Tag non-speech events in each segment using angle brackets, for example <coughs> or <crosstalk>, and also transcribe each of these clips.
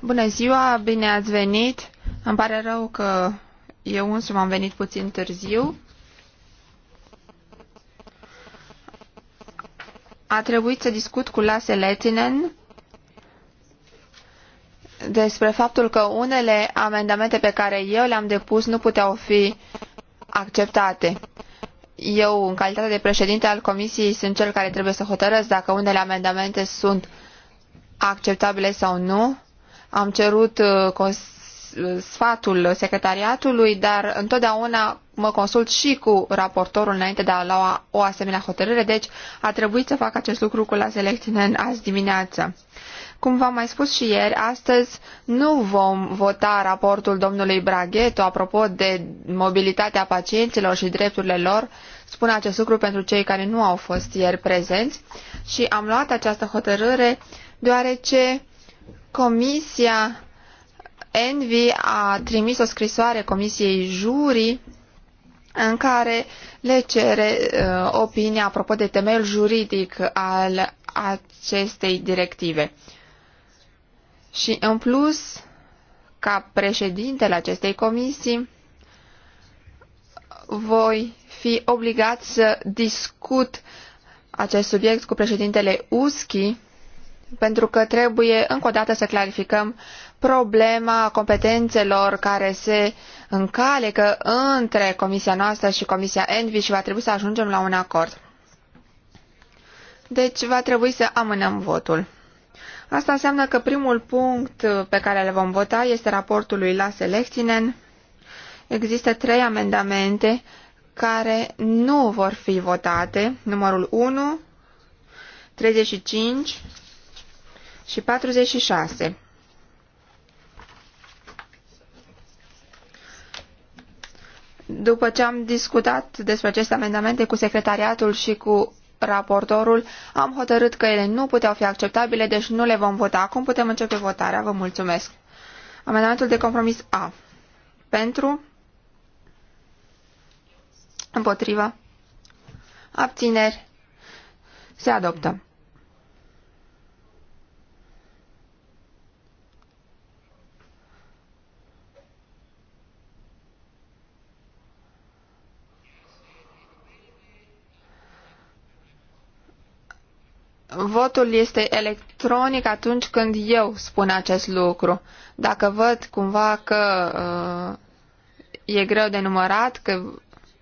Bună ziua, bine ați venit. Îmi pare rău că eu însumi am venit puțin târziu. A trebuit să discut cu Lasse Lettinen despre faptul că unele amendamente pe care eu le-am depus nu puteau fi acceptate eu, în calitate de președinte al comisiei, sunt cel care trebuie să hotărăsc dacă unele amendamente sunt acceptabile sau nu. Am cerut uh, sfatul secretariatului, dar întotdeauna mă consult și cu raportorul înainte de a lua o asemenea hotărâre, deci a trebuit să fac acest lucru cu la Selectinen azi dimineață. Cum v-am mai spus și ieri, astăzi nu vom vota raportul domnului Braghetto apropo de mobilitatea pacienților și drepturile lor. Spun acest lucru pentru cei care nu au fost ieri prezenți și am luat această hotărâre deoarece Comisia Envi a trimis o scrisoare Comisiei Jurii în care le cere uh, opinia apropo de temeiul juridic al acestei directive. Și în plus, ca președintele acestei comisii, voi fi obligat să discut acest subiect cu președintele Uschi, pentru că trebuie încă o dată să clarificăm problema competențelor care se încalecă între comisia noastră și comisia Envi și va trebui să ajungem la un acord. Deci va trebui să amânăm votul. Asta înseamnă că primul punct uh, pe care le vom vota este raportul lui Lasse Lehtinen. Există trei amendamente care nu vor fi votate, numărul 1, 35 și 46. După ce am discutat despre aceste amendamente cu secretariatul și cu raportorul, am hotărât că ele nu puteau fi acceptabile, deci nu le vom vota. Acum putem începe votarea. Vă mulțumesc. Amendamentul de compromis A. Pentru. Împotriva. Abțineri. Se adoptă. Votul este electronic atunci când eu spun acest lucru. Dacă văd cumva că uh, e greu de numărat, că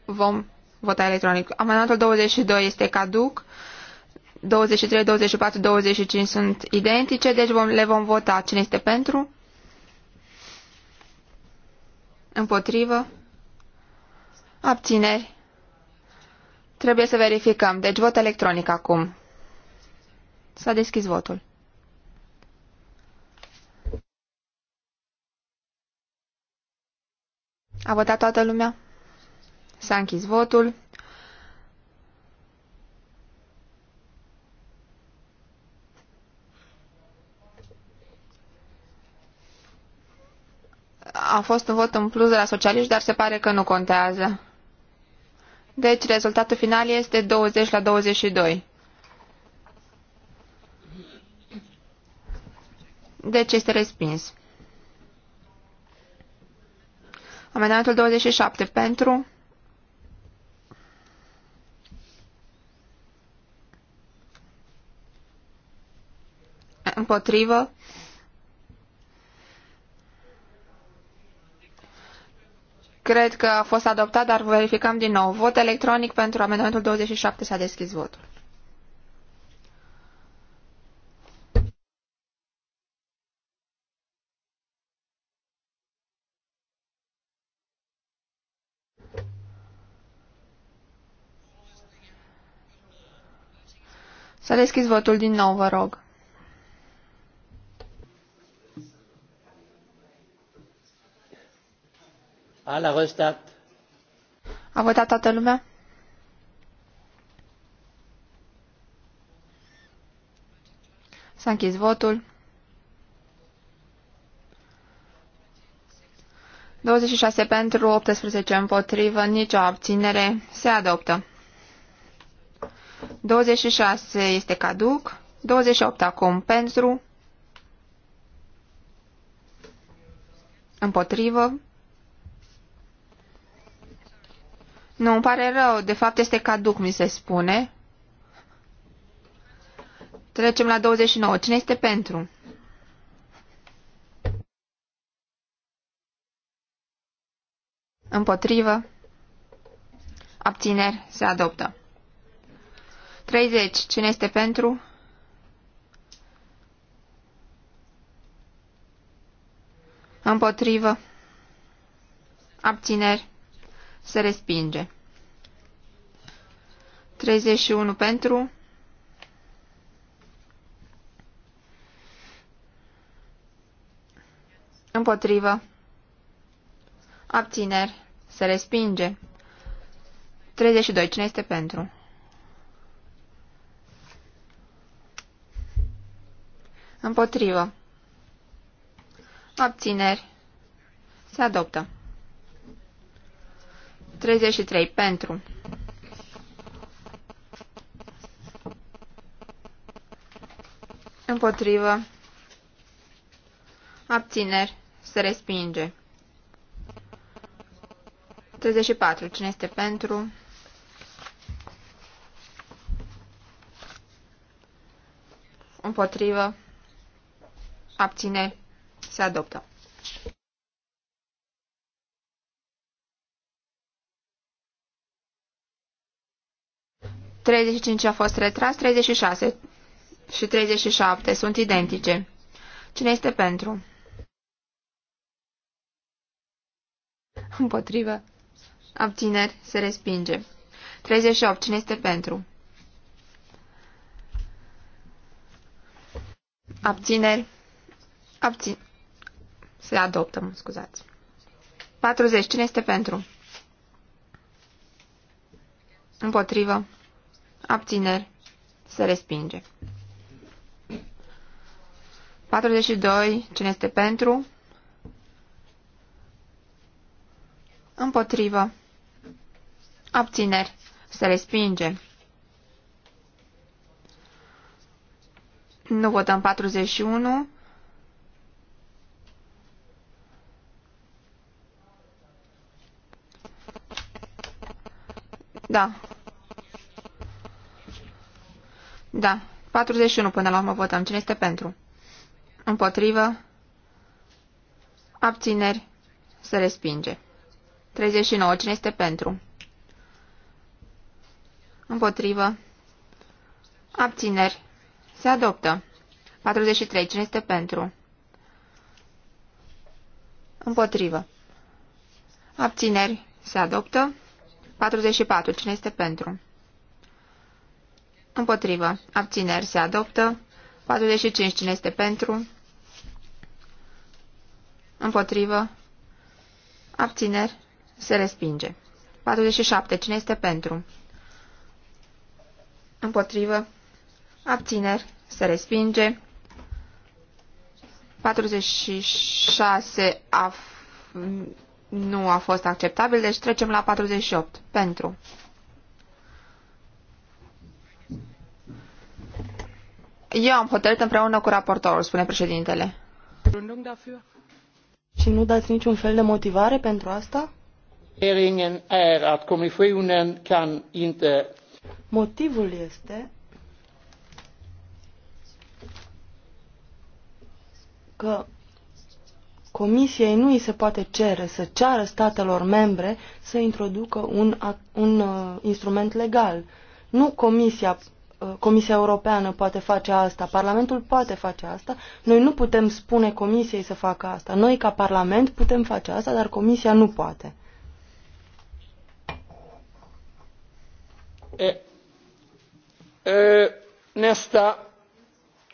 vom vota electronic. Amendamentul 22 este caduc. 23, 24, 25 sunt identice, deci vom, le vom vota. Cine este pentru? Împotrivă? Abțineri? Trebuie să verificăm. Deci vot electronic acum. S-a deschis votul. A votat toată lumea? S-a închis votul. A fost un vot în plus de la socialiști, dar se pare că nu contează. Deci rezultatul final este 20 la 22. Deci este respins. Amendamentul 27 pentru. Împotrivă. Cred că a fost adoptat, dar verificăm din nou. Vot electronic pentru amendamentul 27 s-a deschis votul. Să deschizi votul din nou, vă rog. A votat. A votat toată lumea? S-a închis votul. 26 pentru, 18 împotrivă, nicio abținere. Se adoptă. 26 este caduc. 28 acum pentru. Împotrivă. Nu, îmi pare rău. De fapt este caduc, mi se spune. Trecem la 29. Cine este pentru? Împotrivă. Abțineri. Se adoptă. 30. Cine este pentru? Împotrivă. Abțineri. Se respinge. 31 pentru. Împotrivă. Abțineri. Se respinge. 32. Cine este pentru? Împotrivă. Abțineri. Se adoptă. 33. Pentru. Împotrivă. Abțineri. Se respinge. 34. Cine este pentru? Împotrivă. Abține, se adoptă. Treizeci cinci a fost retras, 36 și 37 sunt identice. Cine este pentru? Împotrivă. Abțineri se respinge. 38. Cine este pentru? Abțineri. Abțin. Se adoptă, mă scuzați. 40. Cine este pentru? Împotrivă. Abțineri. Se respinge. 42. Cine este pentru? Împotrivă. Abțineri. Se respinge. Nu votăm 41. Da. Da. 41 până la urmă votăm. Cine este pentru? Împotrivă. Abțineri. Se respinge. 39. Cine este pentru? Împotrivă. Abțineri. Se adoptă. 43. Cine este pentru? Împotrivă. Abțineri. Se adoptă. 44. Cine este pentru? Împotrivă. Abțineri se adoptă. 45. Cine este pentru? Împotrivă. Abțineri se respinge. 47. Cine este pentru? Împotrivă. Abțineri se respinge. 46. A nu a fost acceptabil, deci trecem la 48. Pentru. Eu am hotărât împreună cu raportorul, spune președintele. Și nu dați niciun fel de motivare pentru asta? Motivul este că Comisiei nu îi se poate cere să ceară statelor membre să introducă un, un uh, instrument legal. Nu Comisia, uh, Comisia Europeană poate face asta, Parlamentul poate face asta, noi nu putem spune Comisiei să facă asta. Noi, ca Parlament, putem face asta, dar Comisia nu poate. E, e, nesta,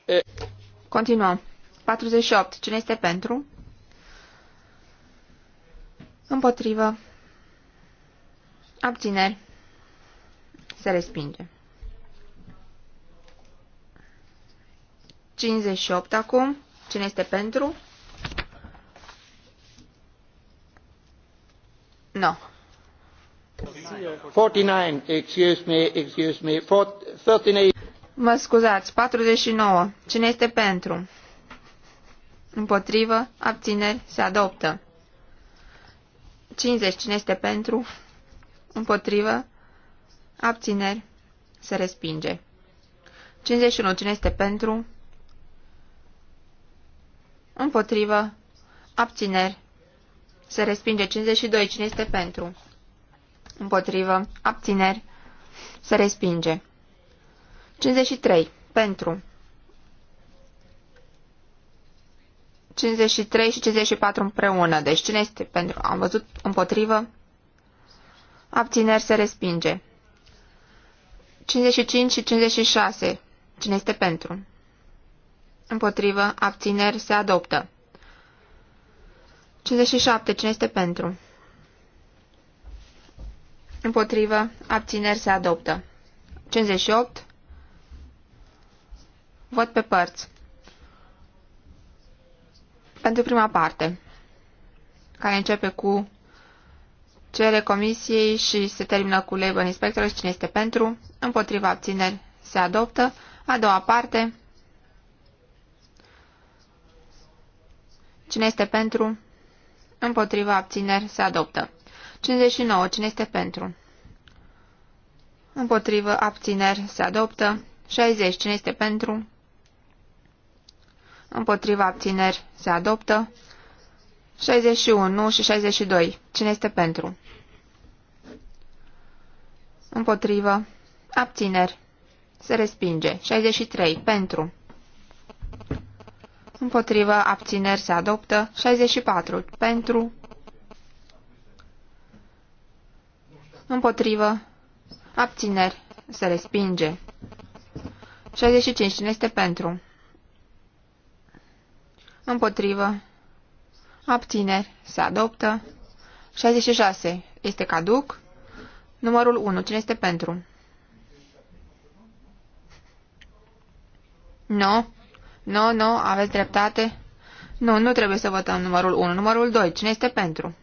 e. Continuăm. 48. Cine este pentru? Împotrivă. Abțineri. Se respinge. 58 acum. Cine este pentru? No. 49, excuse me, excuse me, 39. Mă scuzați, 49. Cine este pentru? Împotrivă, abțineri, se adoptă. 50. Cine este pentru? Împotrivă? Abțineri? Se respinge. 51. Cine este pentru? Împotrivă? Abțineri? Se respinge. 52. Cine este pentru? Împotrivă? Abțineri? Se respinge. 53. Pentru. 53 și 54 împreună. Deci cine este pentru? Am văzut împotrivă. Abțineri se respinge. 55 și 56. Cine este pentru? Împotrivă. Abțineri se adoptă. 57. Cine este pentru? Împotrivă. Abțineri se adoptă. 58. Văd pe părți pentru prima parte, care începe cu cere comisiei și se termină cu label inspector și cine este pentru, împotriva abțineri se adoptă. A doua parte, cine este pentru, împotriva abțineri se adoptă. 59. Cine este pentru? Împotrivă abțineri se adoptă. 60. Cine este pentru? împotriva abțineri se adoptă. 61 și 62. Cine este pentru? Împotrivă. Abțineri. Se respinge. 63. Pentru. Împotrivă. Abțineri. Se adoptă. 64. Pentru. Împotrivă. Abțineri. Se respinge. 65. Cine este pentru? Împotrivă. Abțineri. Se adoptă. 66. Este caduc. Numărul 1. Cine este pentru? Nu. No. Nu, no, nu, no, aveți dreptate. Nu, nu trebuie să votăm numărul 1. Numărul 2. Cine este pentru?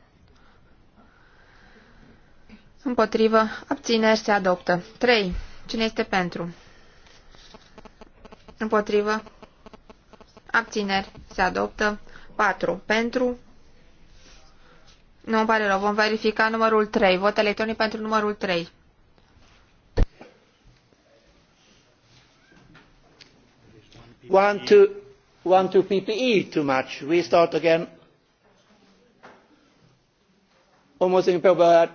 Împotrivă. Abțineri. Se adoptă. 3. Cine este pentru? Împotrivă. Abțineri. Se adoptă. 4. Pentru. Nu îmi pare rău. Vom verifica numărul 3. Vot electronic pentru numărul 3. One, two, one, two PPE too much. We start again. Almost improbable.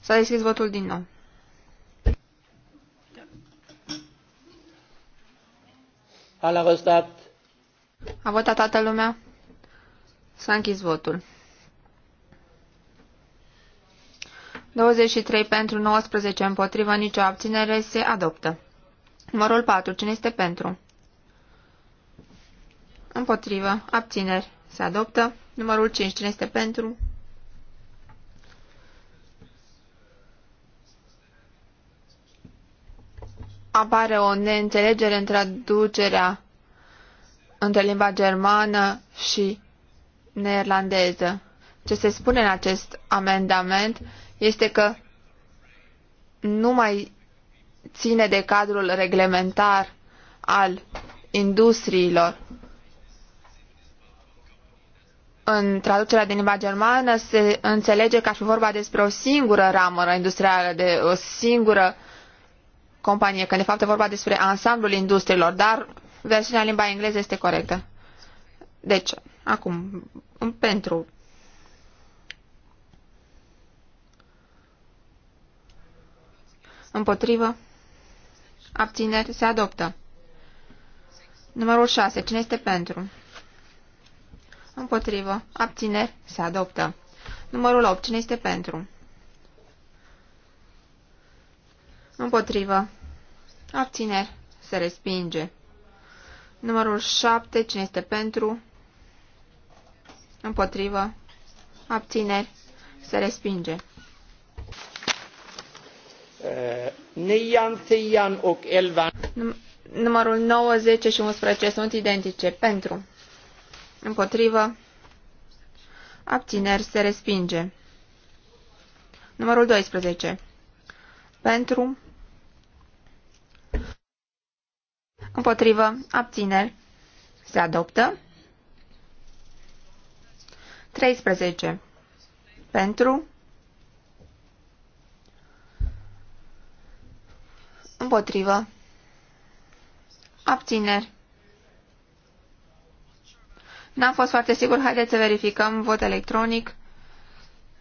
S-a deschis votul din nou. Alla röstat. A votat toată lumea? S-a închis votul. 23 pentru 19 împotrivă, nicio abținere se adoptă. Numărul 4. Cine este pentru? Împotrivă. Abțineri. Se adoptă. Numărul 5. Cine este pentru? apare o neînțelegere în traducerea între limba germană și neerlandeză. Ce se spune în acest amendament este că nu mai ține de cadrul reglementar al industriilor. În traducerea din limba germană se înțelege că ar fi vorba despre o singură ramură industrială, de o singură uh, companie, când de fapt e vorba despre ansamblul industriilor, dar versiunea limba engleză este corectă. Deci, acum, pentru Împotrivă? Abțineri se adoptă. Numărul 6. Cine este pentru? Împotrivă. Abțineri se adoptă. Numărul 8. Cine este pentru? Împotrivă. Abțineri. Se respinge. Numărul 7. Cine este pentru? Împotrivă. Abțineri. Se respinge. Eh, numărul 9, 10 și 11 sunt identice. Pentru. Împotrivă. Abțineri. Se respinge. Numărul 12. Pentru. Împotrivă. Abțineri. Se adoptă. 13. Pentru. Împotrivă. Abțineri. N-am fost foarte sigur. Haideți să verificăm vot electronic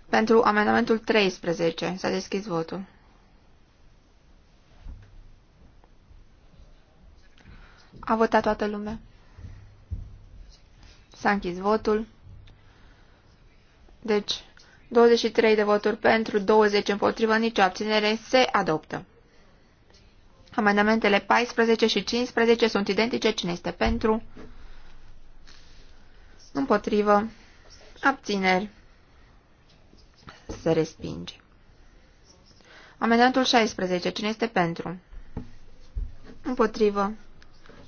pentru amendamentul 13. S-a deschis votul. A votat toată lumea. S-a închis votul. Deci, 23 de voturi pentru, 20 împotrivă, nicio abținere, se adoptă. Amendamentele 14 și 15 sunt identice. Cine este pentru? Împotrivă. Abțineri. Se respinge. Amendamentul 16. Cine este pentru? Împotrivă.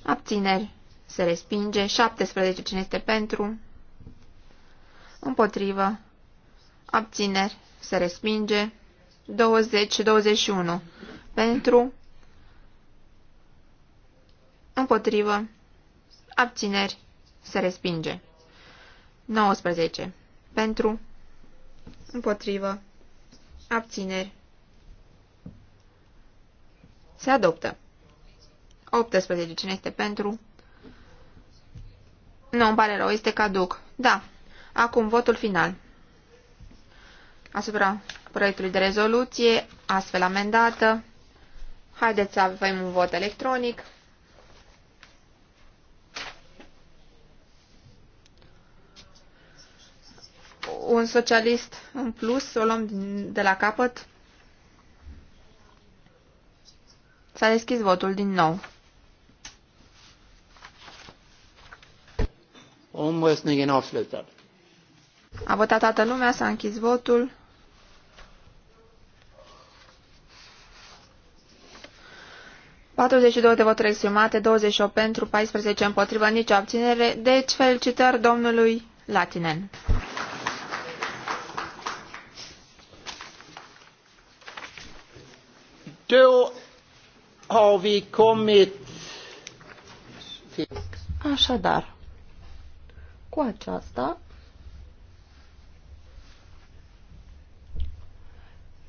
Abțineri. Se respinge. 17. Cine este pentru? Împotrivă. Abțineri. Se respinge. 20. 21. Pentru. Împotrivă. Abțineri. Se respinge. 19. Pentru. Împotrivă. Abțineri. Se adoptă. 18. Cine este pentru? Nu, îmi pare rău, este caduc. Da. Acum, votul final. Asupra proiectului de rezoluție, astfel amendată. Haideți să avem un vot electronic. Un socialist în plus, o luăm de la capăt. S-a deschis votul din nou. Omröstningen avslutad. A votat toată lumea, s-a votul. Patruzeci de voturi exprimate, 28 pentru, 14 împotrivă, nicio abținere. Deci, felicitări domnului Latinen. Då har vi kommit till... Așadar, cu aceasta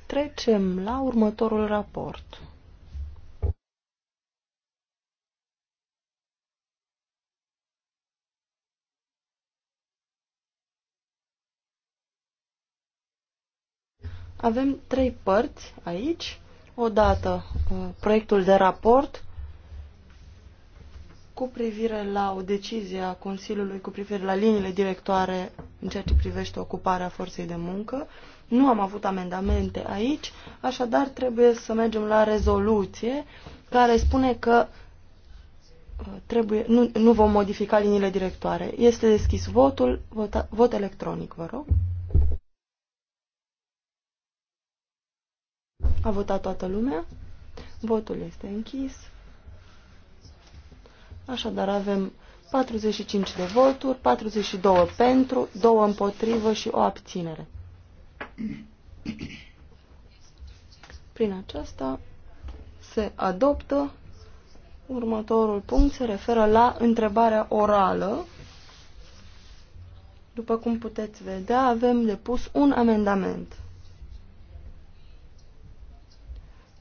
trecem la următorul raport. Avem trei părți aici. Odată uh, proiectul de raport cu privire la o decizie a Consiliului cu privire la liniile directoare în ceea ce privește ocuparea forței de muncă. Nu am avut amendamente aici, așadar trebuie să mergem la rezoluție care spune că uh, trebuie, nu, nu vom modifica liniile directoare. Este deschis votul, vot, vot electronic, vă rog. A votat toată lumea. Votul este închis. Așadar avem 45 de voturi, 42 pentru, 2 împotrivă și o abținere. Prin aceasta se adoptă următorul punct, se referă la întrebarea orală. După cum puteți vedea, avem depus un amendament.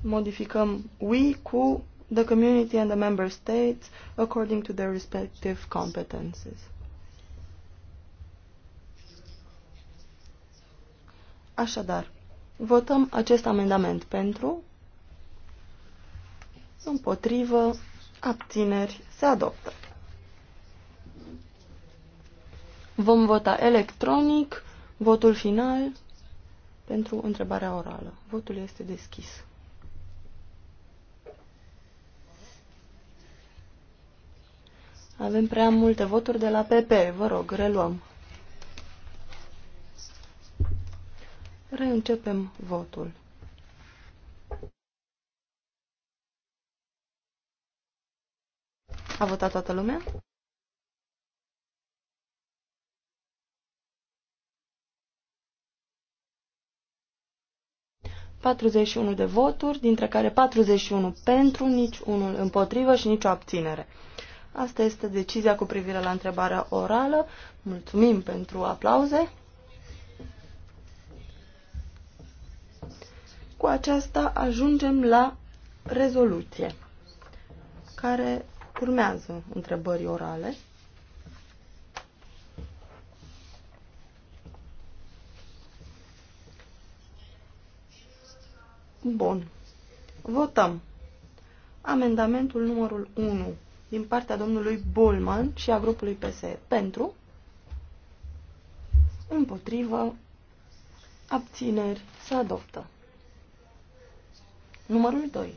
Modificăm we cu the community and the member states according to their respective competences. Așadar, votăm acest amendament pentru, împotrivă, abțineri, se adoptă. Vom vota electronic votul final pentru întrebarea orală. Votul este deschis. Avem prea multe voturi de la PP. Vă rog, reluăm. Reîncepem votul. A votat toată lumea? Patruzeci și unu de voturi, dintre care patruzeci și unu pentru, nici unul împotrivă și nicio abținere. Asta este decizia cu privire la întrebarea orală. Mulțumim pentru aplauze. Cu aceasta ajungem la rezoluție, care urmează întrebări orale. Bun. Votăm. Amendamentul numărul 1 din partea domnului Bullman și a grupului PSE. Pentru, împotrivă, abțineri, să adoptă. Numărul 2.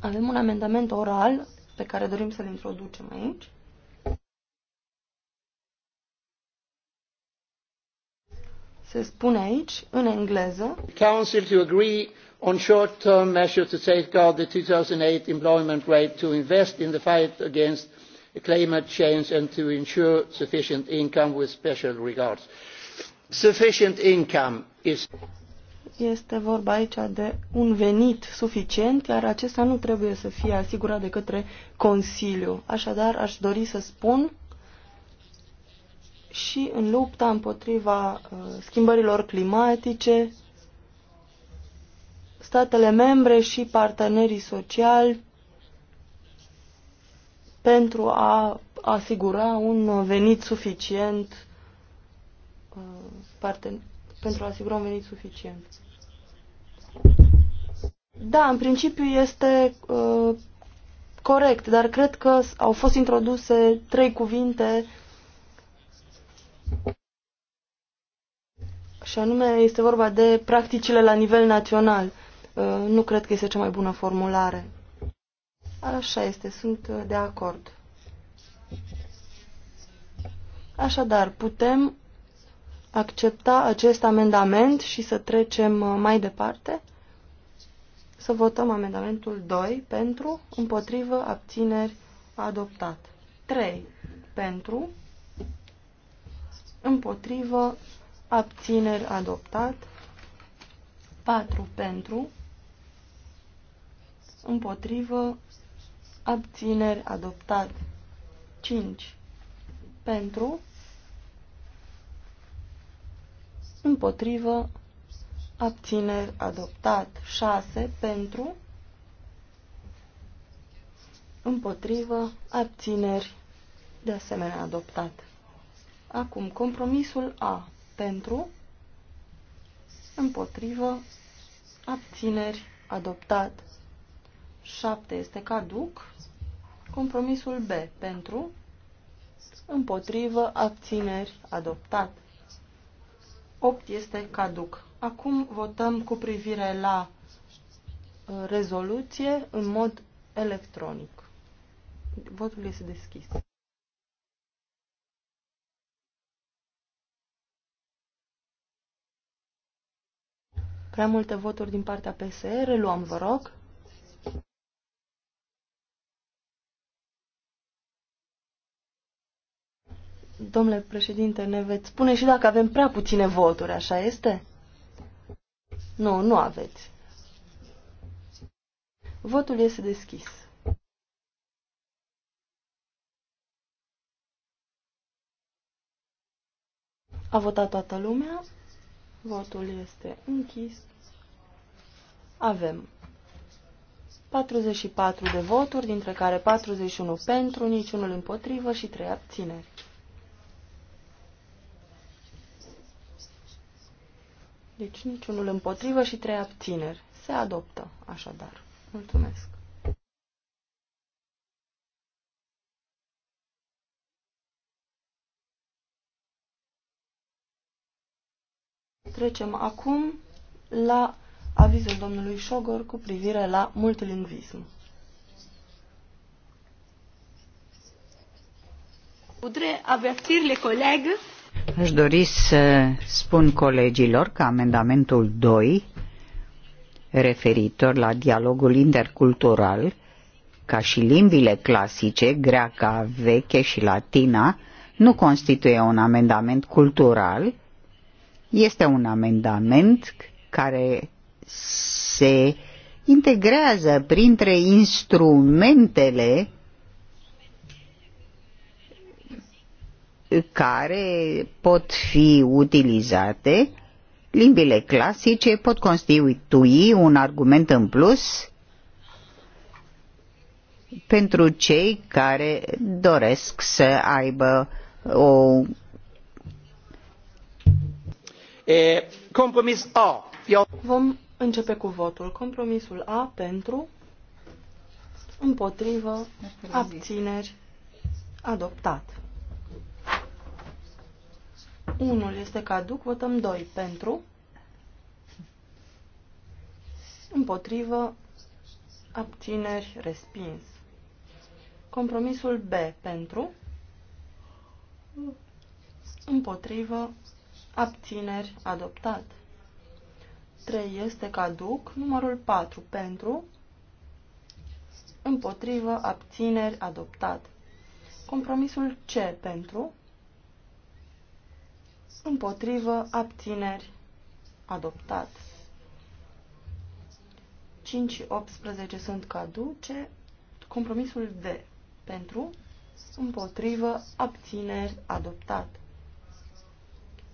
Avem un amendament oral pe care dorim să-l introducem aici. Se spune aici, în engleză, Council to agree on short-term measures to safeguard the 2008 employment rate, to invest in the fight against climate change and to ensure sufficient income with special regards. Sufficient income is... Este vorba aici de un venit suficient, iar acesta nu trebuie să fie asigurat de către Consiliu. Așadar, aș dori să spun și în lupta împotriva uh, schimbărilor climatice, statele membre și partenerii sociali pentru a asigura un venit suficient uh, parten- pentru a asigura un venit suficient. Da, în principiu este uh, corect, dar cred că au fost introduse trei cuvinte și anume este vorba de practicile la nivel național. Uh, nu cred că este cea mai bună formulare. Așa este, sunt uh, de acord. Așadar, putem accepta acest amendament și să trecem uh, mai departe? Să votăm amendamentul 2 pentru, împotrivă, abțineri, adoptat. 3 pentru, împotrivă, abțineri, adoptat. 4 pentru, împotrivă, abțineri, adoptat. 5. Pentru, împotrivă, abțineri, adoptat. 6. Pentru, împotrivă, abțineri, de asemenea adoptat. Acum, compromisul A. Pentru, împotrivă, abțineri, adoptat. 7 este caduc. Compromisul B pentru, împotrivă, abțineri, adoptat. 8 este caduc. Acum votăm cu privire la uh, rezoluție în mod electronic. Votul este deschis. Prea multe voturi din partea PSR, Luăm vă rog. Domnule președinte, ne veți spune și dacă avem prea puține voturi, așa este? Nu, nu aveți. Votul este deschis. A votat toată lumea. Votul este închis. Avem 44 de voturi, dintre care 41 pentru, niciunul împotrivă și 3 abțineri. Deci niciunul împotrivă și trei abțineri. Se adoptă, așadar. Mulțumesc. Trecem acum la avizul domnului Șogor cu privire la multilingvism. Voudrais avertir les collègues Aș dori să spun colegilor că amendamentul 2, referitor la dialogul intercultural, ca și limbile clasice, greaca veche și latina, nu constituie un amendament cultural, este un amendament care se integrează printre instrumentele care pot fi utilizate, limbile clasice pot constitui un argument în plus pentru cei care doresc să aibă o e, compromis A. Eu... Vom începe cu votul. Compromisul A pentru, împotrivă, abțineri, adoptat. 1 este caduc, votăm 2 pentru, împotrivă, abțineri, respins. Compromisul B pentru, împotrivă, abțineri, adoptat. 3 este caduc, numărul 4 pentru, împotrivă, abțineri, adoptat. Compromisul C pentru, împotrivă, abțineri, adoptat. 5 și 18 sunt caduce, compromisul D pentru, împotrivă, abțineri, adoptat.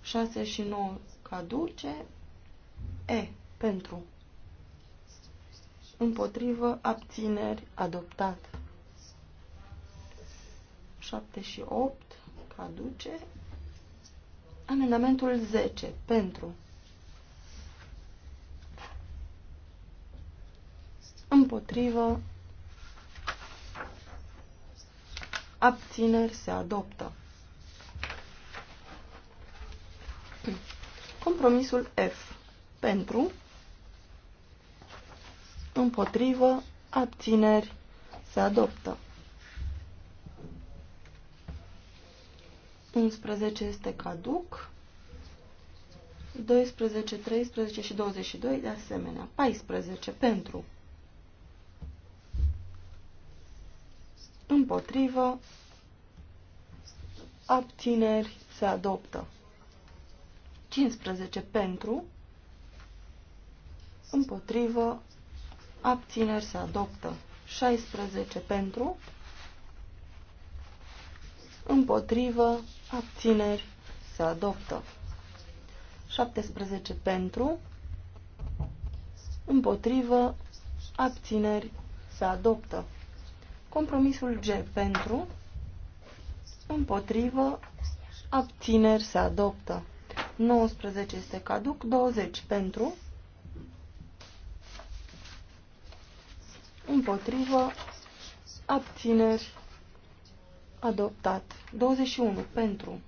6 și 9 caduce, E pentru, împotrivă, abțineri, adoptat. 7 și 8 caduce, Amendamentul 10. Pentru. Împotrivă. Abțineri se adoptă. Compromisul F. Pentru. Împotrivă. Abțineri se adoptă. 11 este caduc. 12, 13 și 22 de asemenea. 14 pentru. Împotrivă. Abțineri se adoptă. 15 pentru. Împotrivă. Abțineri se adoptă. 16 pentru împotrivă, abțineri, se adoptă. 17 pentru, împotrivă, abțineri, se adoptă. Compromisul G pentru, împotrivă, abțineri, se adoptă. 19 este caduc, 20 pentru, împotrivă, abțineri, adoptat. 21 pentru,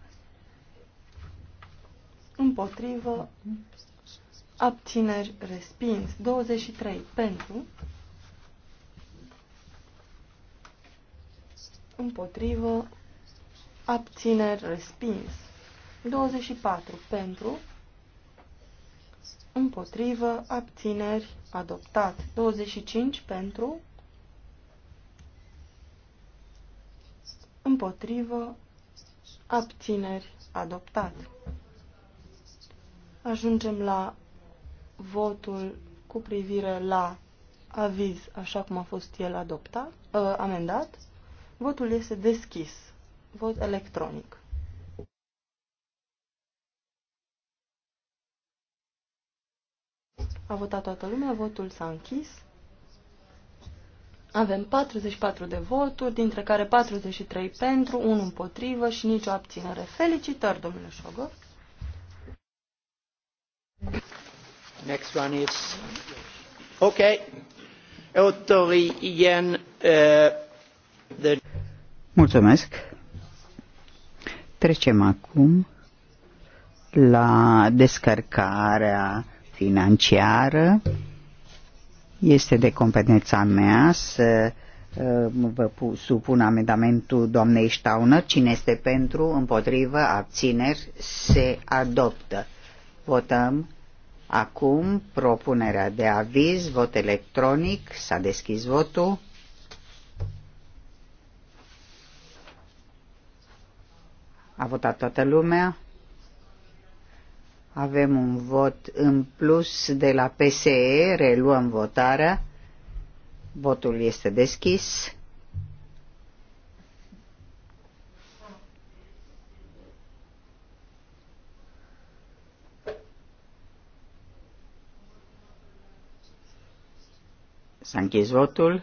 împotrivă, abțineri, respins. 23 pentru, împotrivă, abțineri, respins. 24 pentru, împotrivă, abțineri, adoptat. 25 pentru, împotrivă, abțineri, adoptat. Ajungem la votul cu privire la aviz, așa cum a fost el adoptat, uh, amendat. Votul este deschis, vot electronic. A votat toată lumea, votul s-a închis. Avem 44 de voturi, dintre care 43 pentru, 1 împotrivă și nicio abținere. Felicitări, domnule Șogor! Next one is... Ok. Autorien, Uh, the... Mulțumesc. Trecem acum la descărcarea financiară. Este de competența mea să uh, vă supun amendamentul doamnei Ștaună. Cine este pentru, împotrivă, abțineri, se adoptă. Votăm acum propunerea de aviz, vot electronic, s-a deschis votul. A votat toată lumea. Avem un vot în plus de la PSE, reluăm votarea. Votul este deschis. S-a închis votul.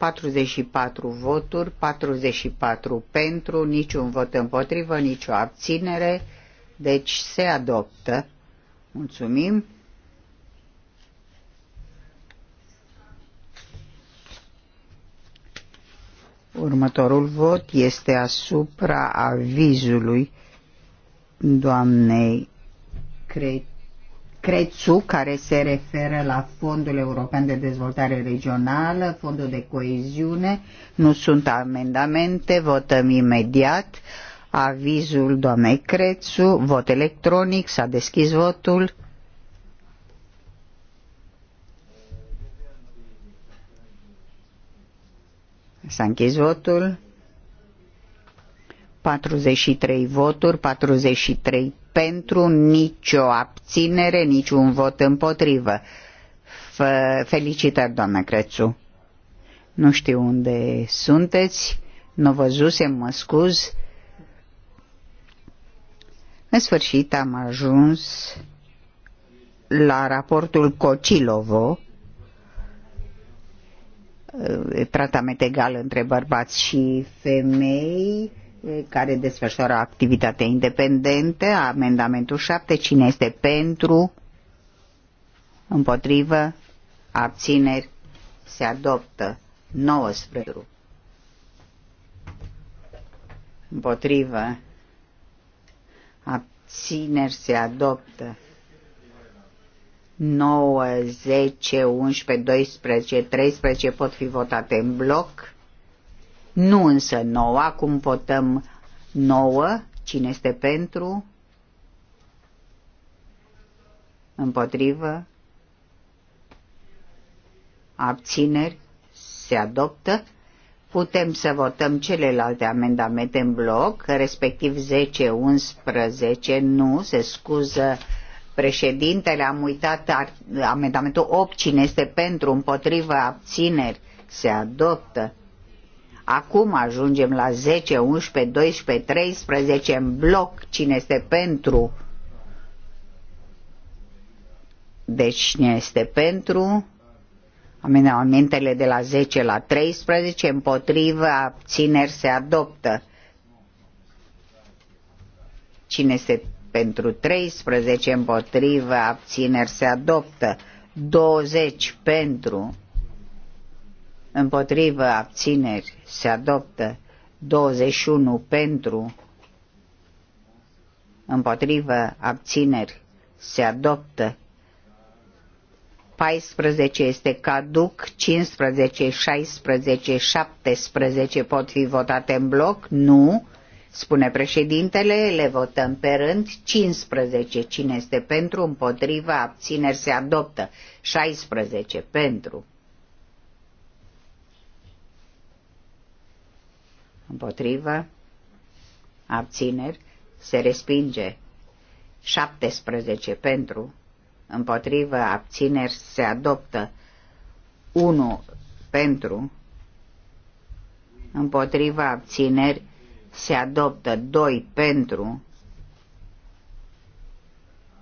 44 voturi, 44 pentru, niciun vot împotrivă, nicio abținere, deci se adoptă. Mulțumim. Următorul vot este asupra avizului doamnei Cret Crețu, care se referă la Fondul European de Dezvoltare Regională, Fondul de Coeziune. Nu sunt amendamente, votăm imediat. Avizul doamnei Crețu, vot electronic, s-a deschis votul. S-a închis votul. 43 voturi, 43 pentru, nicio abținere, niciun vot împotrivă. F- felicitări, doamnă Crețu. Nu știu unde sunteți, nu văzusem, mă scuz. În sfârșit am ajuns la raportul Cocilovo, tratament egal între bărbați și femei, care desfășoară activitate independente. Amendamentul 7. Cine este pentru? Împotrivă? Abțineri? Se adoptă. 19. Împotrivă? Abțineri? Se adoptă. 9, 10, 11, 12, 13 pot fi votate în bloc. Nu însă nouă, acum votăm nouă. Cine este pentru? Împotrivă? Abțineri? Se adoptă? Putem să votăm celelalte amendamente în bloc, respectiv 10-11, nu, se scuză președintele, am uitat amendamentul 8, cine este pentru, împotrivă, abțineri, se adoptă. Acum ajungem la 10, 11, 12, 13 în bloc. Cine este pentru? Deci cine este pentru? Amendamentele de la 10 la 13 împotrivă, abțineri se adoptă. Cine este pentru 13 împotrivă, abțineri se adoptă. 20 pentru împotrivă abțineri se adoptă 21 pentru, împotrivă abțineri se adoptă 14 este caduc, 15, 16, 17 pot fi votate în bloc? Nu, spune președintele, le votăm pe rând. 15, cine este pentru, împotrivă, abțineri se adoptă. 16, pentru. împotrivă, abțineri, se respinge. 17 pentru, împotrivă, abțineri, se adoptă. 1 pentru, împotrivă, abțineri, se adoptă. 2 pentru,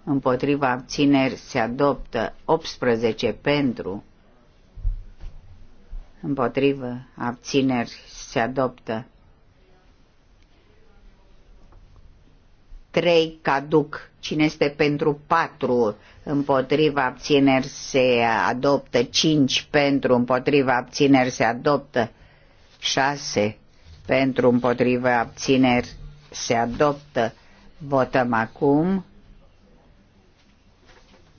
împotriva abțineri se adoptă 18 pentru, împotriva abțineri se adoptă Trei caduc, cine este pentru patru împotriva abțineri se adoptă, cinci pentru împotriva abțineri se adoptă, șase pentru împotriva abțineri se adoptă. Votăm acum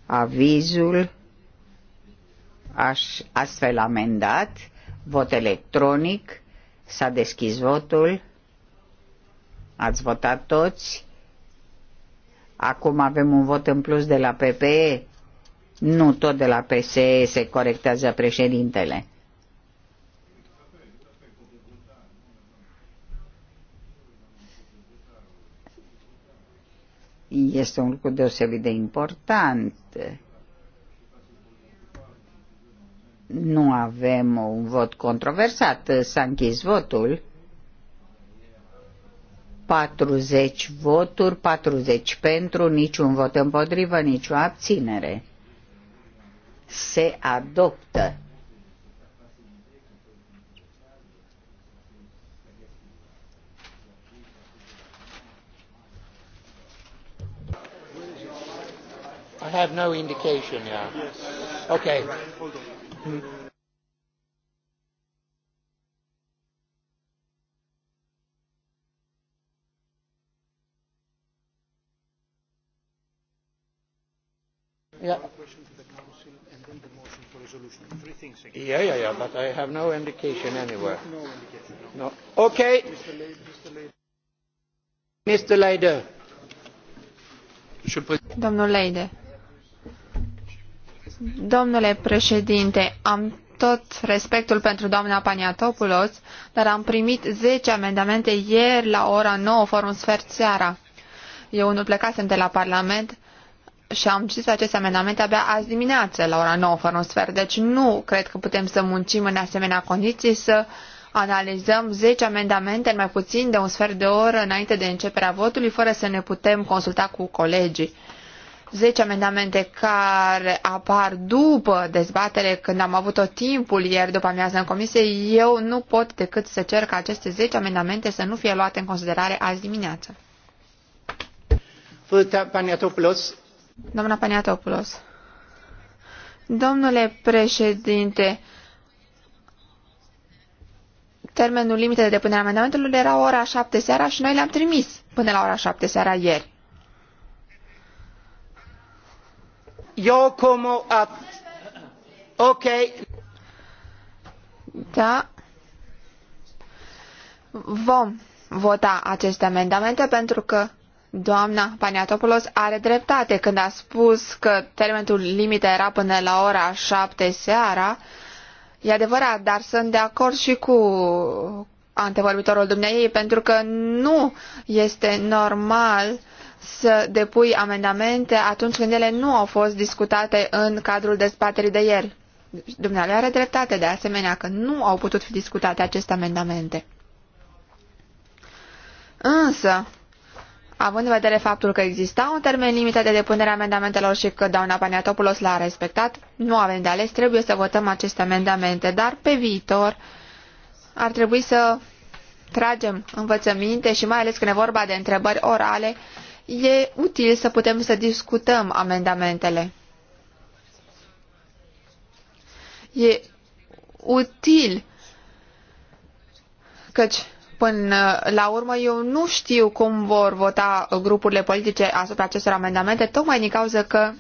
avizul aș, astfel amendat, vot electronic, s-a deschis votul, ați votat toți, Acum avem un vot în plus de la PPE. Nu tot de la PSE se corectează președintele. Este un lucru deosebit de important. Nu avem un vot controversat. S-a închis votul. 40 voturi, 40 pentru, niciun vot împotrivă, nicio abținere. Se adoptă. I have no indication, yeah. Okay. Hmm. Yeah. Yeah, yeah, but I have no indication anywhere. No Okay. Mr. leider Domnul Leide. Domnule președinte, am tot respectul pentru doamna Paniatopoulos, dar am primit 10 amendamente ieri la ora 9, forum sfert seara. Eu nu plecasem de la Parlament și am citit aceste amendamente abia azi dimineață, la ora 9 fără un sfert. Deci nu cred că putem să muncim în asemenea condiții, să analizăm 10 amendamente în mai puțin de un sfert de oră înainte de începerea votului, fără să ne putem consulta cu colegii. 10 amendamente care apar după dezbatere, când am avut tot timpul ieri după amiază în comisie, eu nu pot decât să cer ca aceste 10 amendamente să nu fie luate în considerare azi dimineață. Vă, Paniatopoulos, Doamna Paniatopoulos. Domnule președinte, termenul limite de depunere a amendamentelor era ora 7 seara și noi le-am trimis până la ora 7 seara ieri. Eu como a... Ok. Da. Vom vota aceste amendamente pentru că Doamna Paniatopoulos are dreptate când a spus că termenul limită era până la ora 7 seara. E adevărat, dar sunt de acord și cu antevorbitorul dumneai pentru că nu este normal să depui amendamente atunci când ele nu au fost discutate în cadrul dezbaterii de ieri. Dumnealui are dreptate de asemenea că nu au putut fi discutate aceste amendamente. Însă, Având în vedere faptul că exista un termen limită de depunere a amendamentelor și că doamna Paniatopoulos l-a respectat, nu avem de ales, trebuie să votăm aceste amendamente, dar pe viitor ar trebui să tragem învățăminte și mai ales când e vorba de întrebări orale, e util să putem să discutăm amendamentele. E util căci Până la urmă, eu nu știu cum vor vota grupurile politice asupra acestor amendamente, tocmai din cauza că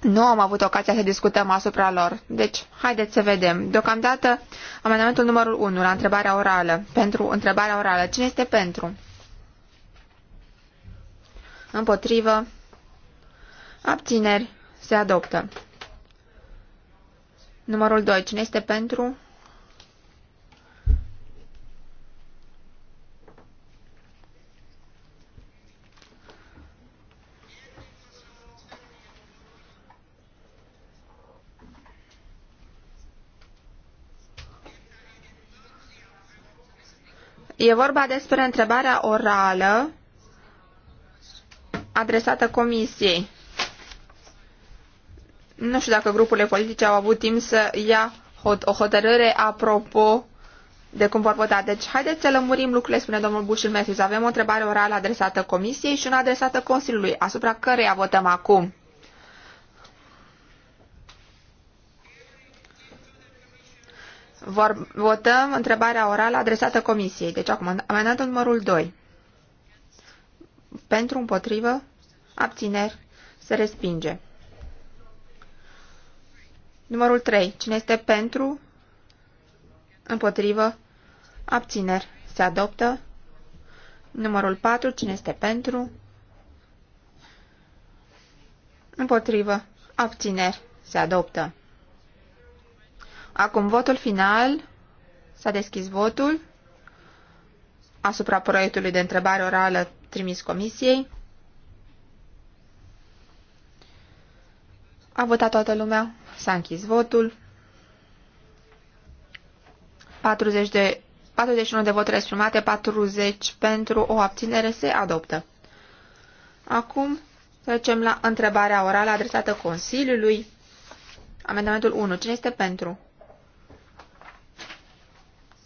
nu am avut ocazia să discutăm asupra lor. Deci, haideți să vedem. Deocamdată, amendamentul numărul 1 la întrebarea orală. Pentru întrebarea orală, cine este pentru? Împotrivă. Abțineri. Se adoptă. Numărul 2. Cine este pentru? E vorba despre întrebarea orală adresată Comisiei. Nu știu dacă grupurile politice au avut timp să ia o hotărâre apropo de cum vor vota. Deci, haideți să lămurim lucrurile, spune domnul Bușil Matthews. Avem o întrebare orală adresată Comisiei și una adresată Consiliului, asupra căreia votăm acum. Vor, votăm întrebarea orală adresată Comisiei. Deci acum, amendatul numărul 2. Pentru, împotrivă, abțineri, se respinge. Numărul 3. Cine este pentru, împotrivă, abțineri, se adoptă. Numărul 4. Cine este pentru, împotrivă, abțineri, se adoptă. Acum votul final. S-a deschis votul asupra proiectului de întrebare orală trimis comisiei. A votat toată lumea. S-a închis votul. 40 de, 41 de voturi exprimate, 40 pentru o abținere se adoptă. Acum trecem la întrebarea orală adresată Consiliului. Amendamentul 1. Cine este pentru?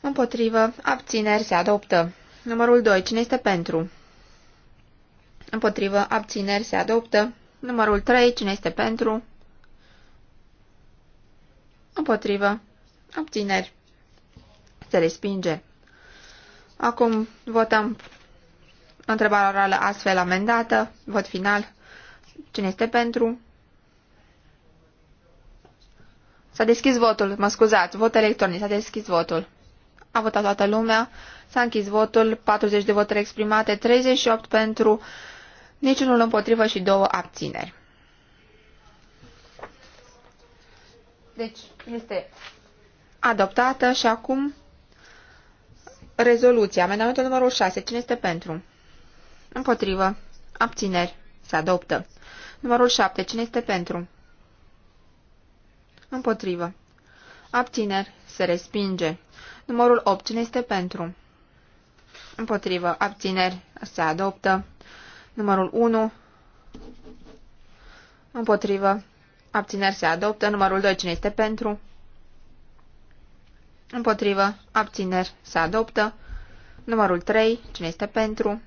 Împotrivă. Abțineri se adoptă. Numărul 2. Cine este pentru? Împotrivă. Abțineri se adoptă. Numărul 3. Cine este pentru? Împotrivă. Abțineri. Se respinge. Acum votăm întrebarea orală astfel amendată. Vot final. Cine este pentru? S-a deschis votul, mă scuzați, vot electronic, s-a deschis votul. A votat toată lumea. S-a închis votul. 40 de voturi exprimate, 38 pentru, niciunul împotrivă și două abțineri. Deci este adoptată și acum rezoluția. Amendamentul numărul 6. Cine este pentru? Împotrivă. Abțineri. Se adoptă. Numărul 7. Cine este pentru? Împotrivă. Abțineri. Se respinge. Numărul 8. Cine este pentru? Împotrivă. Abțineri. Se adoptă. Numărul 1. Împotrivă. Abțineri se adoptă. Numărul 2. Cine este pentru? Împotrivă. Abțineri se adoptă. Numărul 3. Cine este pentru?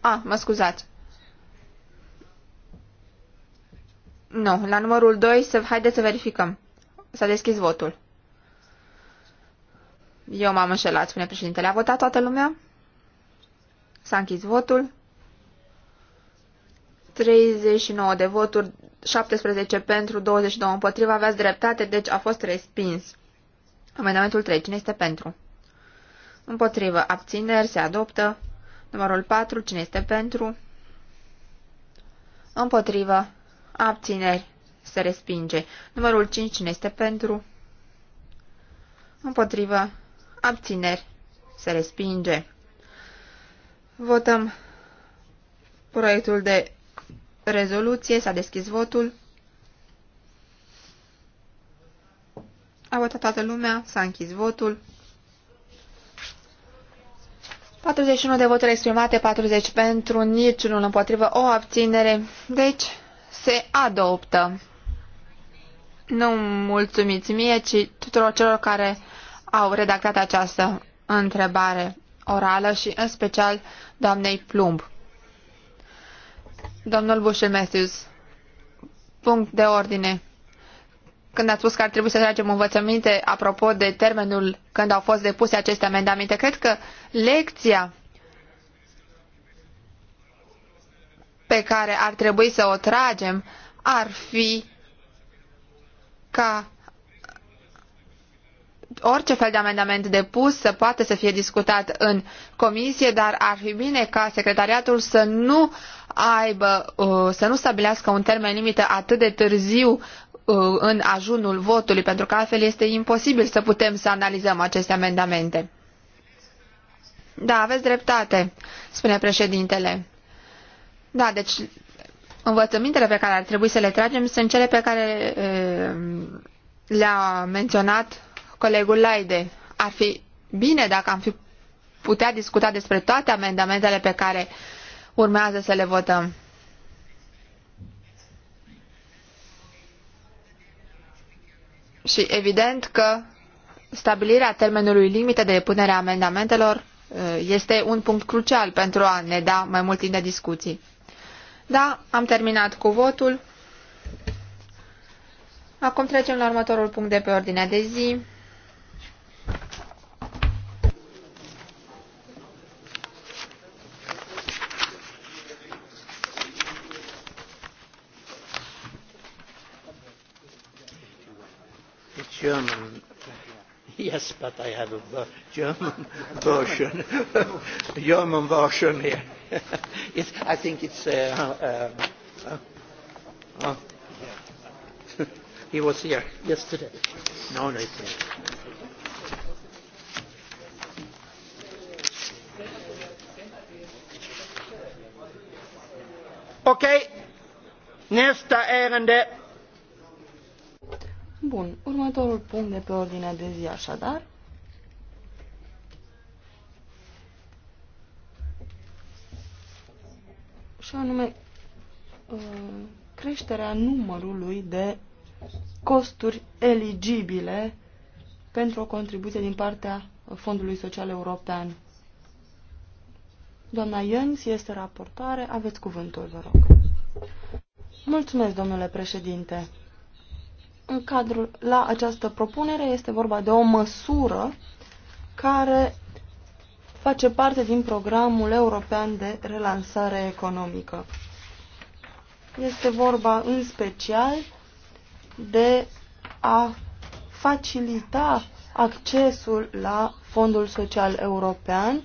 A, mă scuzați. Nu, la numărul 2, să, haideți să verificăm. S-a deschis votul. Eu m-am înșelat, spune președintele. A votat toată lumea? S-a închis votul. 39 de voturi, 17 pentru, 22 împotriva. Aveați dreptate, deci a fost respins. Amendamentul 3. Cine este pentru? Împotrivă. Abțineri. Se adoptă. Numărul 4. Cine este pentru? Împotrivă. Abțineri. Se respinge. Numărul 5. Cine este pentru? Împotrivă. Abțineri. Se respinge. Votăm proiectul de rezoluție. S-a deschis votul. A votat toată lumea. S-a închis votul. 41 de voturi exprimate, 40 pentru, niciunul împotrivă, o abținere. Deci, se adoptă. Nu mulțumiți mie, ci tuturor celor care au redactat această întrebare orală și în special doamnei Plumb. Domnul Bushel Matthews, punct de ordine. Când ați spus că ar trebui să tragem învățăminte apropo de termenul când au fost depuse aceste amendamente, cred că lecția pe care ar trebui să o tragem ar fi ca orice fel de amendament depus să poată să fie discutat în comisie, dar ar fi bine ca secretariatul să nu aibă, uh, să nu stabilească un termen limită atât de târziu uh, în ajunul votului, pentru că altfel este imposibil să putem să analizăm aceste amendamente. Da, aveți dreptate, spune președintele. Da, deci învățămintele pe care ar trebui să le tragem sunt cele pe care uh, le-a menționat colegul Laide. Ar fi bine dacă am fi putea discuta despre toate amendamentele pe care urmează să le votăm. Și evident că stabilirea termenului limită de depunere a amendamentelor uh, este un punct crucial pentru a ne da mai mult timp de discuții. Da, am terminat cu votul. Acum trecem la următorul punct de pe ordinea de zi. German. Yes, but I have a German <laughs> version. <laughs> German version here. <laughs> it, I think it's. Uh, uh, uh, uh. he was here yesterday. No, no, it's here. Okay. Nästa ärende. Bun, următorul punct de pe ordinea de zi așadar. Și anume uh, creșterea numărului de costuri eligibile pentru o contribuție din partea Fondului Social European Doamna Jens este raportoare. Aveți cuvântul, vă rog. Mulțumesc, domnule președinte. În cadrul la această propunere este vorba de o măsură care face parte din programul european de relansare economică. Este vorba în special de a facilita accesul la Fondul Social European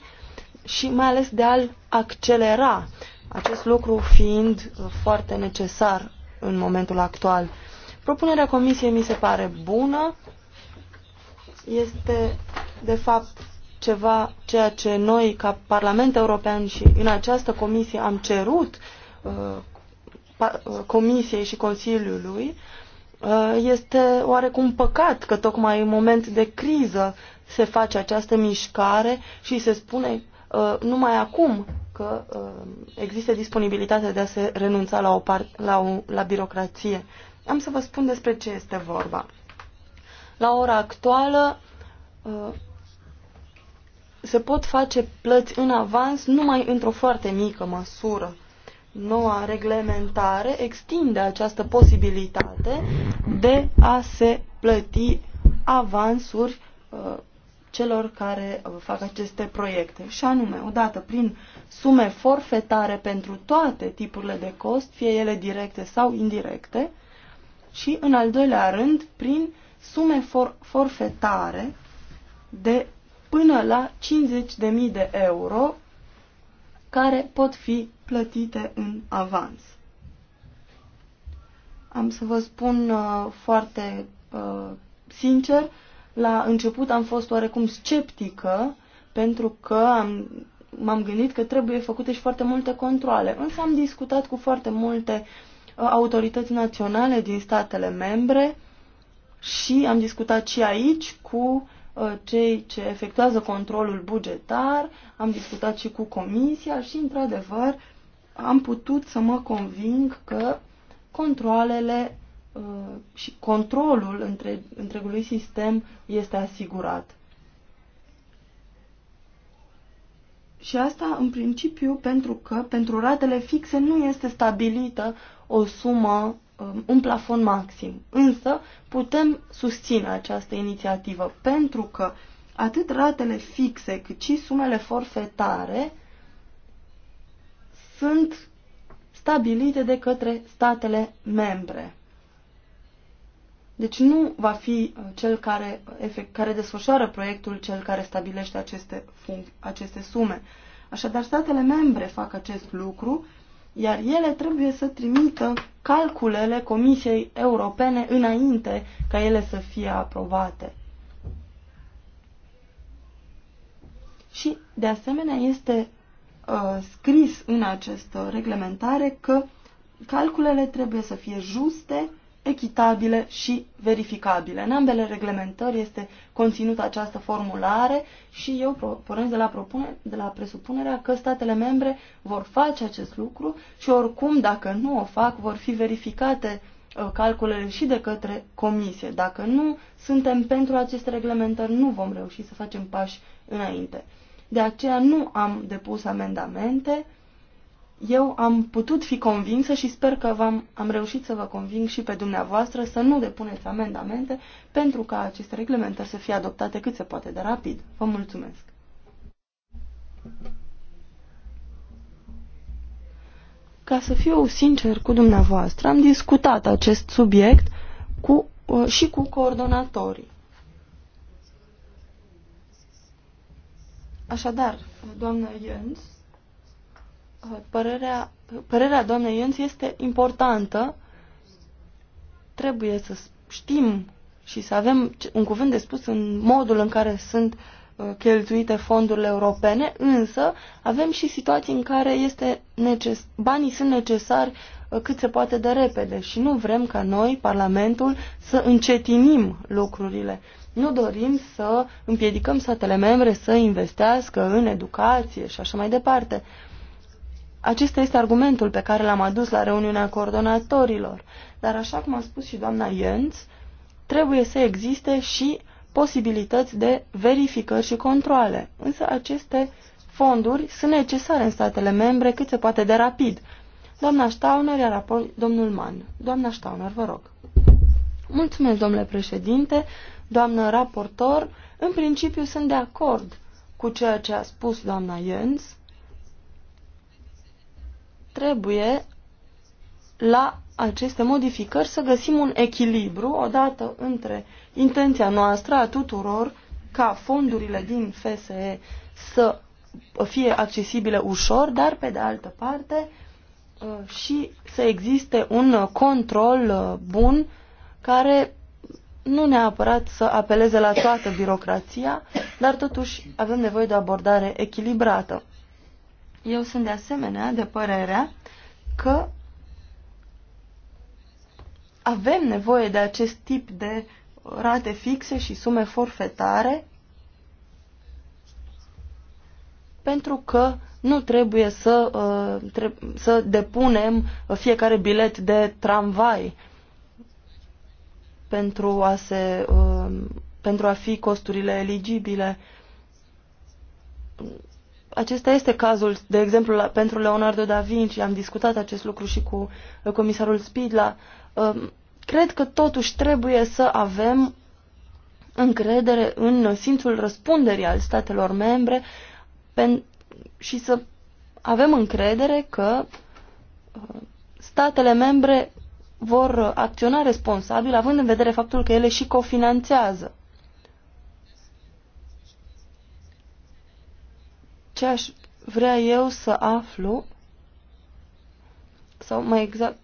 și mai ales de a-l accelera, acest lucru fiind uh, foarte necesar în momentul actual. Propunerea comisiei mi se pare bună, este de fapt ceva, ceea ce noi ca Parlament European și în această comisie am cerut uh, uh Comisiei și Consiliului, uh, este oarecum păcat că tocmai în moment de criză se face această mișcare și se spune Uh, numai acum că uh, există disponibilitatea de a se renunța la, o par la, o, la birocrație. Am să vă spun despre ce este vorba. La ora actuală uh, se pot face plăți în avans numai într-o foarte mică măsură. Noua reglementare extinde această posibilitate de a se plăti avansuri uh, celor care fac aceste proiecte. Și anume, odată prin sume forfetare pentru toate tipurile de cost, fie ele directe sau indirecte, și în al doilea rând, prin sume for forfetare de până la 50.000 de euro care pot fi plătite în avans. Am să vă spun uh, foarte uh, sincer, uh, la început am fost oarecum sceptică pentru că am, m-am gândit că trebuie făcute și foarte multe controle. Însă am discutat cu foarte multe uh, autorități naționale din statele membre și am discutat și aici cu uh, cei ce efectuează controlul bugetar, am discutat și cu comisia și, într-adevăr, am putut să mă conving că controlele Uh, și controlul între, întregului sistem este asigurat. Și asta, în principiu, pentru că pentru ratele fixe nu este stabilită o sumă, um, un plafon maxim. Însă putem susține această inițiativă pentru că atât ratele fixe cât și sumele forfetare sunt stabilite de către statele membre. Deci nu va fi uh, cel care, uh, efect, care desfășoară proiectul cel care stabilește aceste, aceste sume. Așadar, statele membre fac acest lucru, iar ele trebuie să trimită calculele Comisiei Europene înainte ca ele să fie aprobate. Și, de asemenea, este uh, scris în această reglementare că calculele trebuie să fie juste echitabile și verificabile. În ambele reglementări este conținută această formulare și eu pornesc de la, propune, de la presupunerea că statele membre vor face acest lucru și oricum, dacă nu o fac, vor fi verificate uh, calculele și de către comisie. Dacă nu suntem pentru aceste reglementări, nu vom reuși să facem pași înainte. De aceea nu am depus amendamente eu am putut fi convinsă și sper că am am reușit să vă conving și pe dumneavoastră să nu depuneți amendamente pentru ca aceste reglementări să fie adoptate cât se poate de rapid. Vă mulțumesc! Ca să fiu sincer cu dumneavoastră, am discutat acest subiect cu, uh, și cu coordonatorii. Așadar, doamnă Jens, părerea, părerea doamnei Iunț este importantă. Trebuie să știm și să avem un cuvânt de spus în modul în care sunt uh, cheltuite fondurile europene, însă avem și situații în care este neces- banii sunt necesari uh, cât se poate de repede și nu vrem ca noi, Parlamentul, să încetinim lucrurile. Nu dorim să împiedicăm statele membre să investească în educație și așa mai departe. Uh, acesta este argumentul pe care l-am adus la reuniunea coordonatorilor. Dar așa cum a spus și doamna Jens, trebuie să existe și posibilități de verificări și controle. Însă aceste fonduri sunt necesare în statele membre cât se poate de rapid. Doamna Stauner, iar apoi domnul Mann. Doamna Stauner, vă rog. Mulțumesc, domnule președinte, doamnă raportor. În principiu sunt de acord cu ceea ce a spus doamna Jens trebuie la aceste modificări să găsim un echilibru odată între intenția noastră a tuturor ca fondurile din FSE să fie accesibile ușor, dar pe de altă parte uh, și să existe un control uh, bun care nu neapărat să apeleze la toată birocrația, dar totuși avem nevoie de o abordare echilibrată. Eu sunt de asemenea de părerea că avem nevoie de acest tip de rate fixe și sume forfetare pentru că nu trebuie să, uh, să depunem fiecare bilet de tramvai pentru a, se, uh, pentru a fi costurile eligibile acesta este cazul, de exemplu, la, pentru Leonardo da Vinci, am discutat acest lucru și cu uh, comisarul Spidla. Um, cred că totuși trebuie să avem încredere în simțul răspunderii al statelor membre pen, și să avem încredere că uh, statele membre vor acționa responsabil, având în vedere faptul că ele și cofinanțează. Ce aș vrea eu să aflu, sau mai exact,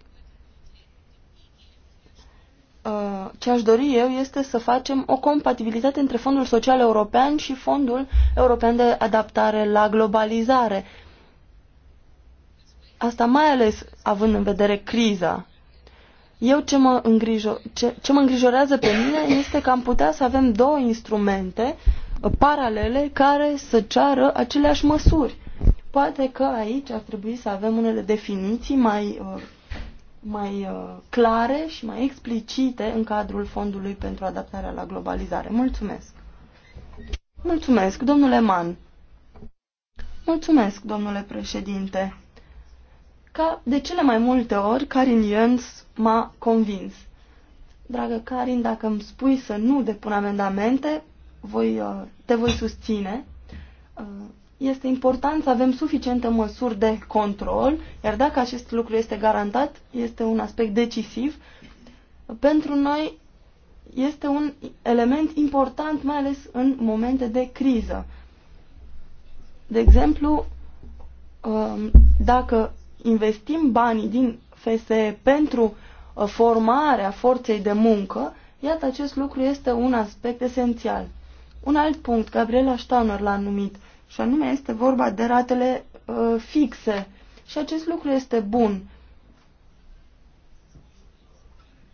uh, ce aș dori eu este să facem o compatibilitate între Fondul Social European și Fondul European de Adaptare la Globalizare. Asta mai ales având în vedere criza. Eu ce mă, îngrijo- ce, ce mă îngrijorează pe mine este că am putea să avem două instrumente paralele care să ceară aceleași măsuri. Poate că aici ar trebui să avem unele definiții mai, uh, mai uh, clare și mai explicite în cadrul Fondului pentru Adaptarea la Globalizare. Mulțumesc! Mulțumesc, domnule Mann! Mulțumesc, domnule președinte! Ca de cele mai multe ori, Karin Jens m-a convins. Dragă Karin, dacă îmi spui să nu depun amendamente, voi, uh, te voi susține. Uh, este important să avem suficiente măsuri de control, iar dacă acest lucru este garantat, este un aspect decisiv. Pentru noi este un element important, mai ales în momente de criză. De exemplu, um, dacă investim banii din FSE pentru uh, formarea forței de muncă, iată acest lucru este un aspect esențial. Un alt punct, Gabriela Steiner l-a numit, și anume este vorba de ratele uh, fixe. Și acest lucru este bun.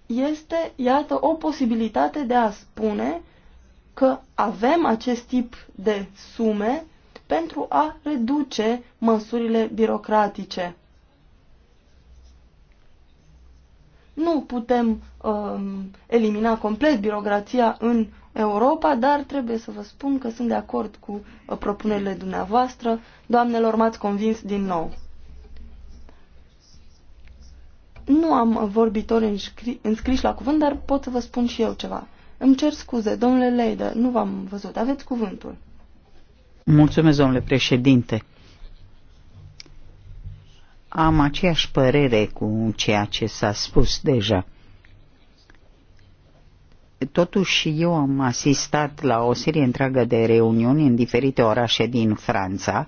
Este, iată, o posibilitate de a spune că avem acest tip de sume pentru a reduce măsurile birocratice. Nu putem um, elimina complet birocrația în Europa, dar trebuie să vă spun că sunt de acord cu uh, propunerile dumneavoastră. Doamnelor, m-ați convins din nou. Nu am vorbitori înscriși la cuvânt, dar pot să vă spun și eu ceva. Îmi cer scuze, domnule Leidă, nu v-am văzut. Aveți cuvântul. Mulțumesc, domnule președinte. Am aceeași părere cu ceea ce s-a spus deja. Totuși eu am asistat la o serie întreagă de reuniuni în diferite orașe din Franța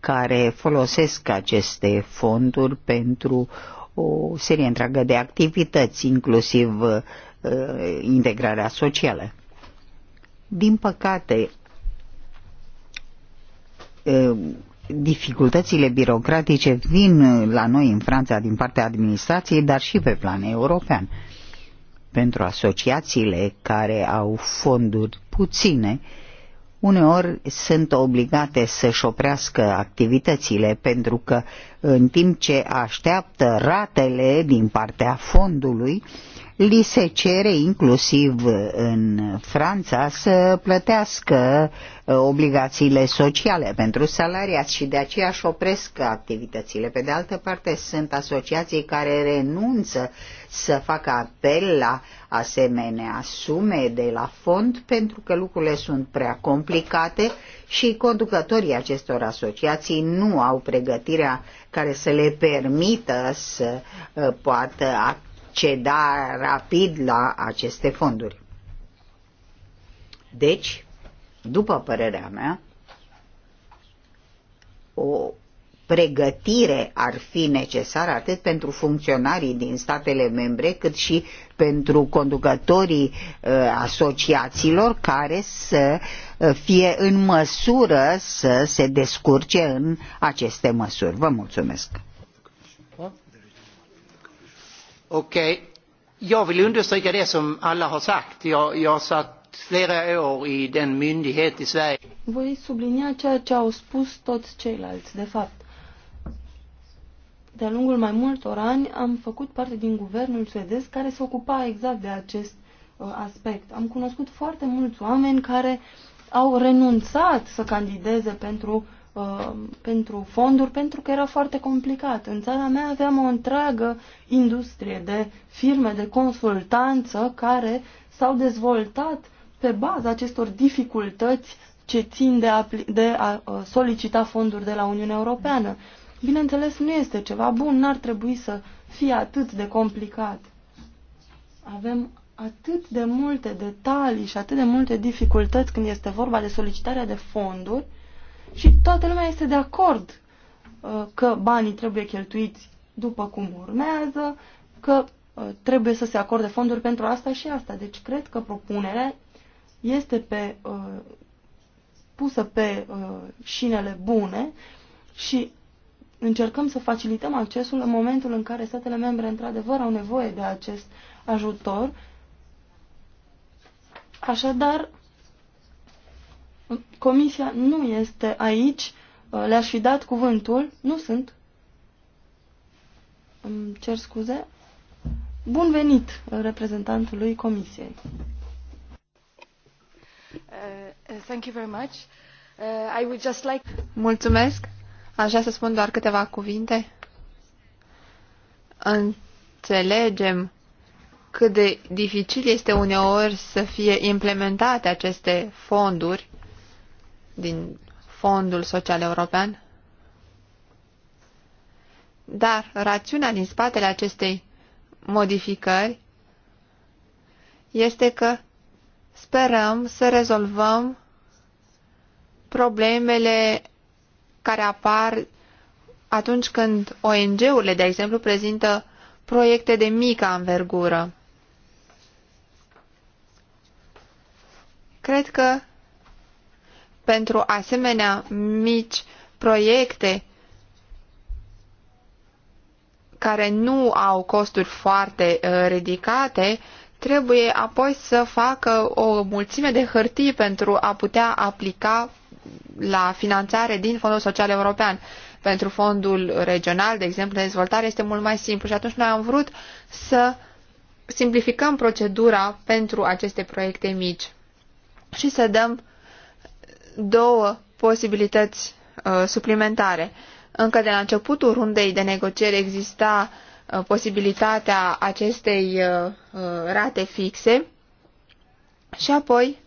care folosesc aceste fonduri pentru o serie întreagă de activități, inclusiv uh, integrarea socială. Din păcate, uh, dificultățile birocratice vin la noi în Franța din partea administrației, dar și pe plan european pentru asociațiile care au fonduri puține, uneori sunt obligate să-și oprească activitățile pentru că în timp ce așteaptă ratele din partea fondului, li se cere inclusiv în Franța să plătească uh, obligațiile sociale pentru salariați și de aceea își opresc activitățile. Pe de altă parte sunt asociații care renunță să facă apel la asemenea sume de la fond pentru că lucrurile sunt prea complicate și conducătorii acestor asociații nu au pregătirea care să le permită să uh, poată acceda rapid la aceste fonduri. Deci, după părerea mea, o pregătire ar fi necesară atât pentru funcționarii din statele membre, cât și pentru conducătorii uh, asociațiilor care să uh, fie în măsură să se descurce în aceste măsuri. Vă mulțumesc. Ok. Jag vill understryka det som alla har sagt. Jag, jag satt flera år i den myndighet i Sverige. Voi sublinia ceea ce au spus toți ceilalți, de fapt de-a lungul mai multor ani am făcut parte din guvernul suedez care se ocupa exact de acest uh, aspect. Am cunoscut foarte mulți oameni care au renunțat să candideze pentru, uh, pentru fonduri pentru că era foarte complicat. În țara mea aveam o întreagă industrie de firme de consultanță care s-au dezvoltat pe baza acestor dificultăți ce țin de a, de a uh, solicita fonduri de la Uniunea Europeană bineînțeles, nu este ceva bun, n-ar trebui să fie atât de complicat. Avem atât de multe detalii și atât de multe dificultăți când este vorba de solicitarea de fonduri și toată lumea este de acord uh, că banii trebuie cheltuiți după cum urmează, că uh, trebuie să se acorde fonduri pentru asta și asta. Deci cred că propunerea este pe, uh, pusă pe șinele bune și încercăm să facilităm accesul în momentul în care statele membre într-adevăr au nevoie de acest ajutor. Așadar, Comisia nu este aici, uh, le-aș fi dat cuvântul, nu sunt. Îmi cer scuze. Bun venit uh, reprezentantului Comisiei. Uh, thank you very much. Uh, I would just like... Mulțumesc. Aș vrea să spun doar câteva cuvinte. Înțelegem cât de dificil este uneori să fie implementate aceste fonduri din Fondul Social European. Dar rațiunea din spatele acestei modificări este că sperăm să rezolvăm problemele care apar atunci când ONG-urile, de exemplu, prezintă proiecte de mică anvergură. Cred că pentru asemenea mici proiecte care nu au costuri foarte uh, ridicate, trebuie apoi să facă o mulțime de hârtii pentru a putea aplica la finanțare din Fondul Social European. Pentru fondul regional, de exemplu, de dezvoltare, este mult mai simplu și atunci noi am vrut să simplificăm procedura pentru aceste proiecte mici și să dăm două posibilități uh, suplimentare. Încă de la începutul rundei de negocieri exista uh, posibilitatea acestei uh, uh rate fixe și apoi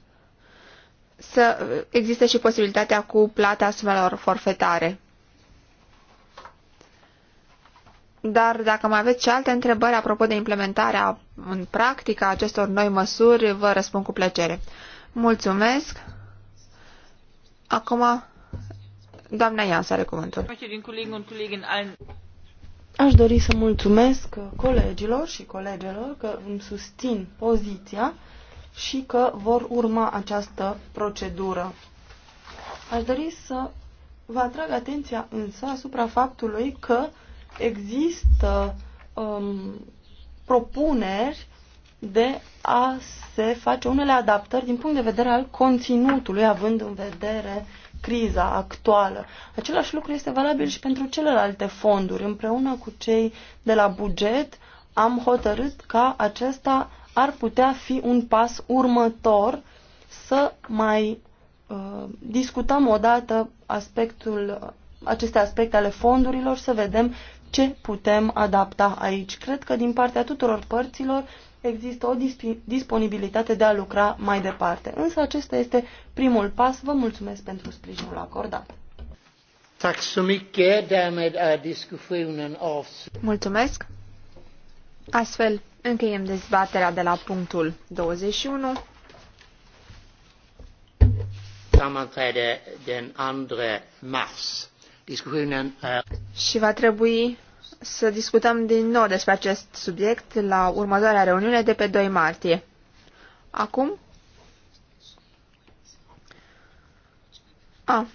să existe și posibilitatea cu plata sumelor forfetare. Dar dacă mai aveți și alte întrebări apropo de implementarea în practică a acestor noi măsuri, vă răspund cu plăcere. Mulțumesc! Acum, doamna Ians are cuvântul. Aș dori să mulțumesc colegilor și colegelor că îmi susțin poziția și că vor urma această procedură. Aș dori să vă atrag atenția însă asupra faptului că există um, propuneri de a se face unele adaptări din punct de vedere al conținutului, având în vedere criza actuală. Același lucru este valabil și pentru celelalte fonduri. Împreună cu cei de la buget am hotărât ca acesta ar putea fi un pas următor să mai uh, discutăm odată aspectul, aceste aspecte ale fondurilor, să vedem ce putem adapta aici. Cred că din partea tuturor părților există o disp- disponibilitate de a lucra mai departe. Însă acesta este primul pas. Vă mulțumesc pentru sprijinul acordat. Mulțumesc. Astfel Încheiem dezbaterea de la punctul 21. Sammanträde den 2 mars. Discuțiunea... Uh, și va trebui să discutăm din nou despre acest subiect la următoarea reuniune de pe 2 martie. Acum? A. Ah.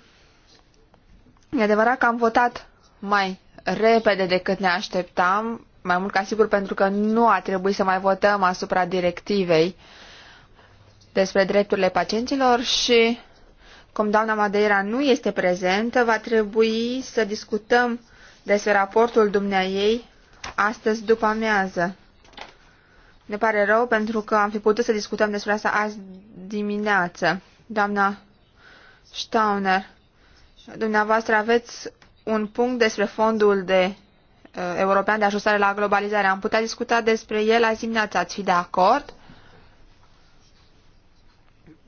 E adevărat că am votat mai repede decât ne așteptam mai mult ca sigur pentru că nu a trebuit să mai votăm asupra directivei despre drepturile pacienților și cum doamna Madeira nu este prezentă, va trebui să discutăm despre raportul dumneaei astăzi după amiază. Ne pare rău pentru că am fi putut să discutăm despre asta azi dimineață. Doamna Stauner, dumneavoastră aveți un punct despre fondul de Uh, european de Ajustare la Globalizare. Am putea discuta despre el azi dimineața. Ați fi de acord?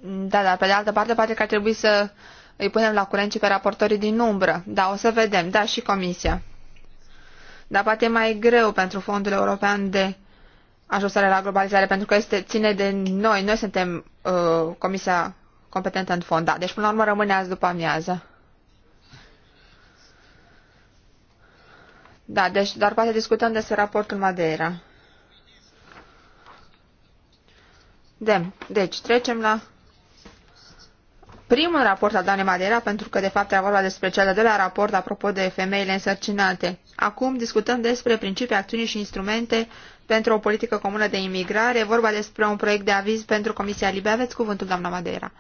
Da, dar pe de altă parte poate că ar trebui să îi punem la curent și pe raportorii din umbră. Da, o să vedem. Da, și Comisia. Dar poate e mai greu pentru Fondul European de Ajustare la Globalizare, pentru că este ține de noi. Noi suntem uh, Comisia competentă în fond. Da, deci până la urmă rămâne azi după amiază. Da, deci, dar poate discutăm despre raportul Madeira. De, deci, trecem la primul raport al Danei Madeira, pentru că, de fapt, era vorba despre cel de-al doilea raport apropo de femeile însărcinate. Acum discutăm despre principii, acțiuni și instrumente pentru o politică comună de imigrare. vorba despre un proiect de aviz pentru Comisia Libe. Aveți cuvântul, doamna Madeira.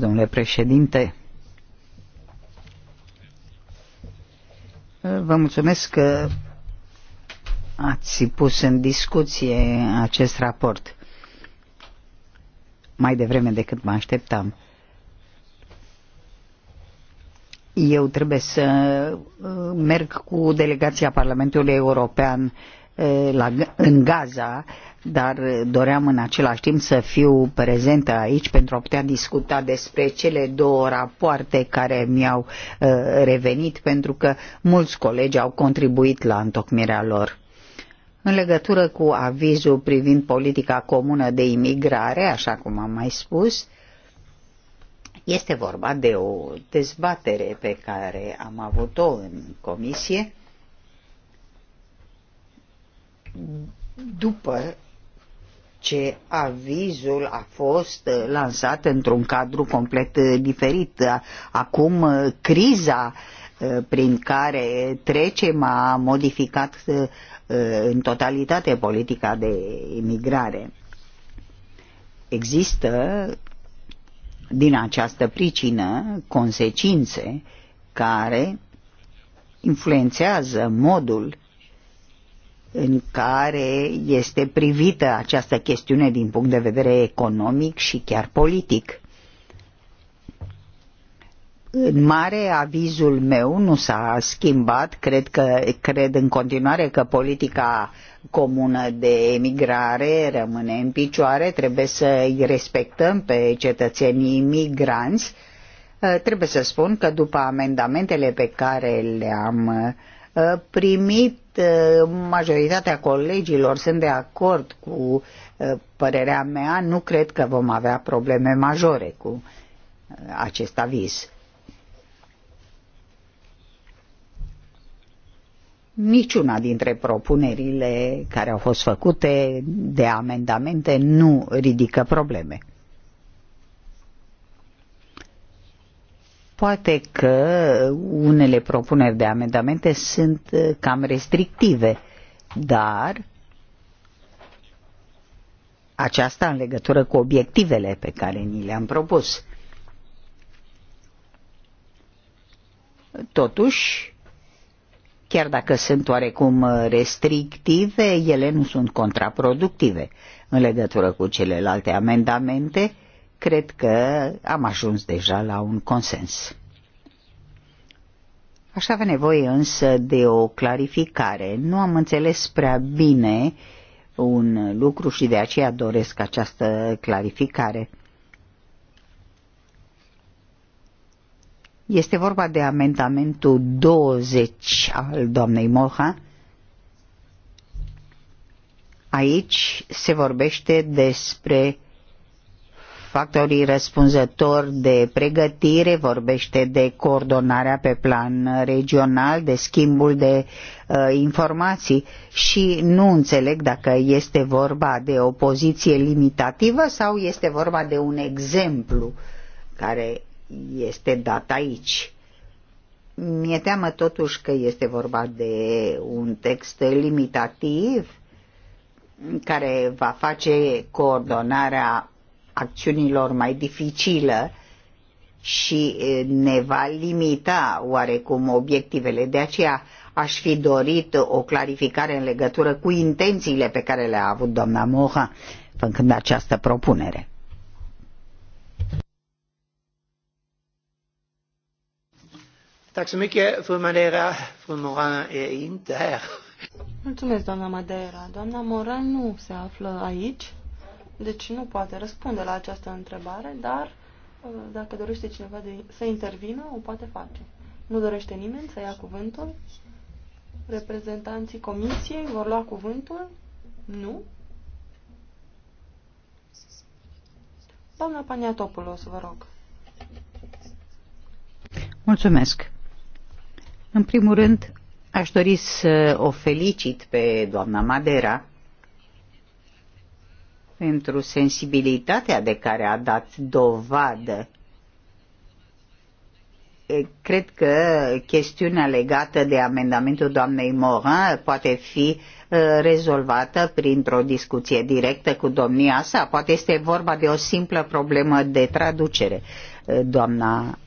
domnule președinte. Eh, vă mulțumesc că ați pus în discuție acest raport mai devreme decât mă așteptam. Eu trebuie să eh, merg cu delegația Parlamentului European la, în Gaza, dar doream în același timp să fiu prezentă aici pentru a putea discuta despre cele două rapoarte care mi-au uh, revenit, pentru că mulți colegi au contribuit la întocmirea lor. În legătură cu avizul privind politica comună de imigrare, așa cum am mai spus, este vorba de o dezbatere pe care am avut-o în comisie după ce avizul a fost lansat într-un cadru complet uh, diferit. Acum uh, criza uh, prin care trecem a modificat în totalitate politica de imigrare. Există din această pricină consecințe care influențează modul în care este privită această chestiune din punct de vedere economic și chiar politic. În mare, avizul meu nu s-a schimbat. Cred, că, cred în continuare că politica comună de emigrare rămâne în picioare. Trebuie să îi respectăm pe cetățenii migranți. Trebuie să spun că după amendamentele pe care le-am uh, primit, majoritatea colegilor sunt de acord cu părerea mea, nu cred că vom avea probleme majore cu acest aviz. Niciuna dintre propunerile care au fost făcute de amendamente nu ridică probleme. Poate că unele propuneri de amendamente sunt uh, cam restrictive, dar aceasta în legătură cu obiectivele pe care ni le-am propus. Totuși, chiar dacă sunt oarecum uh, restrictive, ele nu sunt contraproductive. În legătură cu celelalte amendamente, cred că am ajuns deja la un consens. Aș avea nevoie însă de o clarificare. Nu am înțeles prea bine un lucru și de aceea doresc această clarificare. Este vorba de amendamentul 20 al doamnei Moha. Aici se vorbește despre factorii răspunzători de pregătire, vorbește de coordonarea pe plan regional, de schimbul de uh, informații și nu înțeleg dacă este vorba de o poziție limitativă sau este vorba de un exemplu care este dat aici. Mi-e teamă totuși că este vorba de un text limitativ care va face coordonarea acțiunilor mai dificilă și ne va limita oarecum obiectivele. De aceea aș fi dorit o clarificare în legătură cu intențiile pe care le-a avut doamna Moha făcând această propunere. så mycket, Madeira. Fru Moran är inte här. Mulțumesc, doamna Madeira. Doamna Moran nu se află aici. Deci nu poate răspunde la această întrebare, dar uh, dacă dorește cineva de, să intervină, o poate face. Nu dorește nimeni să ia cuvântul? Reprezentanții comisiei vor lua cuvântul? Nu? Doamna Paniatopoulos, vă rog. Mulțumesc. În primul rând, aș dori să o felicit pe doamna Madera pentru sensibilitatea de care a dat dovadă. Cred că chestiunea legată de amendamentul doamnei Morin poate fi rezolvată printr-o discuție directă cu domnia sa. Poate este vorba de o simplă problemă de traducere. Doamna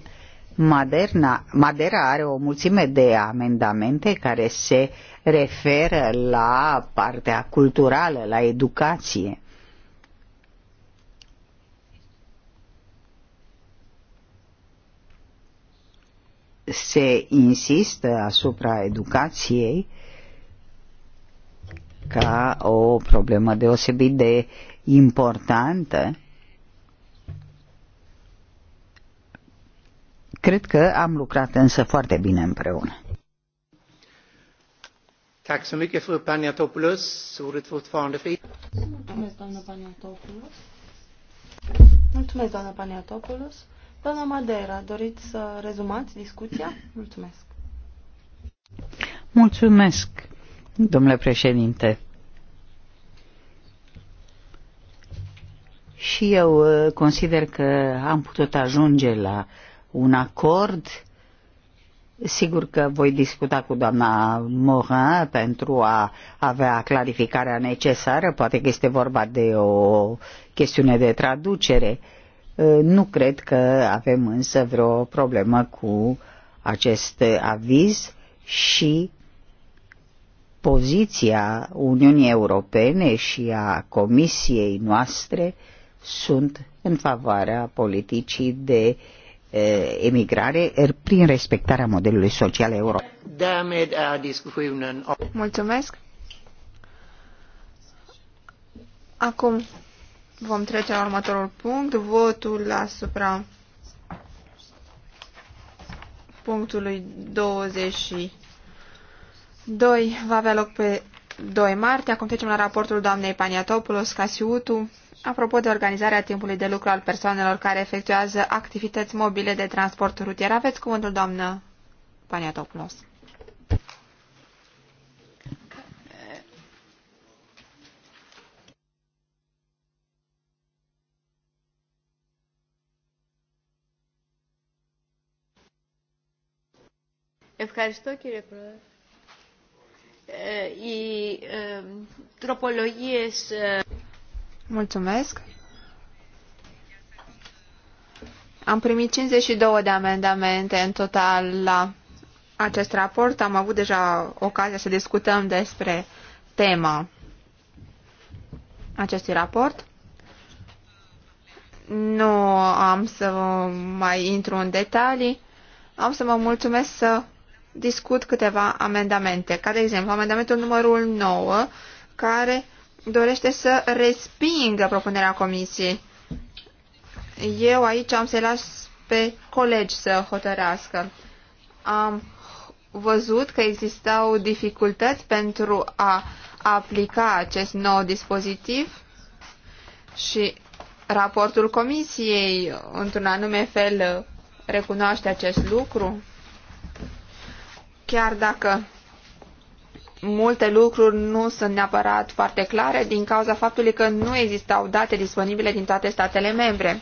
Maderna, Madera are o mulțime de amendamente care se referă la partea culturală, la educație. se insistă asupra educației ca o problemă deosebit de importantă, cred că am lucrat însă foarte bine împreună. Tack så mycket, Ordet fortfarande Mulțumesc, doamnă Paniatopoulos. Mulțumesc, doamnă Paniatopoulos. Doamna Madeira, doriți să rezumați discuția? Mulțumesc. Mulțumesc, domnule președinte. Și eu uh, consider că am putut ajunge la un acord. Sigur că voi discuta cu doamna Morin pentru a avea clarificarea necesară, poate că este vorba de o chestiune de traducere. Uh, Uh, nu cred că avem însă vreo problemă cu acest aviz și poziția Uniunii Europene și a Comisiei noastre sunt în favoarea politicii de uh, emigrare er, prin respectarea modelului social european. Er Mulțumesc! Acum Vom trece la următorul punct, votul asupra punctului 22 va avea loc pe 2 martie. Acum trecem la raportul doamnei Paniatopoulos Casiutu apropo de organizarea timpului de lucru al persoanelor care efectuează activități mobile de transport rutier. Aveți cuvântul, doamnă Paniatopoulos. Ευχαριστώ κύριε Πρόεδρε. Οι τροπολογίες... Mulțumesc. Am primit 52 de amendamente în total la acest raport. Am avut deja ocazia să discutăm despre tema acestui raport. Nu am să mai intru în detalii. Am să mă mulțumesc să discut câteva amendamente, ca de exemplu amendamentul numărul 9, care dorește să respingă propunerea comisiei. Eu aici am să-i las pe colegi să hotărească. Am văzut că existau dificultăți pentru a aplica acest nou dispozitiv și raportul comisiei într-un anume fel recunoaște acest lucru. Chiar dacă multe lucruri nu sunt neapărat foarte clare din cauza faptului că nu existau date disponibile din toate statele membre.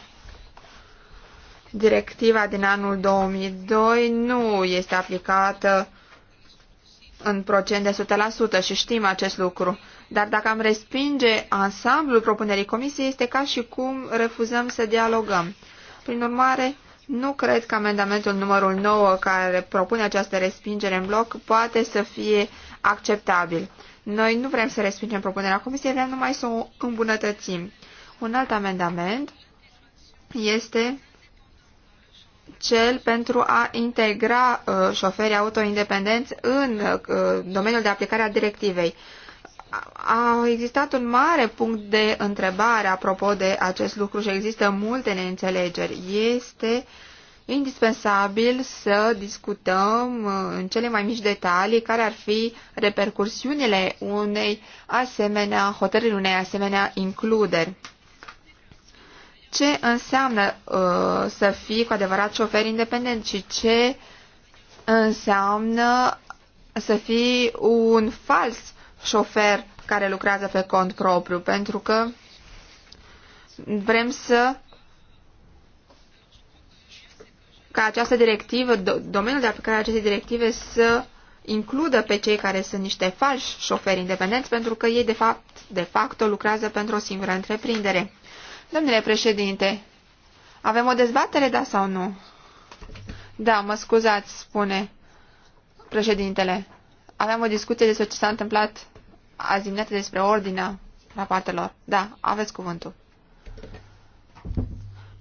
Directiva din anul 2002 nu este aplicată în procent de 100% și știm acest lucru. Dar dacă am respinge ansamblul propunerii comisiei, este ca și cum refuzăm să dialogăm. Prin urmare, nu cred că amendamentul numărul 9 care propune această respingere în bloc poate să fie acceptabil. Noi nu vrem să respingem propunerea comisiei, vrem numai să o îmbunătățim. Un alt amendament este cel pentru a integra uh, șoferii auto-independenți în uh, domeniul de aplicare a directivei. Uh, a existat un mare punct de întrebare apropo de acest lucru și există multe neînțelegeri. Este indispensabil să discutăm uh, în cele mai mici detalii care ar fi repercursiunile unei asemenea hotărâri, unei asemenea includeri. Ce înseamnă uh, să fii cu adevărat șofer independent și ce înseamnă să fii un fals șofer care lucrează pe cont propriu, pentru că vrem să ca această directivă, domeniul de aplicare a acestei directive să includă pe cei care sunt niște falși șoferi independenți, pentru că ei, de fapt, de fapt, lucrează pentru o singură întreprindere. Domnule președinte, avem o dezbatere, da sau nu? Da, mă scuzați, spune președintele. Aveam o discuție despre ce s-a întâmplat azi dimineață despre ordinea rapoartelor. Da, aveți cuvântul.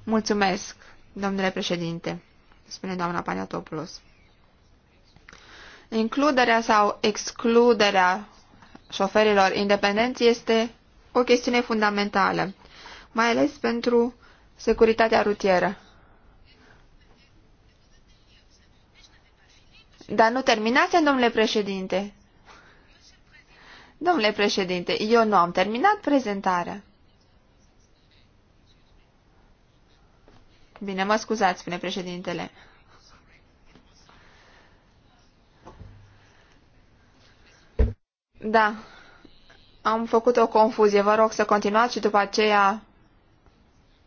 Mulțumesc, domnule președinte, spune doamna Paniatopoulos. Includerea sau excluderea șoferilor independenți este o chestiune fundamentală, mai ales pentru securitatea rutieră. Dar nu terminați, domnule președinte. Domnule președinte, eu nu am terminat prezentarea. Bine, mă scuzați, spune președintele. Da, am făcut o confuzie. Vă rog să continuați și după aceea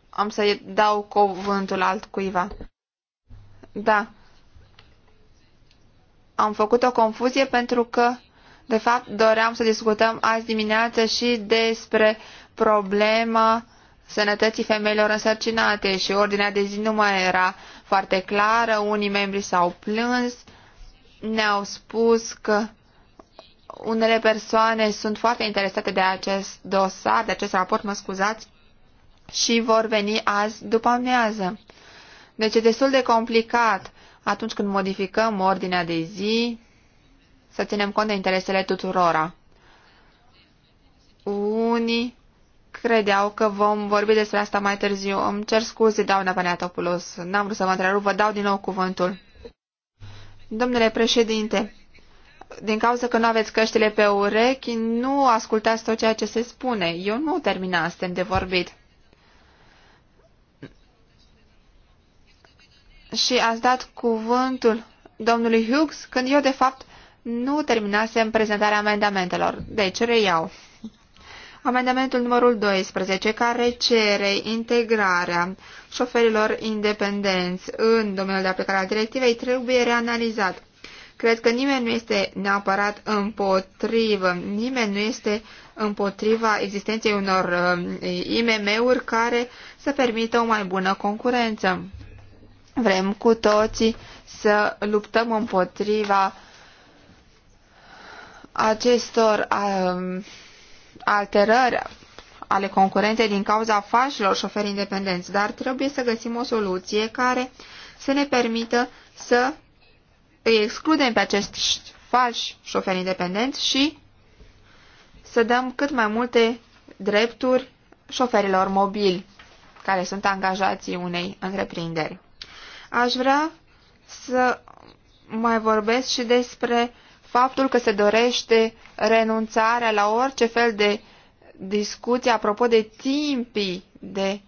am să dau cuvântul altcuiva. Da, am făcut o confuzie pentru că de fapt, doream să discutăm azi dimineață și despre problema sănătății femeilor însărcinate și ordinea de zi nu mai era foarte clară. Unii membri s-au plâns, ne-au spus că unele persoane sunt foarte interesate de acest dosar, de acest raport, mă scuzați, și vor veni azi după amiază. Deci e destul de complicat atunci când modificăm ordinea de zi, să ținem cont de interesele tuturora. Unii credeau că vom vorbi despre asta mai târziu. Îmi cer scuze, doamna Paniatopoulos. N-am vrut să vă întrerup, vă dau din nou cuvântul. Domnule președinte, din cauza că nu aveți căștile pe urechi, nu ascultați tot ceea ce se spune. Eu nu terminasem de vorbit. Și ați dat cuvântul domnului Hughes când eu, de fapt, nu terminasem prezentarea amendamentelor, deci reiau. Amendamentul numărul 12, care cere integrarea șoferilor independenți în domeniul de aplicare a directivei, trebuie reanalizat. Cred că nimeni nu este neapărat împotrivă, nimeni nu este împotriva existenței unor uh, IMM-uri care să permită o mai bună concurență. Vrem cu toții să luptăm împotriva acestor uh, alterări ale concurenței din cauza fașilor șoferi independenți, dar trebuie să găsim o soluție care să ne permită să îi excludem pe acești falși șoferi independenți și să dăm cât mai multe drepturi șoferilor mobili care sunt angajații unei întreprinderi. Aș vrea să mai vorbesc și despre faptul că se dorește renunțarea la orice fel de discuție apropo de timpii de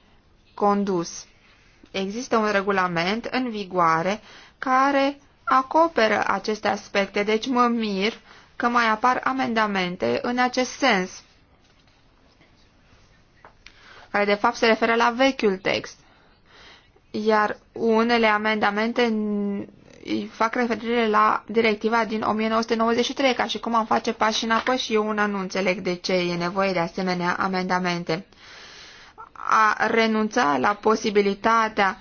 condus. Există un regulament în vigoare care acoperă aceste aspecte, deci mă mir că mai apar amendamente în acest sens, care de fapt se referă la vechiul text, iar unele amendamente fac referire la directiva din 1993, ca și cum am face pași înapoi și eu una nu înțeleg de ce e nevoie de asemenea amendamente. A renunța la posibilitatea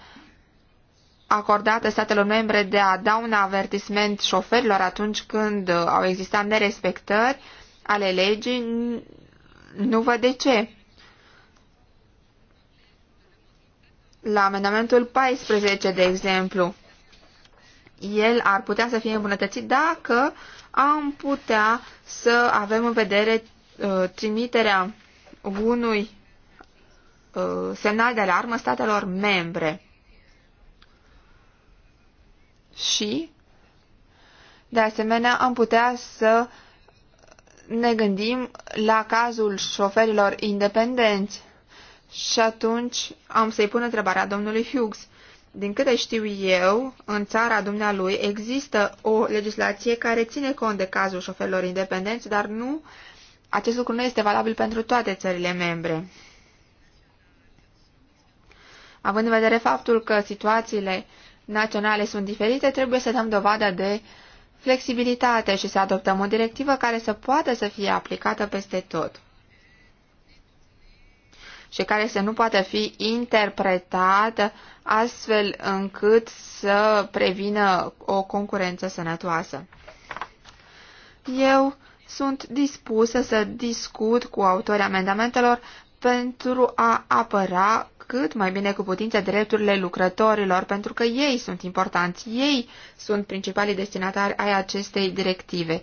acordată statelor membre de a da un avertisment șoferilor atunci când au existat nerespectări ale legii, nu văd de ce. La amendamentul 14, de exemplu, el ar putea să fie îmbunătățit dacă am putea să avem în vedere uh, trimiterea unui uh, semnal de alarmă statelor membre. Și, de asemenea, am putea să ne gândim la cazul șoferilor independenți. Și atunci am să-i pun întrebarea domnului Hughes din câte știu eu, în țara dumnealui există o legislație care ține cont de cazul șoferilor independenți, dar nu, acest lucru nu este valabil pentru toate țările membre. Având în vedere faptul că situațiile naționale sunt diferite, trebuie să dăm dovadă de flexibilitate și să adoptăm o directivă care să poată să fie aplicată peste tot și care să nu poată fi interpretată astfel încât să prevină o concurență sănătoasă. Eu sunt dispusă să discut cu autorii amendamentelor pentru a apăra cât mai bine cu putință drepturile lucrătorilor, pentru că ei sunt importanți, ei sunt principalii destinatari ai acestei directive,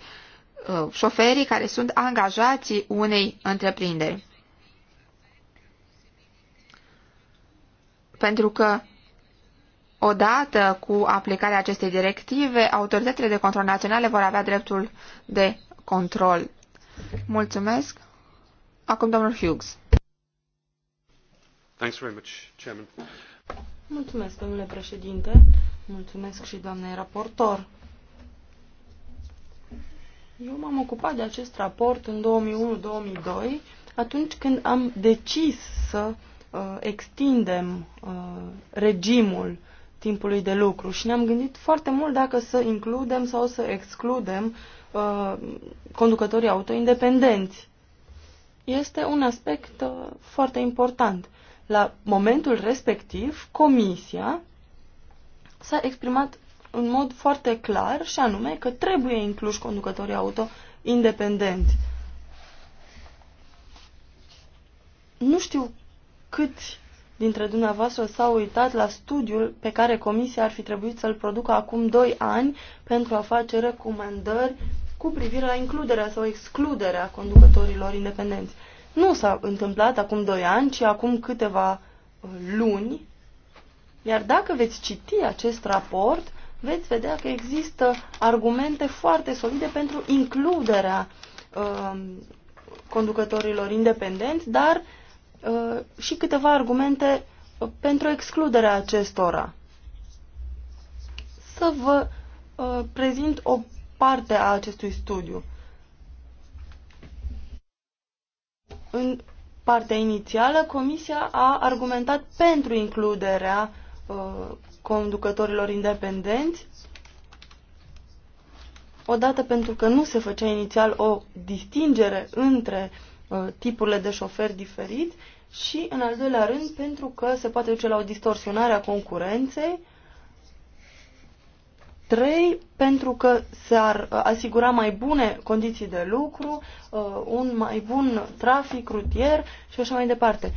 uh, șoferii care sunt angajații unei întreprinderi. pentru că odată cu aplicarea acestei directive, autoritățile de control naționale vor avea dreptul de control. Mulțumesc. Acum domnul Hughes. Thanks very much, Chairman. Mulțumesc, domnule președinte. Mulțumesc și doamnei raportor. Eu m-am ocupat de acest raport în 2001-2002, atunci când am decis să Uh, extindem uh, regimul timpului de lucru și ne-am gândit foarte mult dacă să includem sau să excludem uh, conducătorii auto independenți. Este un aspect foarte important. La momentul respectiv, comisia s-a exprimat în mod foarte clar și anume că trebuie incluși conducătorii auto independenți. Nu știu cât dintre dumneavoastră s-au uitat la studiul pe care Comisia ar fi trebuit să-l producă acum 2 ani pentru a face recomandări cu privire la includerea sau excluderea conducătorilor independenți. Nu s-a întâmplat acum 2 ani, ci acum câteva uh, luni. Iar dacă veți citi acest raport, veți vedea că există argumente foarte solide pentru includerea uh, conducătorilor independenți, dar uh, Uh, și câteva argumente uh, pentru excluderea acestora. Să vă uh, prezint o parte a acestui studiu. În partea inițială, Comisia a argumentat pentru includerea conducătorilor independenți, odată pentru că nu se făcea inițial o distingere între tipurile de șoferi diferiți și, în al doilea rând, pentru că se poate duce la o distorsionare a concurenței. Trei, pentru că s-ar uh, asigura mai bune condiții de lucru, uh, un mai bun trafic rutier și așa mai departe.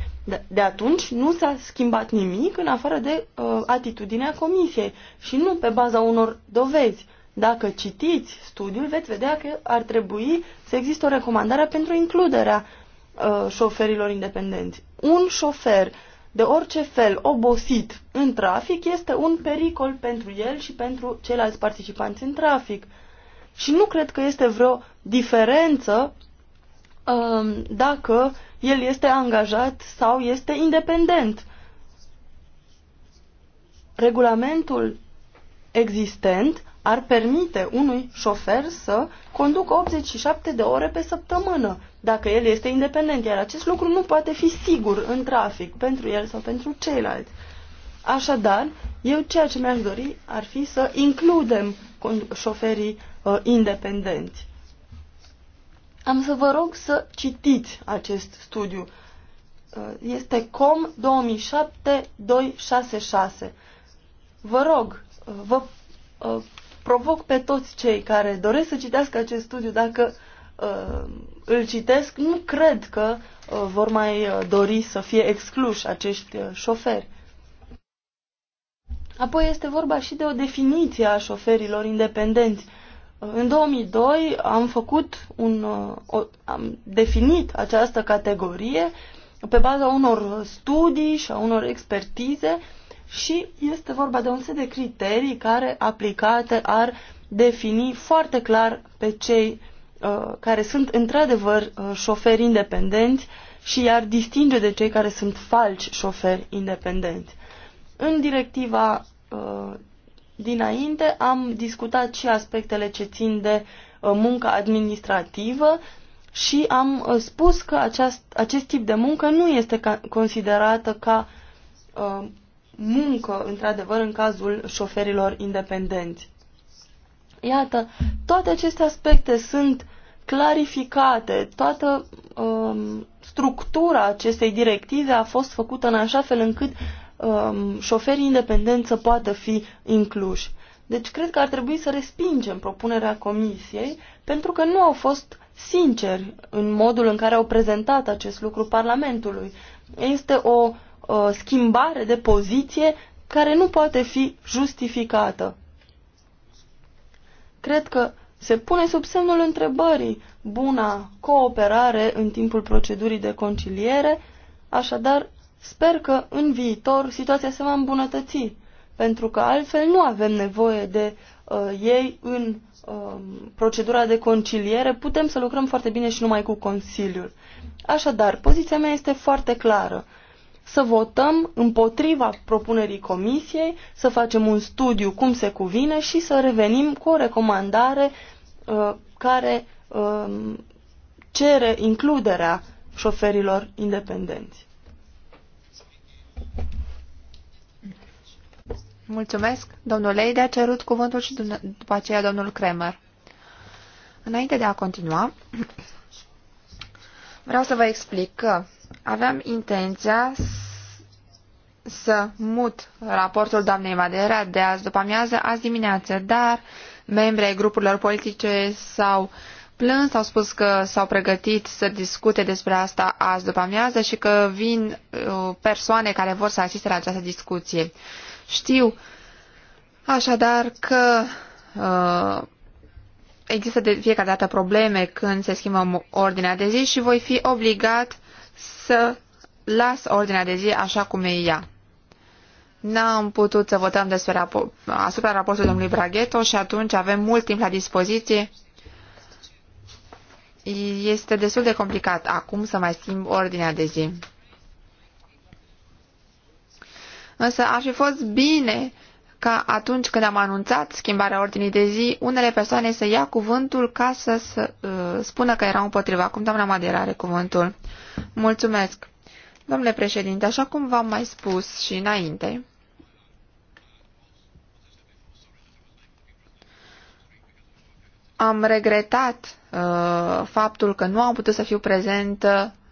De atunci nu s-a schimbat nimic în afară de uh, atitudinea comisiei și nu pe baza unor dovezi. Dacă citiți studiul, veți vedea că ar trebui să există o recomandare pentru includerea uh, șoferilor independenți. Un șofer de orice fel obosit în trafic este un pericol pentru el și pentru ceilalți participanți în trafic. Și nu cred că este vreo diferență um, uh, dacă el este angajat sau este independent. Regulamentul existent ar permite unui șofer să conducă 87 de ore pe săptămână dacă el este independent, iar acest lucru nu poate fi sigur în trafic pentru el sau pentru ceilalți. Așadar, eu ceea ce mi-aș dori ar fi să includem șoferii uh, independenți. Am să vă rog să citiți acest studiu. Uh, este COM 2007-266. Vă rog, uh, vă uh, provoc pe toți cei care doresc să citească acest studiu dacă uh, Uh, îl citesc, nu cred că uh, vor mai uh, dori să fie excluși acești șoferi. Apoi este vorba și de o definiție a șoferilor independenți. În 2002 am făcut un, o, am definit această categorie pe baza unor studii și a unor expertize și este vorba de un set de criterii care aplicate ar defini foarte clar pe cei Uh, care sunt într-adevăr uh, șoferi independenți și iar distinge de cei care sunt falci șoferi independenți. În directiva uh, dinainte am discutat și aspectele ce țin de munca administrativă și am spus că aceast, acest tip de muncă nu este ca, considerată ca muncă, într-adevăr, în cazul șoferilor independenți. Iată, toate aceste aspecte sunt clarificate, toată um, structura acestei directive a fost făcută în așa fel încât um, șoferii independenți să poată fi incluși. Deci cred că ar trebui să respingem propunerea comisiei pentru că nu au fost sinceri în modul în care au prezentat acest lucru Parlamentului. Este o uh, schimbare de poziție care nu poate fi justificată. Cred că se pune sub semnul întrebării buna cooperare în timpul procedurii de conciliere, așadar sper că în viitor situația se va îmbunătăți, pentru că altfel nu avem nevoie de uh, ei în uh, procedura de conciliere, putem să lucrăm foarte bine și numai cu Consiliul. Așadar, poziția mea este foarte clară să votăm împotriva propunerii comisiei, să facem un studiu cum se cuvine și să revenim cu o recomandare uh, care uh, cere includerea șoferilor independenți. Mulțumesc. Domnul Leide a cerut cuvântul și după aceea domnul Kremer. Înainte de a continua, vreau să vă explic că aveam intenția să mut raportul doamnei Madera de azi după amiază, azi dimineață, dar membrii grupurilor politice s-au plâns, au spus că s-au pregătit să discute despre asta azi după amiază și că vin uh, persoane care vor să asiste la această discuție. Știu așadar că uh, există de fiecare dată probleme când se schimbă ordinea de zi și voi fi obligat să las ordinea de zi așa cum e ea. N-am putut să votăm despre rapo- asupra raportului domnului Braghetto și atunci avem mult timp la dispoziție. Este destul de complicat acum să mai schimb ordinea de zi. Însă ar fi fost bine ca atunci când am anunțat schimbarea ordinii de zi, unele persoane să ia cuvântul ca să, să uh, spună că erau împotriva. Acum doamna Madera are cuvântul. Mulțumesc! Domnule președinte, așa cum v-am mai spus și înainte, am regretat uh, faptul că nu am putut să fiu prezent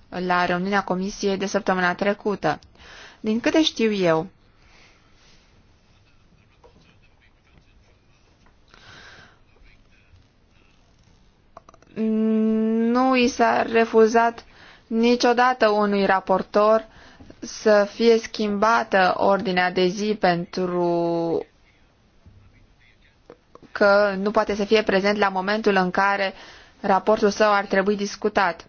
la reuniunea comisiei de săptămâna trecută. Din câte știu eu, nu i s-a refuzat niciodată unui raportor să fie schimbată ordinea de zi pentru că nu poate să fie prezent la momentul în care raportul său ar trebui discutat.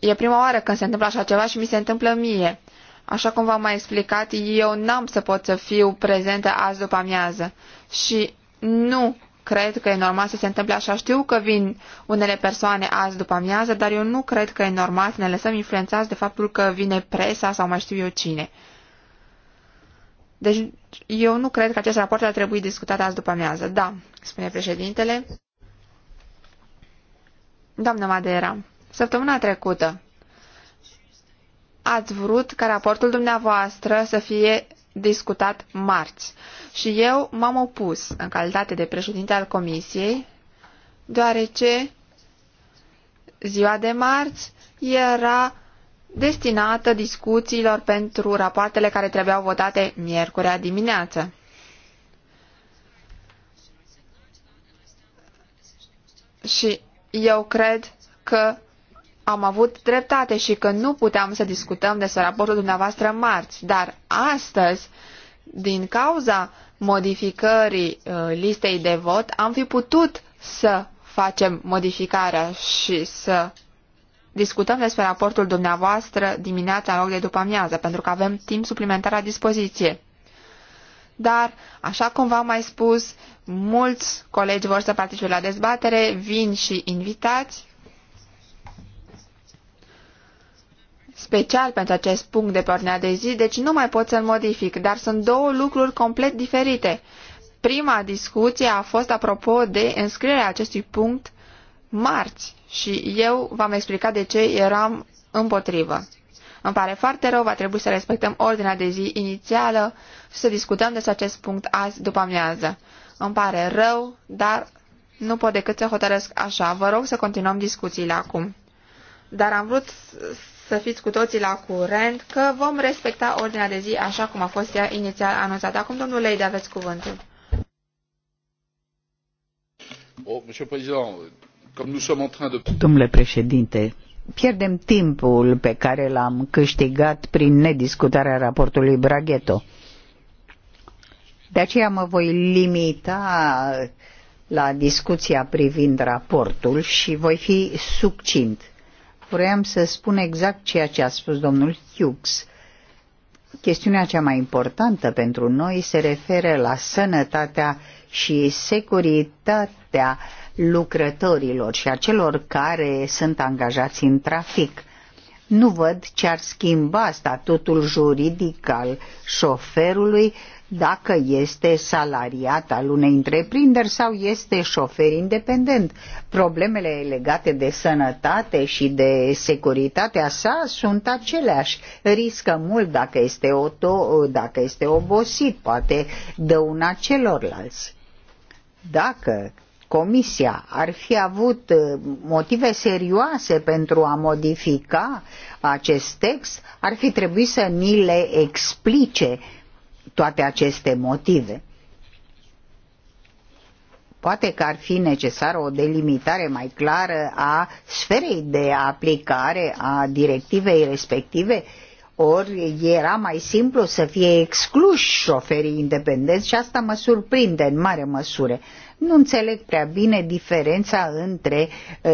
E prima oară când se întâmplă așa ceva și mi se întâmplă mie. Așa cum v-am mai explicat, eu n-am să pot să fiu prezentă azi după amiază și nu cred că e normal să se întâmple așa. Știu că vin unele persoane azi după amiază, dar eu nu cred că e normal să ne lăsăm influențați de faptul că vine presa sau mai știu eu cine. Deci eu nu cred că acest raport ar trebui discutat azi după amiază. Da, spune președintele. Doamnă Madeira, săptămâna trecută ați vrut ca raportul dumneavoastră să fie discutat marți și eu m-am opus în calitate de președinte al comisiei, deoarece ziua de marți era destinată discuțiilor pentru rapoartele care trebuiau votate miercurea dimineață. Și eu cred că am avut dreptate și că nu puteam să discutăm despre raportul dumneavoastră marți, dar astăzi, din cauza modificării uh, listei de vot, am fi putut să facem modificarea și să discutăm despre raportul dumneavoastră dimineața în loc de după amiază, pentru că avem timp suplimentar la dispoziție. Dar, așa cum v-am mai spus, mulți colegi vor să participe la dezbatere, vin și invitați special pentru acest punct de pornea de zi, deci nu mai pot să-l modific, dar sunt două lucruri complet diferite. Prima discuție a fost apropo de înscrierea acestui punct marți și eu v-am explicat de ce eram împotrivă. Îmi pare foarte rău, va trebui să respectăm ordinea de zi inițială și să discutăm despre acest punct azi după amiază. Îmi pare rău, dar nu pot decât să hotărăsc așa. Vă rog să continuăm discuțiile acum. Dar am vrut să fiți cu toții la curent că vom respecta ordinea de zi așa cum a fost ea inițial anunțată. Acum, domnul Leide, aveți cuvântul. Domnule președinte, pierdem timpul pe care l-am câștigat prin nediscutarea raportului Braghetto. De aceea mă voi limita la discuția privind raportul și voi fi succint vroiam să spun exact ceea ce a spus domnul Hughes. Chestiunea cea mai importantă pentru noi se referă la sănătatea și securitatea lucrătorilor și a celor care sunt angajați în trafic. Nu văd ce ar schimba statutul juridic al șoferului dacă este salariat al unei întreprinderi sau este șofer independent. Problemele legate de sănătate și de securitatea sa sunt aceleași. Riscă mult dacă este, auto, dacă este obosit, poate dăuna celorlalți. Dacă Comisia ar fi avut uh, motive serioase pentru a modifica acest text, ar fi trebuit să ni le explice toate aceste motive. Poate că ar fi necesară o delimitare mai clară a sferei de aplicare a directivei respective, ori era mai simplu să fie excluși șoferii independenți și asta mă surprinde în mare măsură. Nu înțeleg prea bine diferența între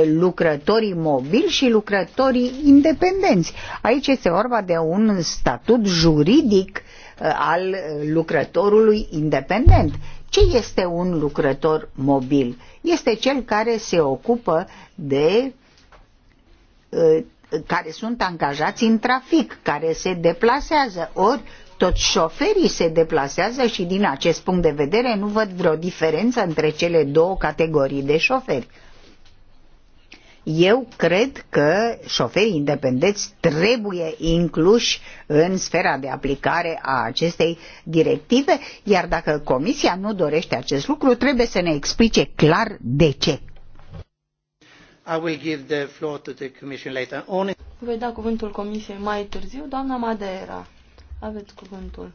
lucrătorii mobili și lucrătorii independenți. Aici este vorba de un statut juridic Uh, al lucrătorului independent. Ce este un lucrător mobil? Este cel care se ocupă de uh, care sunt angajați în trafic, care se deplasează, ori toți șoferii se deplasează și din acest punct de vedere nu văd vreo diferență între cele două categorii de șoferi. Eu cred că șoferii independenți trebuie incluși în sfera de aplicare a acestei directive, iar dacă Comisia nu dorește acest lucru, trebuie să ne explice clar de ce. Voi da cuvântul Comisiei mai târziu. Doamna Madeira, aveți cuvântul.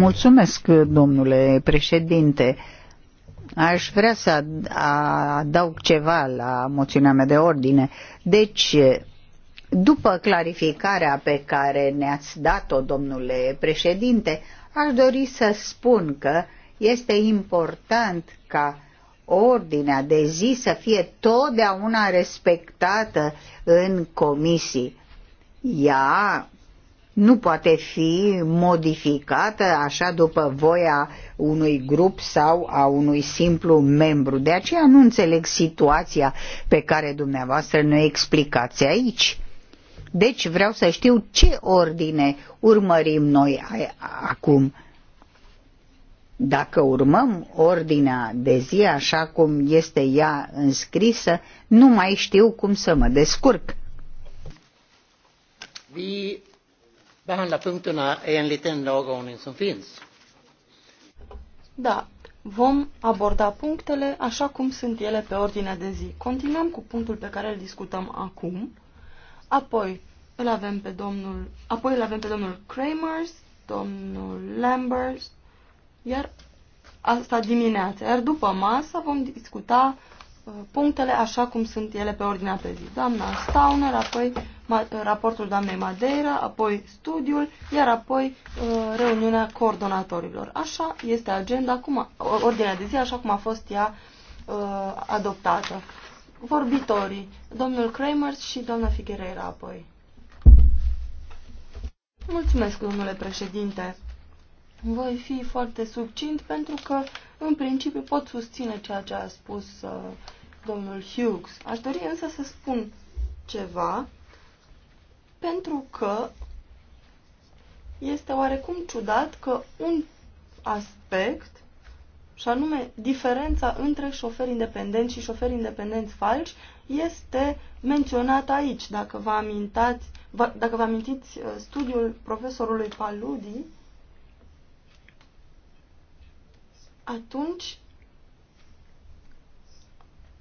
Mulțumesc, domnule președinte. Uh, Aș vrea să adaug ceva la moțiunea mea de ordine. Deci, după clarificarea pe care ne-ați dat-o, domnule președinte, aș dori să spun că este important ca ordinea de zi să fie totdeauna respectată în comisii. Ea nu poate fi modificată așa după voia unui grup sau a unui simplu membru. De aceea nu înțeleg situația pe care dumneavoastră ne explicați aici. Deci vreau să știu ce ordine urmărim noi acum. Dacă urmăm ordinea de zi așa cum este ea înscrisă, nu mai știu cum să mă descurc. The behandla punkterna enligt den dagordning som finns. Da, vom aborda punctele așa cum sunt ele pe ordinea de zi. Continuăm cu punctul pe care îl discutăm acum, apoi îl avem pe domnul, apoi îl avem pe domnul Kramers, domnul Lambers, iar asta dimineața, iar după masă vom discuta uh, punctele așa cum sunt ele pe ordinea de zi. Doamna Stauner, apoi raportul doamnei Madeira, apoi studiul, iar apoi uh, reuniunea coordonatorilor. Așa este agenda, cum, ordinea de zi, așa cum a fost ea uh, adoptată. Vorbitorii, domnul Kramer și doamna Figuereira apoi. Mulțumesc, domnule președinte. Voi fi foarte succint pentru că, în principiu, pot susține ceea ce a spus uh, domnul Hughes. Aș dori însă să spun ceva pentru că este oarecum ciudat că un aspect, și anume diferența între șoferi independenți și șoferi independenți falși, este menționat aici. Dacă vă, amintați, dacă vă amintiți uh, studiul profesorului Paludi, atunci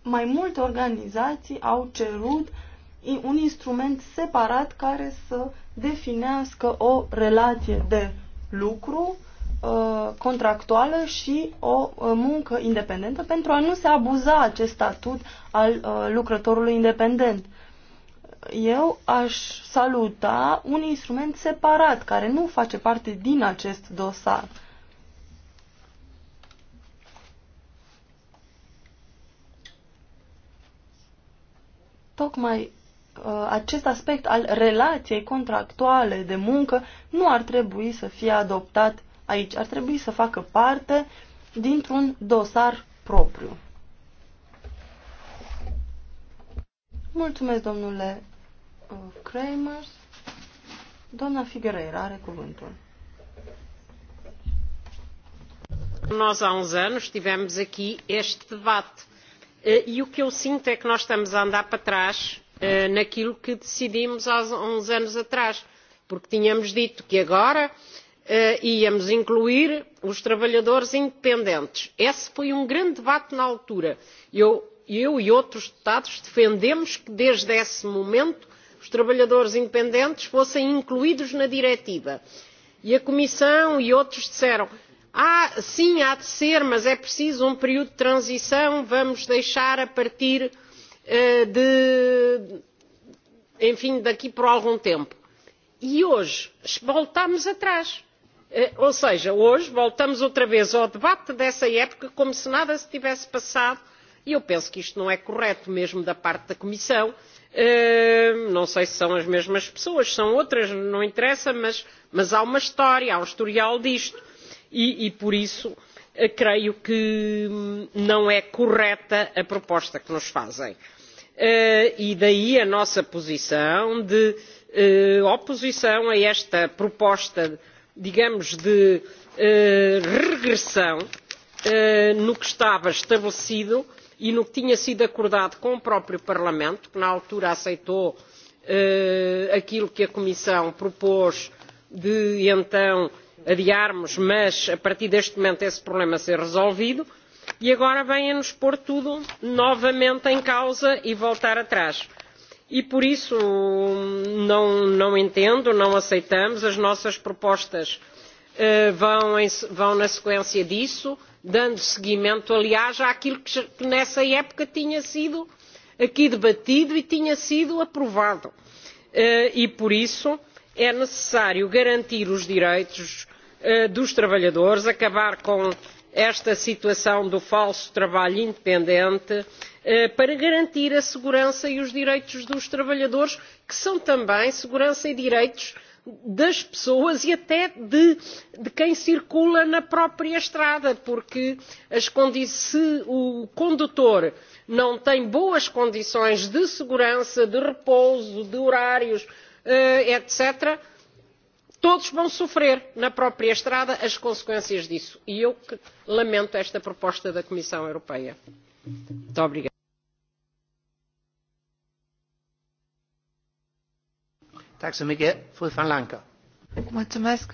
mai multe organizații au cerut uh, un instrument separat care să definească o relație de lucru uh, contractuală și o uh, muncă independentă pentru a nu se abuza acest statut al uh, lucrătorului independent. Eu aș saluta un instrument separat care nu face parte din acest dosar. Tocmai Uh, acest aspect al relației contractuale de muncă nu ar trebui să fie adoptat aici. Ar trebui să facă parte dintr-un dosar propriu. Mulțumesc, domnule uh, Kramer. Doamna Figuereira are cuvântul. Nós há uns anos tivemos aqui este debate uh, e o que eu sinto é que nós estamos a andar para trás Eh, naquilo que decidimos há uns anos atrás, porque tínhamos dito que agora eh, íamos incluir os trabalhadores independentes. Esse foi um grande debate na altura. e eu e outros deputados defendemos que desde esse momento os trabalhadores independentes fossem incluídos na diretiva. E a Comissão e outros disseram ah, sim, há de ser, mas é preciso um período de transição, vamos deixar a partir eh, enfim, daqui por algum tempo. E hoje voltamos atrás. Eh, ou seja, hoje voltamos outra vez ao debate dessa época como se nada se tivesse passado e eu penso que isto não é correto mesmo da parte da Comissão. Eh, não sei se são as mesmas pessoas, são outras, não interessa, mas, mas há uma história, há um historial disto. E, e por isso eh, creio que não é correta a proposta que nos fazem. Uh, Eh, e daí a nossa posição de eh, oposição a esta proposta digamos de eh, regressão no que estava estabelecido e no que tinha sido acordado com o próprio parlamento que na altura aceitou aquilo que a comissão propôs de então adiarmos mas a partir deste momento esse problema ser resolvido e agora vêm nos pôr tudo novamente em causa e voltar atrás. E por isso não, não entendo, não aceitamos. As nossas propostas uh, vão, em, vão na sequência disso, dando seguimento, aliás, àquilo que, que nessa época tinha sido aqui debatido e tinha sido aprovado. Uh, e por isso é necessário garantir os direitos uh, dos trabalhadores, acabar com esta situação do falso trabalho independente eh, para garantir a segurança e os direitos dos trabalhadores, que são também segurança e direitos das pessoas e até de, quem circula na própria estrada, porque se o condutor não tem boas condições de segurança, de repouso, de horários, eh, etc., todos vão sofrer na própria estrada as consequências disso. E eu que lamento esta proposta da Comissão Europeia. Muito obrigada. Mulțumesc.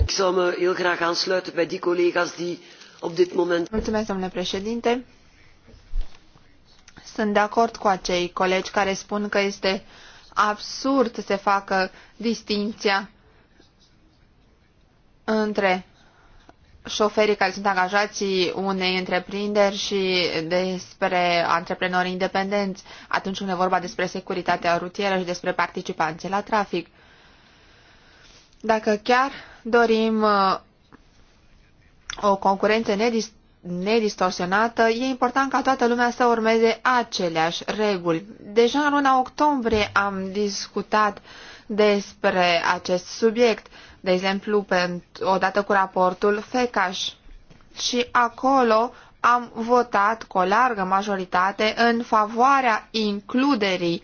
Ik zou me heel graag aansluiten bij die collega's die op dit moment... Mulțumesc, domnule președinte. Sunt de acord cu acei colegi care spun că este absurd să se facă distinția între șoferii care sunt angajații unei întreprinderi și despre antreprenori independenți atunci când e vorba despre securitatea rutieră și despre participanții la trafic. Dacă chiar dorim uh, o concurență nedistinctă, nedistorsionată, e important ca toată lumea să urmeze aceleași reguli. Deja în luna octombrie am discutat despre acest subiect, de exemplu, odată cu raportul FECAș. Și acolo am votat cu o largă majoritate în favoarea includerii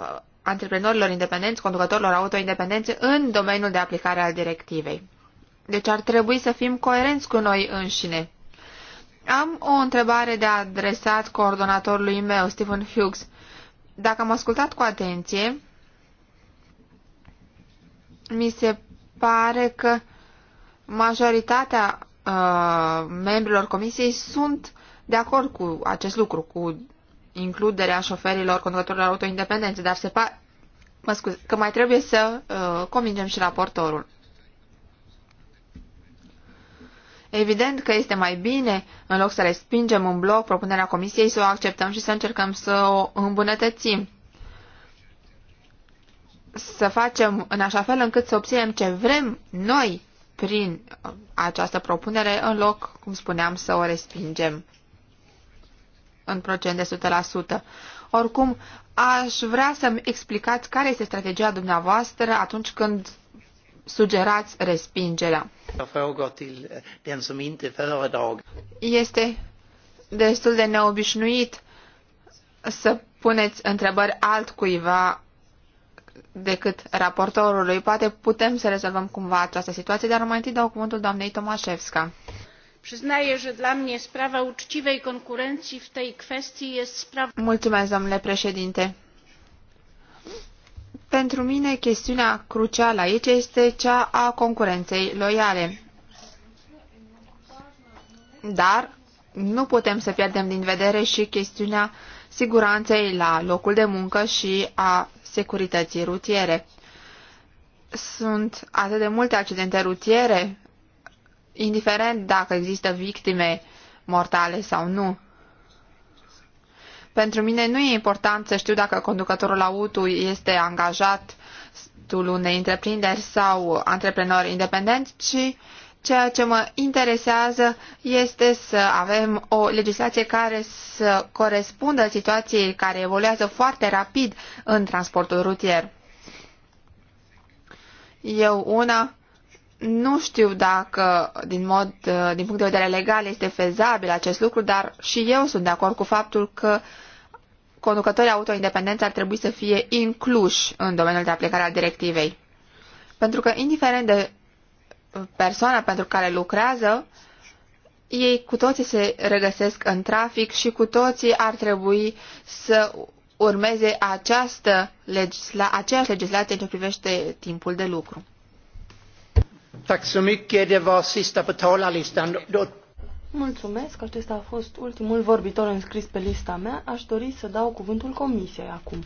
uh, antreprenorilor independenți, conducătorilor auto-independenți în domeniul de aplicare al directivei. Deci ar trebui să fim coerenți cu noi înșine am o întrebare de adresat coordonatorului meu, Stephen Hughes. Dacă am ascultat cu atenție, mi se pare că majoritatea uh, membrilor comisiei sunt de acord cu acest lucru, cu includerea șoferilor, conducătorilor autoindependențe. dar se pare mă că mai trebuie să uh, convingem și raportorul. Evident că este mai bine, în loc să respingem un bloc propunerea comisiei, să o acceptăm și să încercăm să o îmbunătățim. Să facem în așa fel încât să obținem ce vrem noi prin această propunere, în loc, cum spuneam, să o respingem în procent de 100%. Oricum, aș vrea să-mi explicați care este strategia dumneavoastră atunci când sugerați respingerea. Este destul de neobișnuit să puneți întrebări altcuiva decât raportorului. Poate putem să rezolvăm cumva această situație, dar mai întâi dau cuvântul doamnei Tomașevska. Przyznaję, że dla mnie sprawa uczciwej konkurencji w tej kwestii jest sprawą... Mulțumesc, domnule președinte. Pentru mine, chestiunea crucială aici este cea a concurenței loiale. Dar nu putem să pierdem din vedere și chestiunea siguranței la locul de muncă și a securității rutiere. Sunt atât de multe accidente rutiere, indiferent dacă există victime mortale sau nu. Pentru mine nu e important să știu dacă conducătorul auto este angajat unei întreprinderi sau antreprenor independent, ci ceea ce mă interesează este să avem o legislație care să corespundă situației care evoluează foarte rapid în transportul rutier. Eu una nu știu dacă, din, mod, din punct de vedere legal, este fezabil acest lucru, dar și eu sunt de acord cu faptul că conducătorii auto independenți ar trebui să fie incluși în domeniul de aplicare al directivei. Pentru că, indiferent de persoana pentru care lucrează, ei cu toții se regăsesc în trafic și cu toții ar trebui să urmeze această legisla aceeași legislație în ce privește timpul de lucru. Tack så Mulțumesc, acesta a fost ultimul vorbitor înscris pe lista mea. Aș dori să dau cuvântul comisiei acum.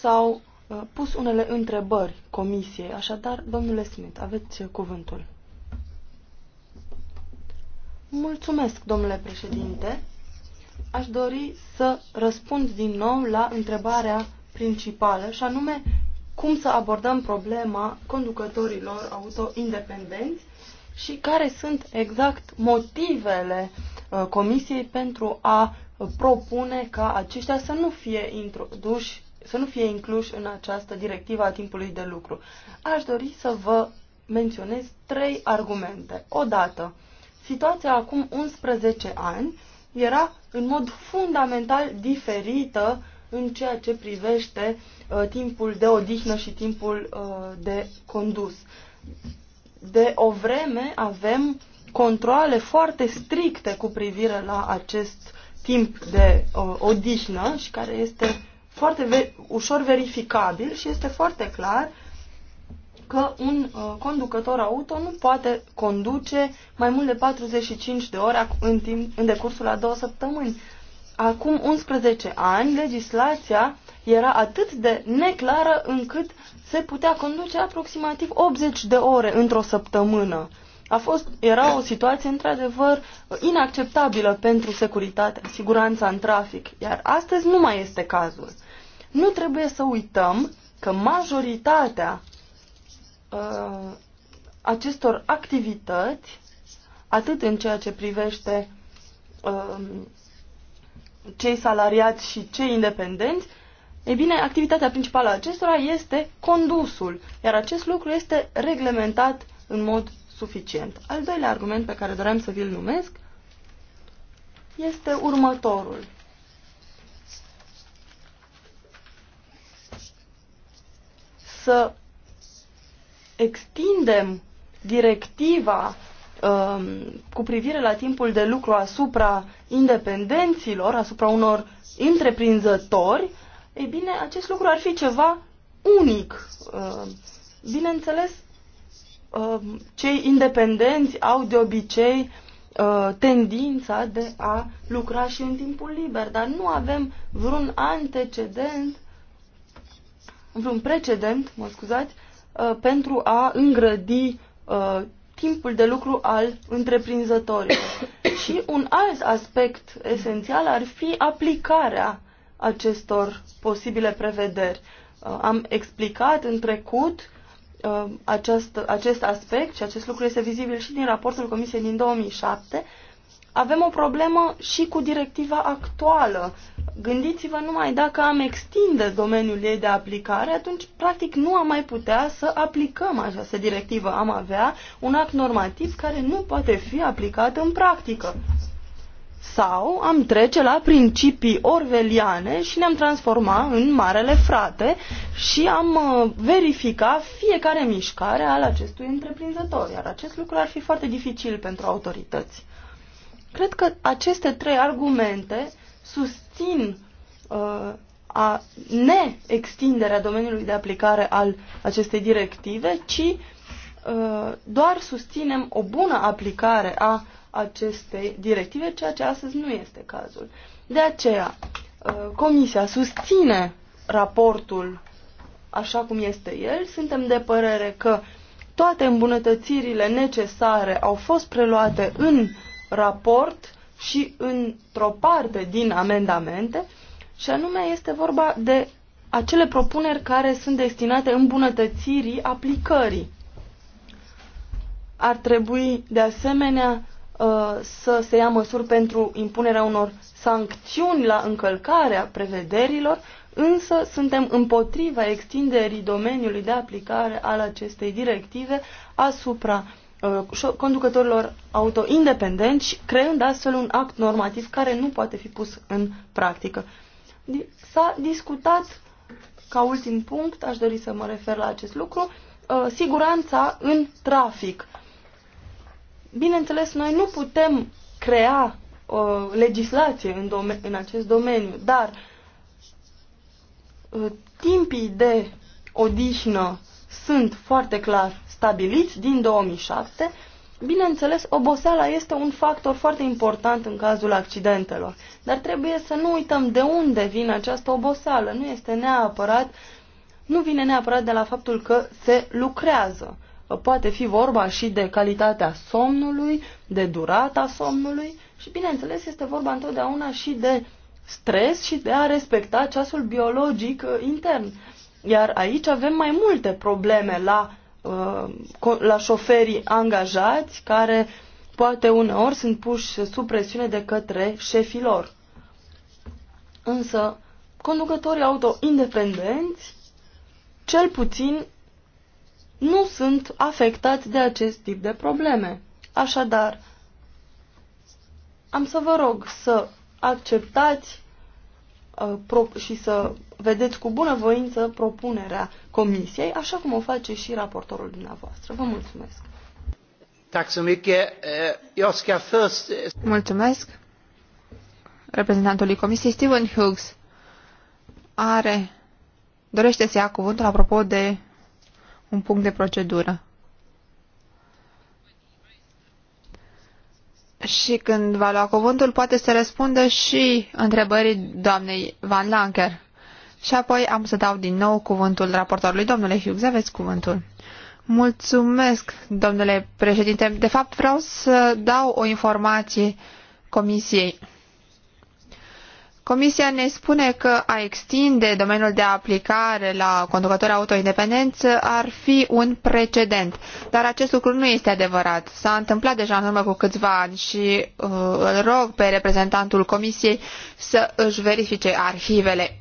S-au uh, pus unele întrebări comisiei, așadar, domnule Smith, aveți cuvântul. Mulțumesc, domnule președinte. Aș dori să răspund din nou la întrebarea principală, și anume cum să abordăm problema conducătorilor auto independenți și care sunt exact motivele uh, Comisiei pentru a uh, propune ca aceștia să nu fie introduși, să nu fie incluși în această directivă a timpului de lucru. Aș dori să vă menționez trei argumente. Odată, situația acum 11 ani era în mod fundamental diferită în ceea ce privește uh, timpul de odihnă și timpul uh, de condus. De o vreme avem controle foarte stricte cu privire la acest timp de uh, odihnă și care este foarte ve- ușor verificabil și este foarte clar că un uh, conducător auto nu poate conduce mai mult de 45 de ore în, timp, în decursul a două săptămâni acum 11 ani, legislația era atât de neclară încât se putea conduce aproximativ 80 de ore într-o săptămână. A fost, era o situație într-adevăr inacceptabilă pentru securitate, siguranța în trafic, iar astăzi nu mai este cazul. Nu trebuie să uităm că majoritatea uh, acestor activități, atât în ceea ce privește uh, cei salariați și cei independenți, e bine, activitatea principală a acestora este condusul, iar acest lucru este reglementat în mod suficient. Al doilea argument pe care doream să vi-l numesc este următorul. Să extindem directiva Um, cu privire la timpul de lucru asupra independenților, asupra unor întreprinzători, ei bine, acest lucru ar fi ceva unic. Um, bineînțeles, um, cei independenți au de obicei uh, tendința de a lucra și în timpul liber, dar nu avem vreun antecedent, vreun precedent, mă scuzați, uh, pentru a îngrădi uh, timpul de lucru al întreprinzătorilor. <coughs> Și un alt aspect esențial ar fi aplicarea acestor posibile prevederi. Uh, am explicat în trecut uh, acest aspect și acest lucru este vizibil și din raportul Comisiei din 2007 avem o problemă și cu directiva actuală. Gândiți-vă numai dacă am extinde domeniul ei de aplicare, atunci practic nu am mai putea să aplicăm această directivă. Am avea un act normativ care nu poate fi aplicat în practică. Sau am trece la principii orveliane și ne-am transforma în marele frate și am uh, verifica fiecare mișcare al acestui întreprinzător, iar acest lucru ar fi foarte dificil pentru autorități. Cred că aceste trei argumente susțin uh, a neextinderea domeniului de aplicare al acestei directive, ci uh, doar susținem o bună aplicare a acestei directive, ceea ce astăzi nu este cazul. De aceea, uh, Comisia susține raportul așa cum este el, suntem de părere că toate îmbunătățirile necesare au fost preluate în raport și într-o parte din amendamente, și anume este vorba de acele propuneri care sunt destinate îmbunătățirii aplicării. Ar trebui, de asemenea, uh, să se ia măsuri pentru impunerea unor sancțiuni la încălcarea prevederilor, însă suntem împotriva extinderii domeniului de aplicare al acestei directive asupra Uh, conducătorilor auto independenți, creând astfel un act normativ care nu poate fi pus în practică. S-a discutat, ca ultim punct, aș dori să mă refer la acest lucru, uh, siguranța în trafic. Bineînțeles, noi nu putem crea uh, legislație în, în acest domeniu, dar uh, timpii de odihnă sunt foarte clar stabiliți din 2007, bineînțeles, oboseala este un factor foarte important în cazul accidentelor. Dar trebuie să nu uităm de unde vine această oboseală. Nu este neapărat, nu vine neapărat de la faptul că se lucrează. Poate fi vorba și de calitatea somnului, de durata somnului și, bineînțeles, este vorba întotdeauna și de stres și de a respecta ceasul biologic uh, intern. Iar aici avem mai multe probleme la Uh, la șoferii angajați care poate uneori sunt puși sub presiune de către șefii lor. Însă, conducătorii auto independenți, cel puțin, nu sunt afectați de acest tip de probleme. Așadar, am să vă rog să acceptați Uh, și să vedeți cu voință propunerea comisiei, așa cum o face și raportorul dumneavoastră. Vă mulțumesc! Eh, mulțumesc! Reprezentantului comisiei, Stephen Hughes, are, dorește să ia cuvântul apropo de un punct de procedură. și când va lua cuvântul poate să răspundă și întrebării doamnei Van Lanker. Și apoi am să dau din nou cuvântul raportorului. Domnule Hughes, aveți cuvântul. Mulțumesc, domnule președinte. De fapt, vreau să dau o informație comisiei. Comisia ne spune că a extinde domeniul de aplicare la conducători autoindependenți ar fi un precedent, dar acest lucru nu este adevărat. S-a întâmplat deja în urmă cu câțiva ani și uh, îl rog pe reprezentantul Comisiei să își verifice arhivele.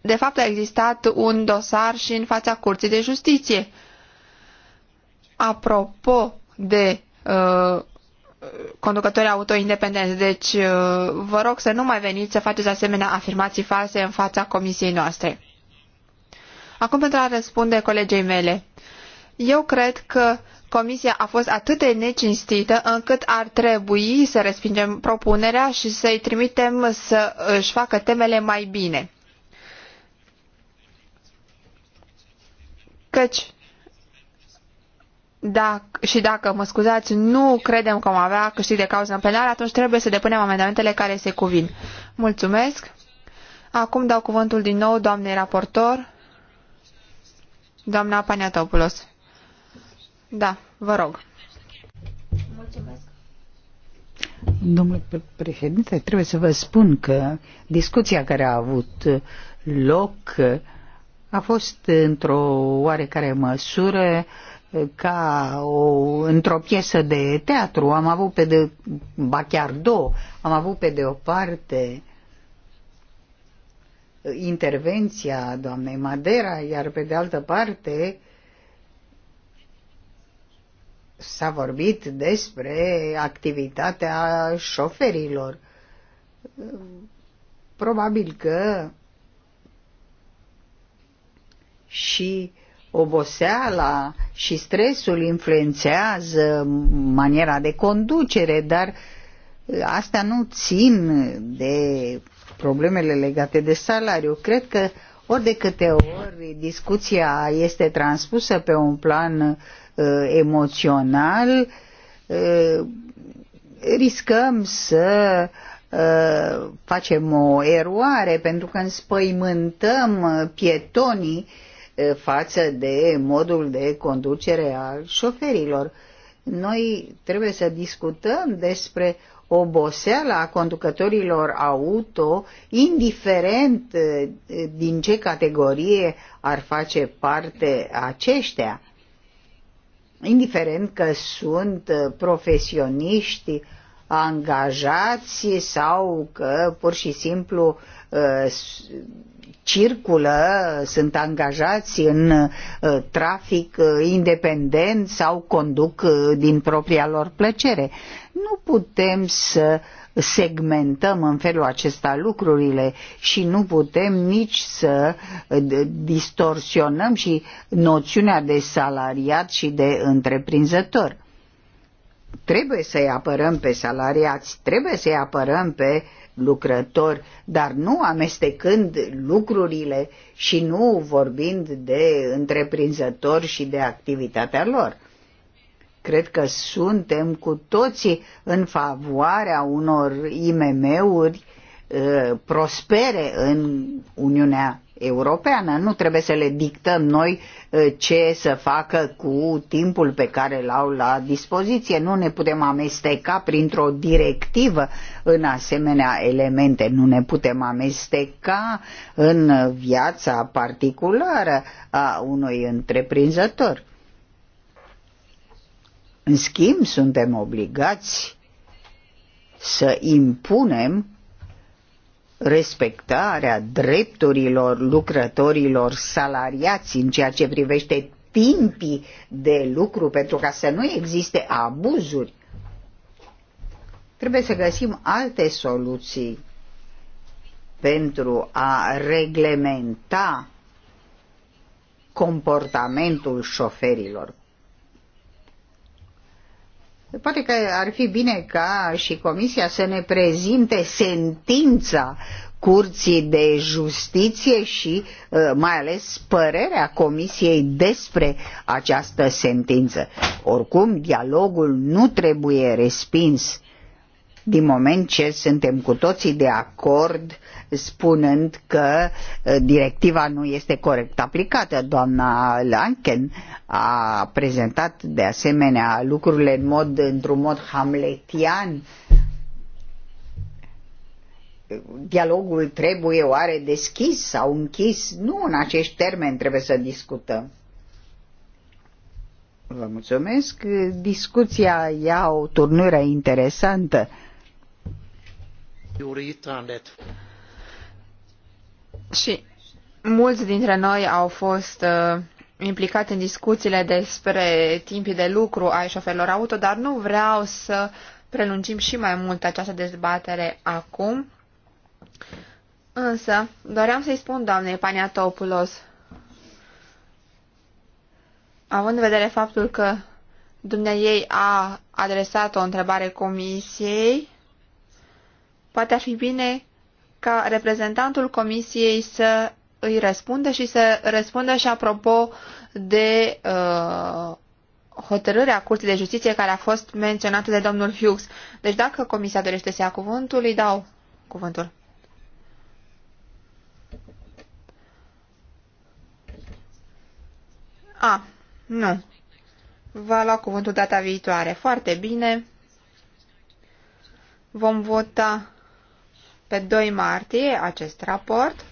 De fapt, a existat un dosar și în fața Curții de Justiție. Apropo de uh, conducători auto independenți. Deci uh, vă rog să nu mai veniți să faceți asemenea afirmații false în fața comisiei noastre. Acum pentru a răspunde colegei mele. Eu cred că comisia a fost atât de necinstită încât ar trebui să respingem propunerea și să-i trimitem să își facă temele mai bine. Căci dacă, și dacă, mă scuzați, nu credem că vom avea câștig de cauză în penal, atunci trebuie să depunem amendamentele care se cuvin. Mulțumesc. Acum dau cuvântul din nou doamnei raportor, doamna Paniatopoulos. Da, vă rog. Mulțumesc. Domnule președinte, trebuie să vă spun că discuția care a avut loc a fost într-o oarecare măsură ca o, într-o piesă de teatru. Am avut pe de, ba chiar două, am avut pe de o parte intervenția doamnei Madera, iar pe de altă parte s-a vorbit despre activitatea șoferilor. Probabil că și uh, oboseala și stresul influențează maniera de conducere, dar uh, astea nu țin de problemele legate de salariu. Cred că ori de câte ori discuția este transpusă pe un plan uh, emoțional, uh, riscăm să uh, facem o eroare pentru că înspăimântăm pietonii uh, Eh, față de modul de conducere al șoferilor. Noi trebuie să discutăm despre oboseala conducătorilor auto, indiferent eh, din ce categorie ar face parte aceștia, indiferent că sunt eh, profesioniști angajați sau că pur și simplu circulă, sunt angajați în uh, trafic uh, independent sau conduc uh, din propria lor plăcere. Nu putem să segmentăm în felul acesta lucrurile și nu putem nici să distorsionăm și noțiunea de salariat și de întreprinzător. Trebuie să-i apărăm pe salariați, trebuie să-i apărăm pe uh, lucrător, dar nu amestecând lucrurile și nu vorbind de întreprinzător și de activitatea lor. Cred că suntem cu toții în favoarea unor IMM-uri uh, prospere în Uniunea europeană. Nu trebuie să le dictăm noi uh, ce să facă cu timpul pe care îl au la dispoziție. Nu ne putem amesteca printr-o directivă în asemenea elemente. Nu ne putem amesteca în viața particulară a unui întreprinzător. În schimb, suntem obligați să impunem respectarea drepturilor lucrătorilor salariați în ceea ce privește timpii de lucru pentru ca să nu existe abuzuri. Trebuie să găsim alte soluții pentru a reglementa comportamentul șoferilor. Poate că ar fi bine ca și Comisia să ne prezinte sentința Curții de Justiție și uh, mai ales părerea Comisiei despre această sentință. Oricum, dialogul nu trebuie respins din moment ce suntem cu toții de acord spunând că eh, directiva nu este corect aplicată. Doamna Lanken a prezentat de asemenea lucrurile în mod, într-un mod hamletian. Dialogul trebuie oare deschis sau închis? Nu în acești termeni trebuie să discutăm. Vă mulțumesc. Discuția ia o turnură interesantă. Și mulți dintre noi au fost uh, implicați în discuțiile despre timpii de lucru ai șoferilor auto, dar nu vreau să prelungim și mai mult această dezbatere acum. Însă, doream să-i spun doamnei Paniatopoulos, având în vedere faptul că dumneiei a adresat o întrebare comisiei, poate ar fi bine ca reprezentantul Comisiei să îi răspundă și să răspundă și apropo de uh, hotărârea Curții de Justiție care a fost menționată de domnul Hughes. Deci dacă Comisia dorește să ia cuvântul, îi dau cuvântul. A, nu. Va lua cuvântul data viitoare. Foarte bine. Vom vota pe 2 martie acest raport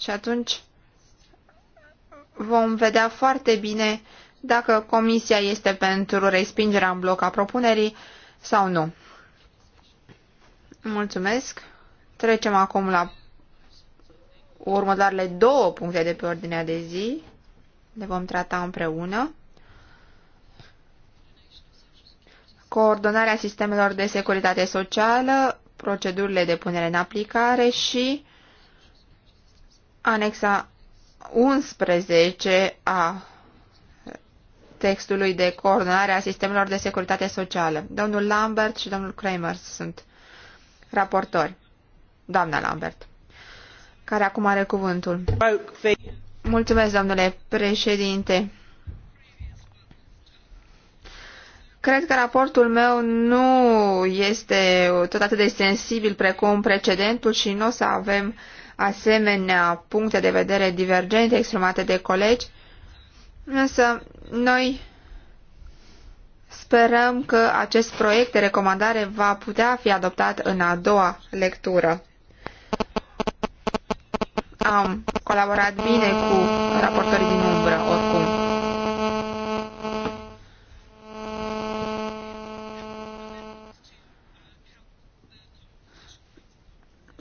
și atunci vom vedea foarte bine dacă comisia este pentru respingerea în bloc a propunerii sau nu. Mulțumesc. Trecem acum la următoarele două puncte de pe ordinea de zi. Le vom trata împreună. coordonarea sistemelor de securitate socială, procedurile de punere în aplicare și anexa 11 a textului de coordonare a sistemelor de securitate socială. Domnul Lambert și domnul Kramer sunt raportori. Doamna Lambert, care acum are cuvântul. Mulțumesc, domnule președinte. Cred că raportul meu nu este tot atât de sensibil precum precedentul și nu o să avem asemenea puncte de vedere divergente exprimate de colegi, însă noi sperăm că acest proiect de recomandare va putea fi adoptat în a doua lectură. Am colaborat bine cu raportorii din umbră,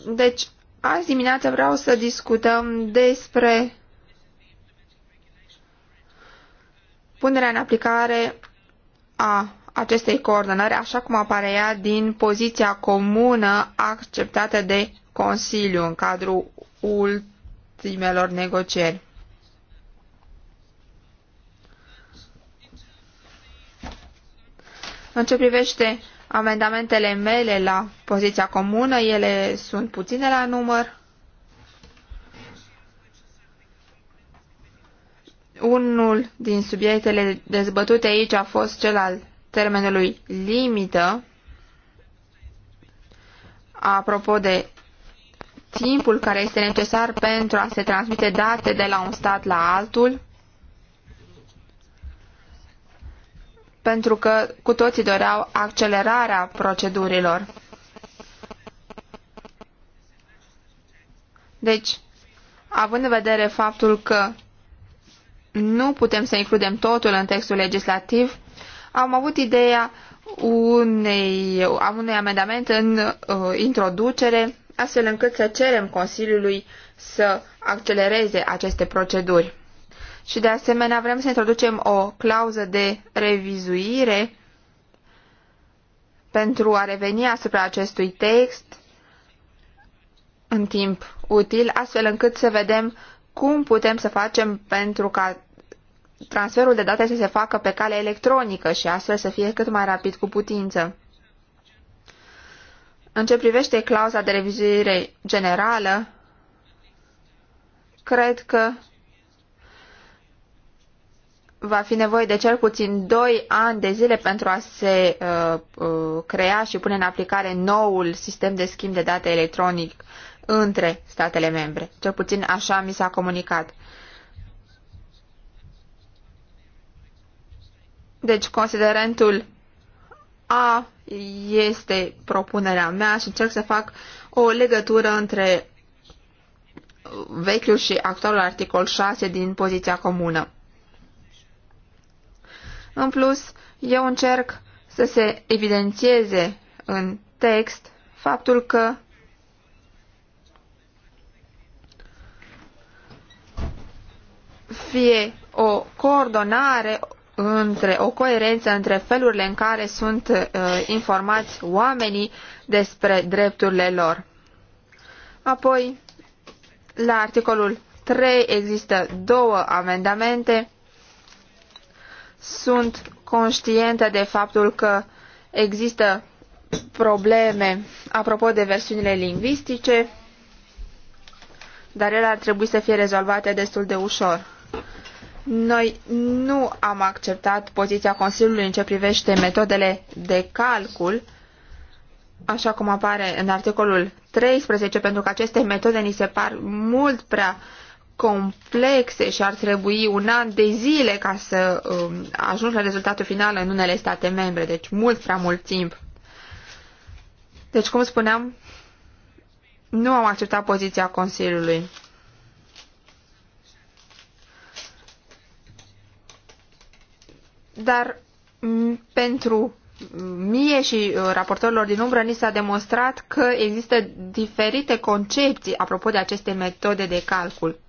Deci, azi dimineață vreau să discutăm despre punerea în aplicare a acestei coordonări, așa cum apare ea din poziția comună acceptată de Consiliu în cadrul ultimelor negocieri. În ce privește amendamentele mele la poziția comună, ele sunt puține la număr. Unul din subiectele dezbătute aici a fost cel al termenului limită, apropo de timpul care este necesar pentru a se transmite date de la un stat la altul. pentru că cu toții doreau accelerarea procedurilor. Deci, având în vedere faptul că nu putem să includem totul în textul legislativ, am avut ideea unei, am unui amendament în uh, introducere, astfel încât să cerem Consiliului să accelereze aceste proceduri și de asemenea vrem să introducem o clauză de revizuire pentru a reveni asupra acestui text în timp util, astfel încât să vedem cum putem să facem pentru ca transferul de date să se facă pe cale electronică și astfel să fie cât mai rapid cu putință. În ce privește clauza de revizuire generală, cred că va fi nevoie de cel puțin 2 ani de zile pentru a se uh, uh, crea și pune în aplicare noul sistem de schimb de date electronic între statele membre. Cel puțin așa mi s-a comunicat. Deci considerentul A este propunerea mea și încerc să fac o legătură între vechiul și actualul articol 6 din poziția comună. În plus, eu încerc să se evidențieze în text faptul că fie o coordonare între o coerență între felurile în care sunt uh, informați oamenii despre drepturile lor. Apoi, la articolul 3 există două amendamente sunt conștientă de faptul că există probleme apropo de versiunile lingvistice, dar ele ar trebui să fie rezolvate destul de ușor. Noi nu am acceptat poziția Consiliului în ce privește metodele de calcul, așa cum apare în articolul 13, pentru că aceste metode ni se par mult prea complexe și ar trebui un an de zile ca să um, ajungi la rezultatul final în unele state membre, deci mult prea mult timp. Deci, cum spuneam, nu am acceptat poziția Consiliului. Dar pentru mie și uh, raportorilor din umbră ni s-a demonstrat că există diferite concepții apropo de aceste metode de calcul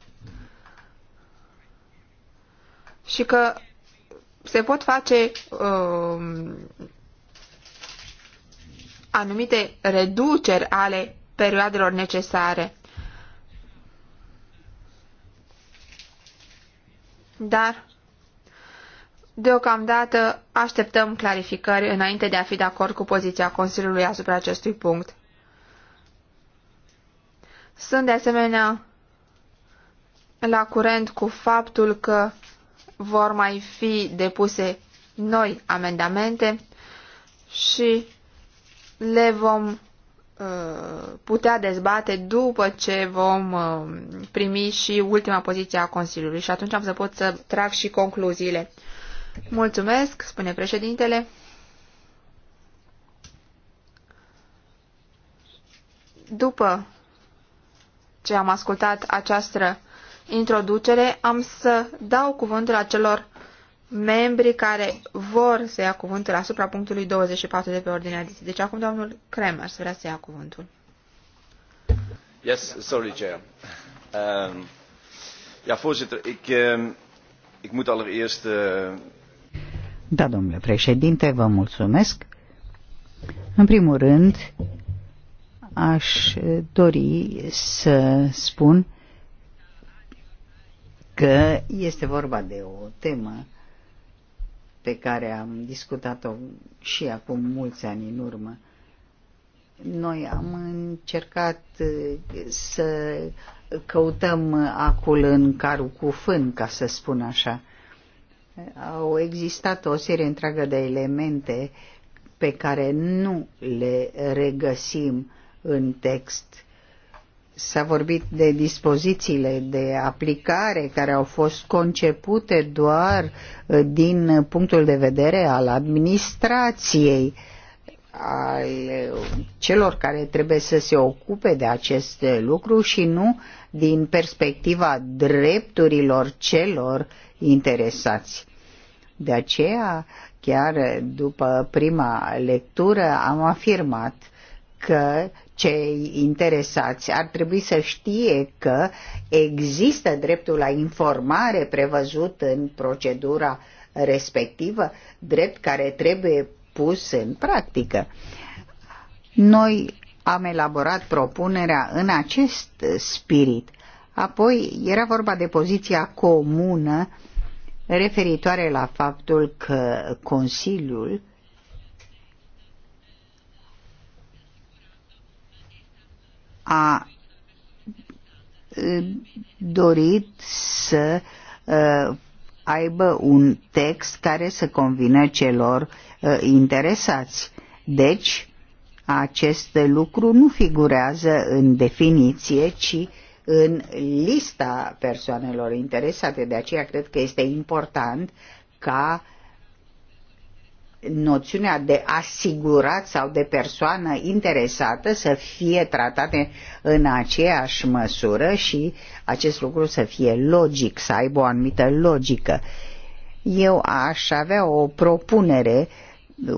și că se pot face uh, anumite reduceri ale perioadelor necesare. Dar, deocamdată, așteptăm clarificări înainte de a fi de acord cu poziția Consiliului asupra acestui punct. Sunt de asemenea la curent cu faptul că vor mai fi depuse noi amendamente și le vom uh, putea dezbate după ce vom uh, primi și ultima poziție a Consiliului și atunci am să pot să trag și concluziile. Mulțumesc, spune președintele. După ce am ascultat această introducere am să dau cuvântul acelor membri care vor să ia cuvântul asupra punctului 24 de pe ordinea de zi. Deci acum domnul Kramer să vrea să ia cuvântul. Yes, sorry Chair. Um, ja, voorzitter, ik, um, ik moet allereerst... Uh... Da, domnule președinte, vă mulțumesc. În primul rând, aș dori să spun uh, că este vorba de o temă pe care am discutat-o și acum mulți ani în urmă. Noi am încercat uh, să căutăm acul în carul cu fân, ca să spun așa. Au existat o serie întreagă de elemente pe care nu le regăsim în text S-a vorbit de dispozițiile de aplicare care au fost concepute doar uh, din punctul de vedere al administrației al uh, celor care trebuie să se ocupe de acest lucru și nu din perspectiva drepturilor celor interesați. De aceea, chiar după prima lectură, am afirmat că cei interesați ar trebui să știe că există dreptul la informare prevăzut în procedura respectivă, drept care trebuie pus în practică. Noi am elaborat propunerea în acest spirit. Apoi era vorba de poziția comună referitoare la faptul că Consiliul a dorit să aibă un text care să convină celor interesați. Deci, acest lucru nu figurează în definiție, ci în lista persoanelor interesate. De aceea cred că este important ca uh, noțiunea de asigurat sau de persoană interesată să fie tratate în aceeași măsură și acest lucru să fie logic, să aibă o anumită logică. Eu aș avea o propunere,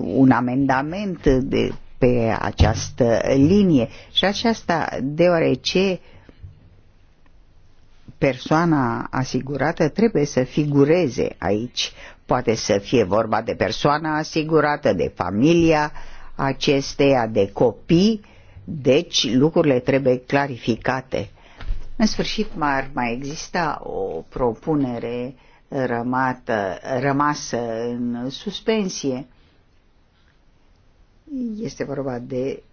un amendament de, pe această linie și aceasta deoarece persoana asigurată trebuie să figureze aici. Poate să fie vorba de persoana asigurată, de familia acesteia, de copii, deci lucrurile trebuie clarificate. În sfârșit, ar mai exista o propunere rămată, rămasă în suspensie. Este vorba de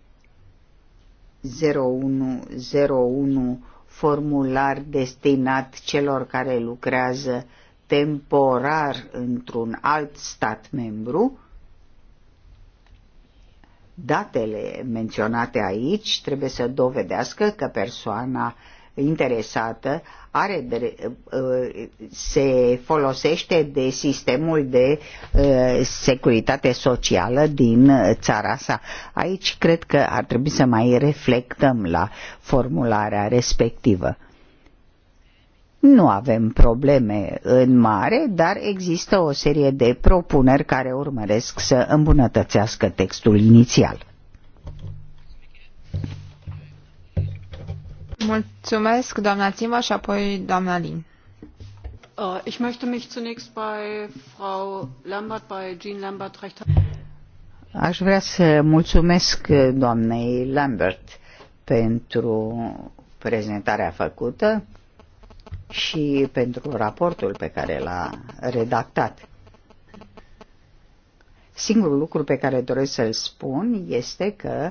0101 formular destinat celor care lucrează temporar într-un alt stat membru, datele menționate aici trebuie să dovedească că persoana interesată are de, uh, se folosește de sistemul de uh, securitate socială din țara sa. Aici cred că ar trebui să mai reflectăm la formularea respectivă. Nu avem probleme în mare, dar există o serie de propuneri care urmăresc să îmbunătățească textul inițial. Mulțumesc, doamna Țima și apoi doamna Lin. Uh, ich möchte mich zunächst bei Frau Lambert, bei Jean Lambert recht Aș vrea să mulțumesc doamnei Lambert pentru prezentarea făcută și pentru raportul pe care l-a redactat. Singurul lucru pe care doresc să-l spun este că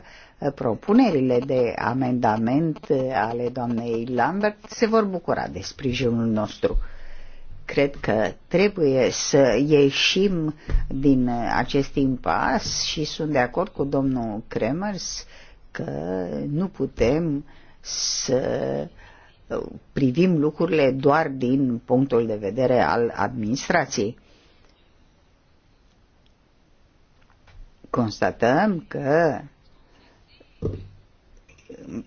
propunerile de amendament ale doamnei Lambert se vor bucura de sprijinul nostru. Cred că trebuie să ieșim din acest impas și sunt de acord cu domnul Kremers că nu putem să uh, privim lucrurile doar din punctul de vedere al administrației. Constatăm că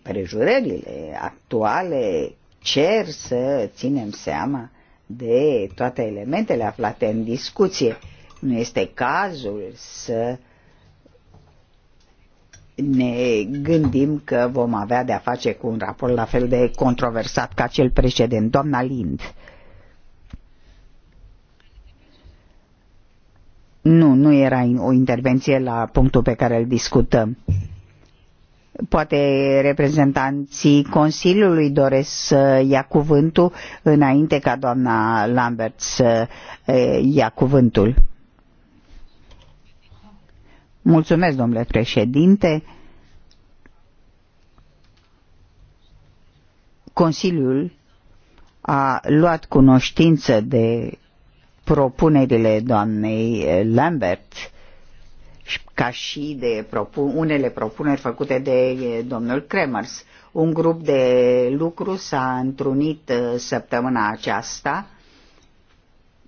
prejurările actuale cer să ținem seama de toate elementele aflate în discuție. Nu este cazul să uh, ne gândim că vom avea de-a face cu un raport la fel de controversat ca cel precedent. Doamna Lind. Nu, nu era o intervenție la punctul pe care îl discutăm. Poate reprezentanții Consiliului doresc să ia cuvântul înainte ca doamna Lambert să ia cuvântul. Mulțumesc, domnule președinte. Consiliul a luat cunoștință de propunerile doamnei Lambert ca și de propun- unele propuneri făcute de domnul Kremers. Un grup de lucru s-a întrunit uh, săptămâna aceasta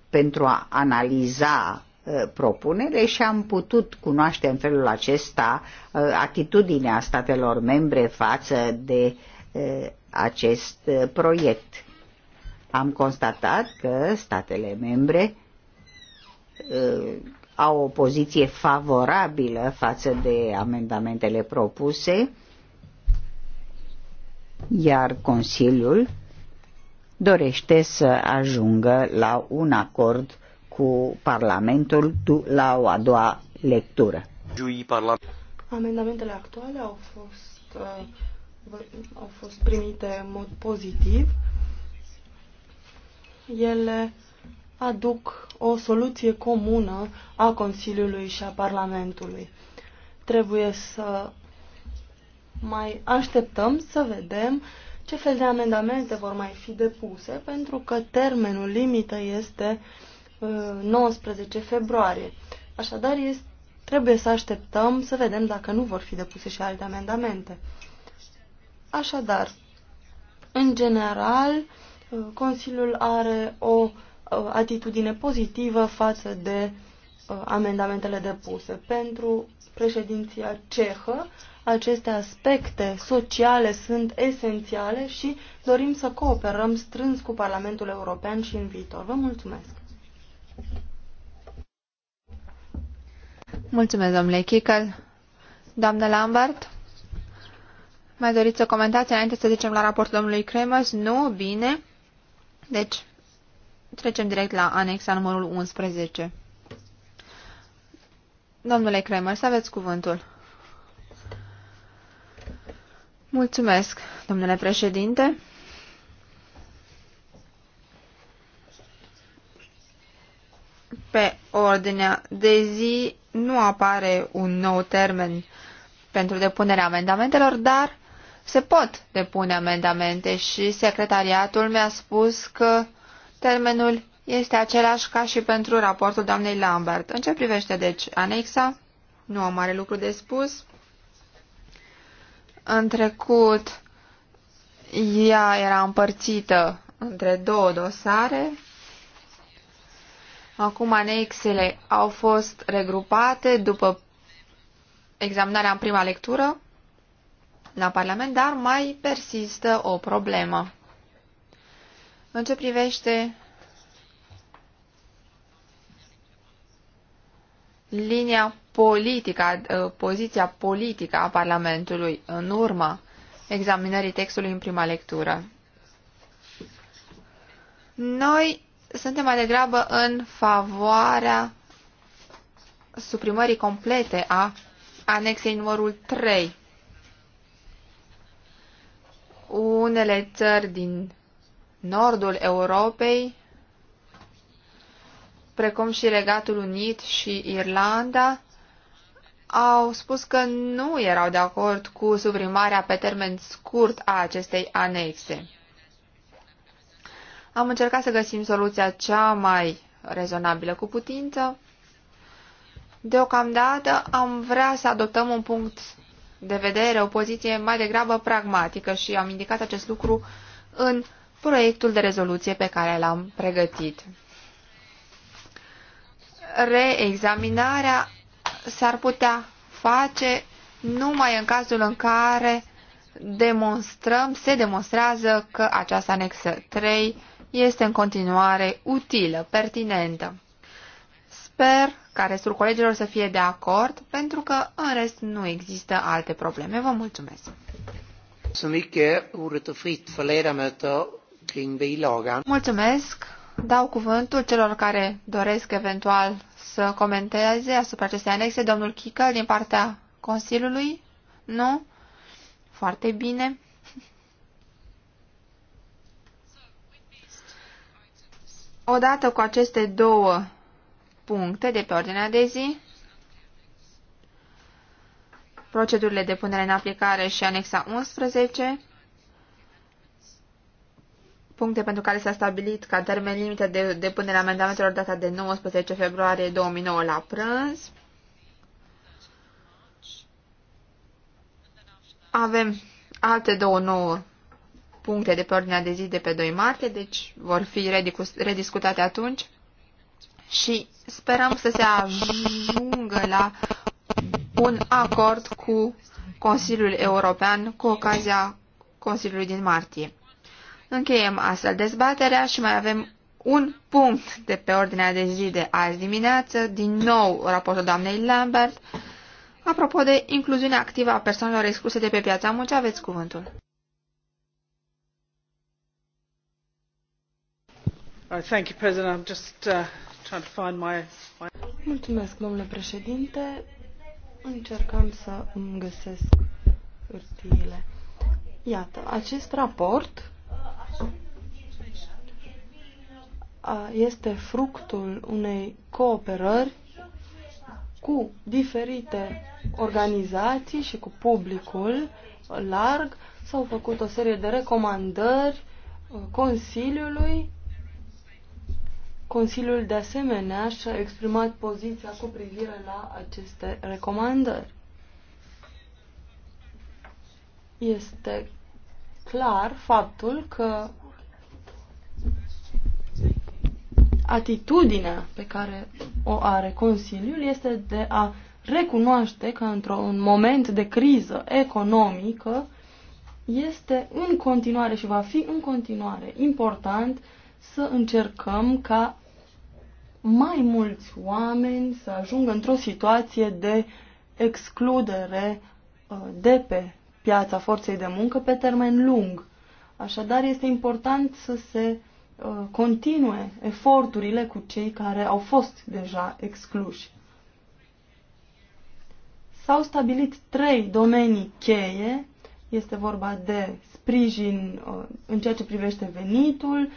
pentru a analiza Uh, propunere și am putut cunoaște în felul acesta uh, atitudinea statelor membre față de uh, acest proiect. Am constatat că statele membre au o poziție favorabilă față de amendamentele propuse, iar Consiliul dorește să ajungă la un acord cu Parlamentul la o a doua lectură. Amendamentele actuale au fost, uh, au fost primite în mod pozitiv. Ele aduc o soluție comună a Consiliului și a Parlamentului. Trebuie să mai așteptăm să vedem ce fel de amendamente vor mai fi depuse, pentru că termenul limită este uh, 19 uh, februarie. Așadar, este, trebuie să așteptăm să vedem dacă nu vor fi depuse și alte amendamente. Așadar, în general, uh, Consiliul are o uh, atitudine pozitivă față de amendamentele depuse. Pentru președinția cehă, aceste aspecte sociale sunt esențiale și dorim să cooperăm strâns cu Parlamentul European și în viitor. Vă mulțumesc! Mulțumesc, domnule Chicăl. Doamnă Lambert, mai doriți să comentați înainte să zicem la raportul domnului Kremers? Nu? Bine. Deci, trecem direct la anexa numărul 11. Domnule Kremers, aveți cuvântul. Mulțumesc, domnule președinte. pe ordinea de zi nu apare un nou termen pentru depunerea amendamentelor, dar se pot depune amendamente și secretariatul mi-a spus că termenul este același ca și pentru raportul doamnei Lambert. În ce privește, deci, anexa? Nu am mare lucru de spus. În trecut, ea era împărțită între două dosare, Acum anexele au fost regrupate după examinarea în prima lectură la Parlament, dar mai persistă o problemă. În ce privește linia politică, ă, poziția politică a Parlamentului în urma examinării textului în prima lectură. Noi suntem mai degrabă în favoarea suprimării complete a anexei numărul 3. Unele țări din nordul Europei, precum și Regatul Unit și Irlanda, au spus că nu erau de acord cu suprimarea pe termen scurt a acestei anexe. Am încercat să găsim soluția cea mai rezonabilă cu putință. Deocamdată am vrea să adoptăm un punct de vedere, o poziție mai degrabă pragmatică și am indicat acest lucru în proiectul de rezoluție pe care l-am pregătit. Reexaminarea s-ar putea face numai în cazul în care demonstrăm, se demonstrează că această anexă 3 este în continuare utilă, pertinentă. Sper ca restul colegilor să fie de acord, pentru că în rest nu există alte probleme. Vă mulțumesc! Mulțumesc! Dau cuvântul celor care doresc eventual să comenteze asupra acestei anexe. Domnul Chicăl, din partea Consiliului? Nu? Foarte bine. Odată cu aceste două puncte de pe ordinea de zi, procedurile de punere în aplicare și anexa 11, puncte pentru care s-a stabilit ca termen limită de depunere amendamentelor data de 19 februarie 2009 la prânz. Avem alte două nouă puncte de pe ordinea de zi de pe 2 martie, deci vor fi rediscutate atunci și sperăm să se ajungă la un acord cu Consiliul European cu ocazia Consiliului din martie. Încheiem astfel dezbaterea și mai avem un punct de pe ordinea de zi de azi dimineață, din nou raportul doamnei Lambert, apropo de incluziunea activă a persoanelor excluse de pe piața muncii, aveți cuvântul. Mulțumesc, domnule președinte. Încercam să îmi găsesc hârtiile. Iată, acest raport este fructul unei cooperări cu diferite organizații și cu publicul larg. S-au făcut o serie de recomandări uh, Consiliului Consiliul de asemenea și-a exprimat poziția cu privire la aceste recomandări. Este clar faptul că atitudinea pe care o are Consiliul este de a recunoaște că într-un moment de criză economică este în continuare și va fi în continuare important să încercăm ca mai mulți oameni să ajungă într-o situație de excludere uh, de pe piața forței de muncă pe termen lung. Așadar, este important să se uh, continue eforturile cu cei care au fost deja excluși. S-au stabilit trei domenii cheie. Este vorba de sprijin uh, în ceea ce privește venitul,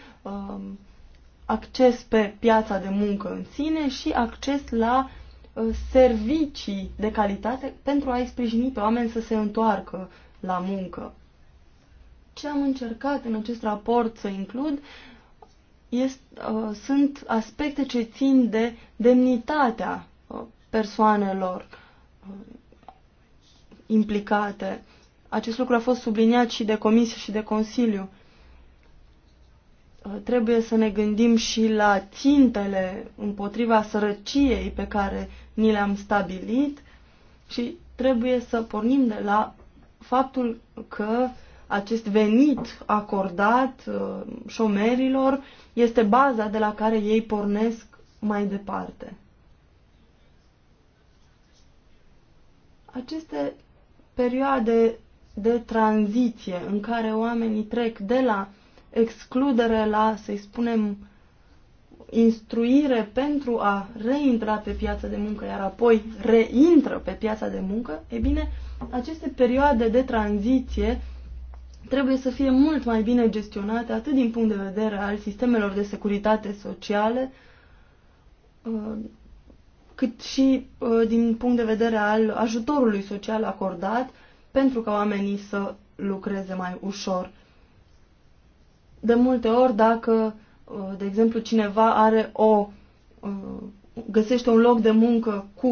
acces pe piața de muncă în sine și acces la uh, servicii de calitate pentru a-i sprijini pe oameni să se întoarcă la muncă. Ce am încercat în acest raport să includ este, uh, sunt aspecte ce țin de demnitatea uh, persoanelor uh, implicate. Acest lucru a fost subliniat și de Comisie și de Consiliu trebuie să ne gândim și la țintele împotriva sărăciei pe care ni le-am stabilit și trebuie să pornim de la faptul că acest venit acordat uh, șomerilor este baza de la care ei pornesc mai departe. Aceste perioade de tranziție în care oamenii trec de la excludere la, să-i spunem, instruire pentru a reintra pe piața de muncă, iar apoi reintră pe piața de muncă, e bine, aceste perioade de tranziție trebuie să fie mult mai bine gestionate, atât din punct de vedere al sistemelor de securitate sociale, uh, cât și uh, din punct de vedere al ajutorului social acordat, pentru ca oamenii să lucreze mai ușor. De multe ori, dacă, uh, de exemplu, cineva are o, uh, găsește un loc de muncă cu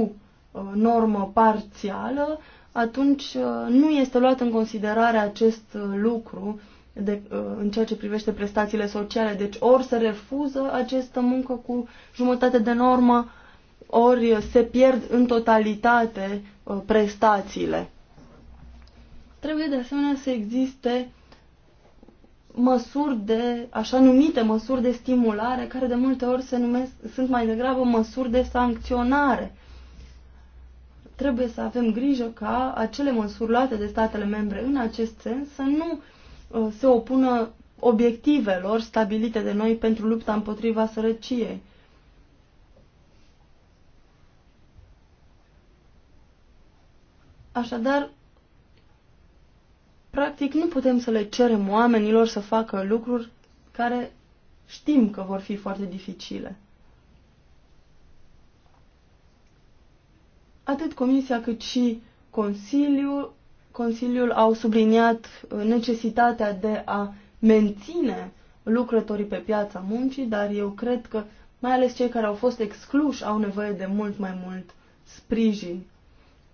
uh, normă parțială, atunci nu este luat în considerare acest lucru de, în ceea ce privește prestațiile sociale. Deci ori se refuză această muncă cu jumătate de normă, ori se pierd în totalitate prestațiile. Trebuie de asemenea să existe măsuri de, așa numite măsuri de stimulare, care de multe ori se numesc, sunt mai degrabă măsuri de sancționare. Trebuie să avem grijă ca acele măsuri luate de statele membre în acest sens să nu uh, se opună obiectivelor stabilite de noi pentru lupta împotriva sărăciei. Așadar, Practic, nu putem să le cerem oamenilor să facă lucruri care știm că vor fi foarte dificile. Atât Comisia cât și Consiliul, Consiliul au subliniat uh, necesitatea de a menține lucrătorii pe piața muncii, dar eu cred că mai ales cei care au fost excluși au nevoie de mult mai mult sprijin.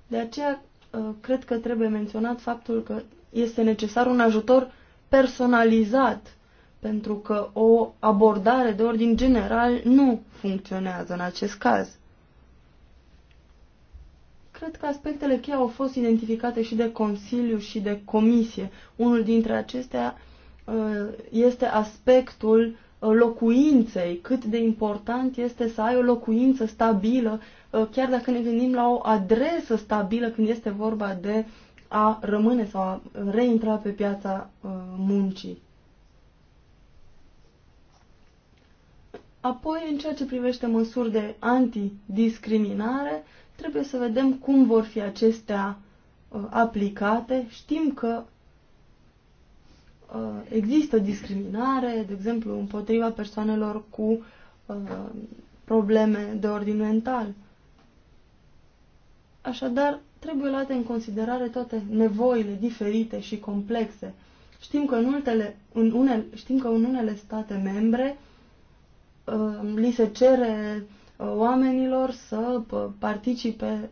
De aceea, uh, cred că trebuie menționat faptul că este necesar un ajutor personalizat, pentru că o abordare de ordin general nu funcționează în acest caz. Cred că aspectele cheie au fost identificate și de Consiliu și de Comisie. Unul dintre acestea uh, este aspectul uh, locuinței, cât de important este să ai o locuință stabilă, uh, chiar dacă ne gândim la o adresă stabilă când este vorba de a rămâne sau a reintra pe piața uh, muncii. Apoi, în ceea ce privește măsuri de antidiscriminare, trebuie să vedem cum vor fi acestea uh, aplicate. Știm că uh, există discriminare, de exemplu, împotriva persoanelor cu probleme de ordin mental. Așadar, trebuie luate în considerare toate nevoile diferite și complexe. Știm că în, ultele, în, unele, știm că în unele state membre uh, li se cere uh, oamenilor să uh, participe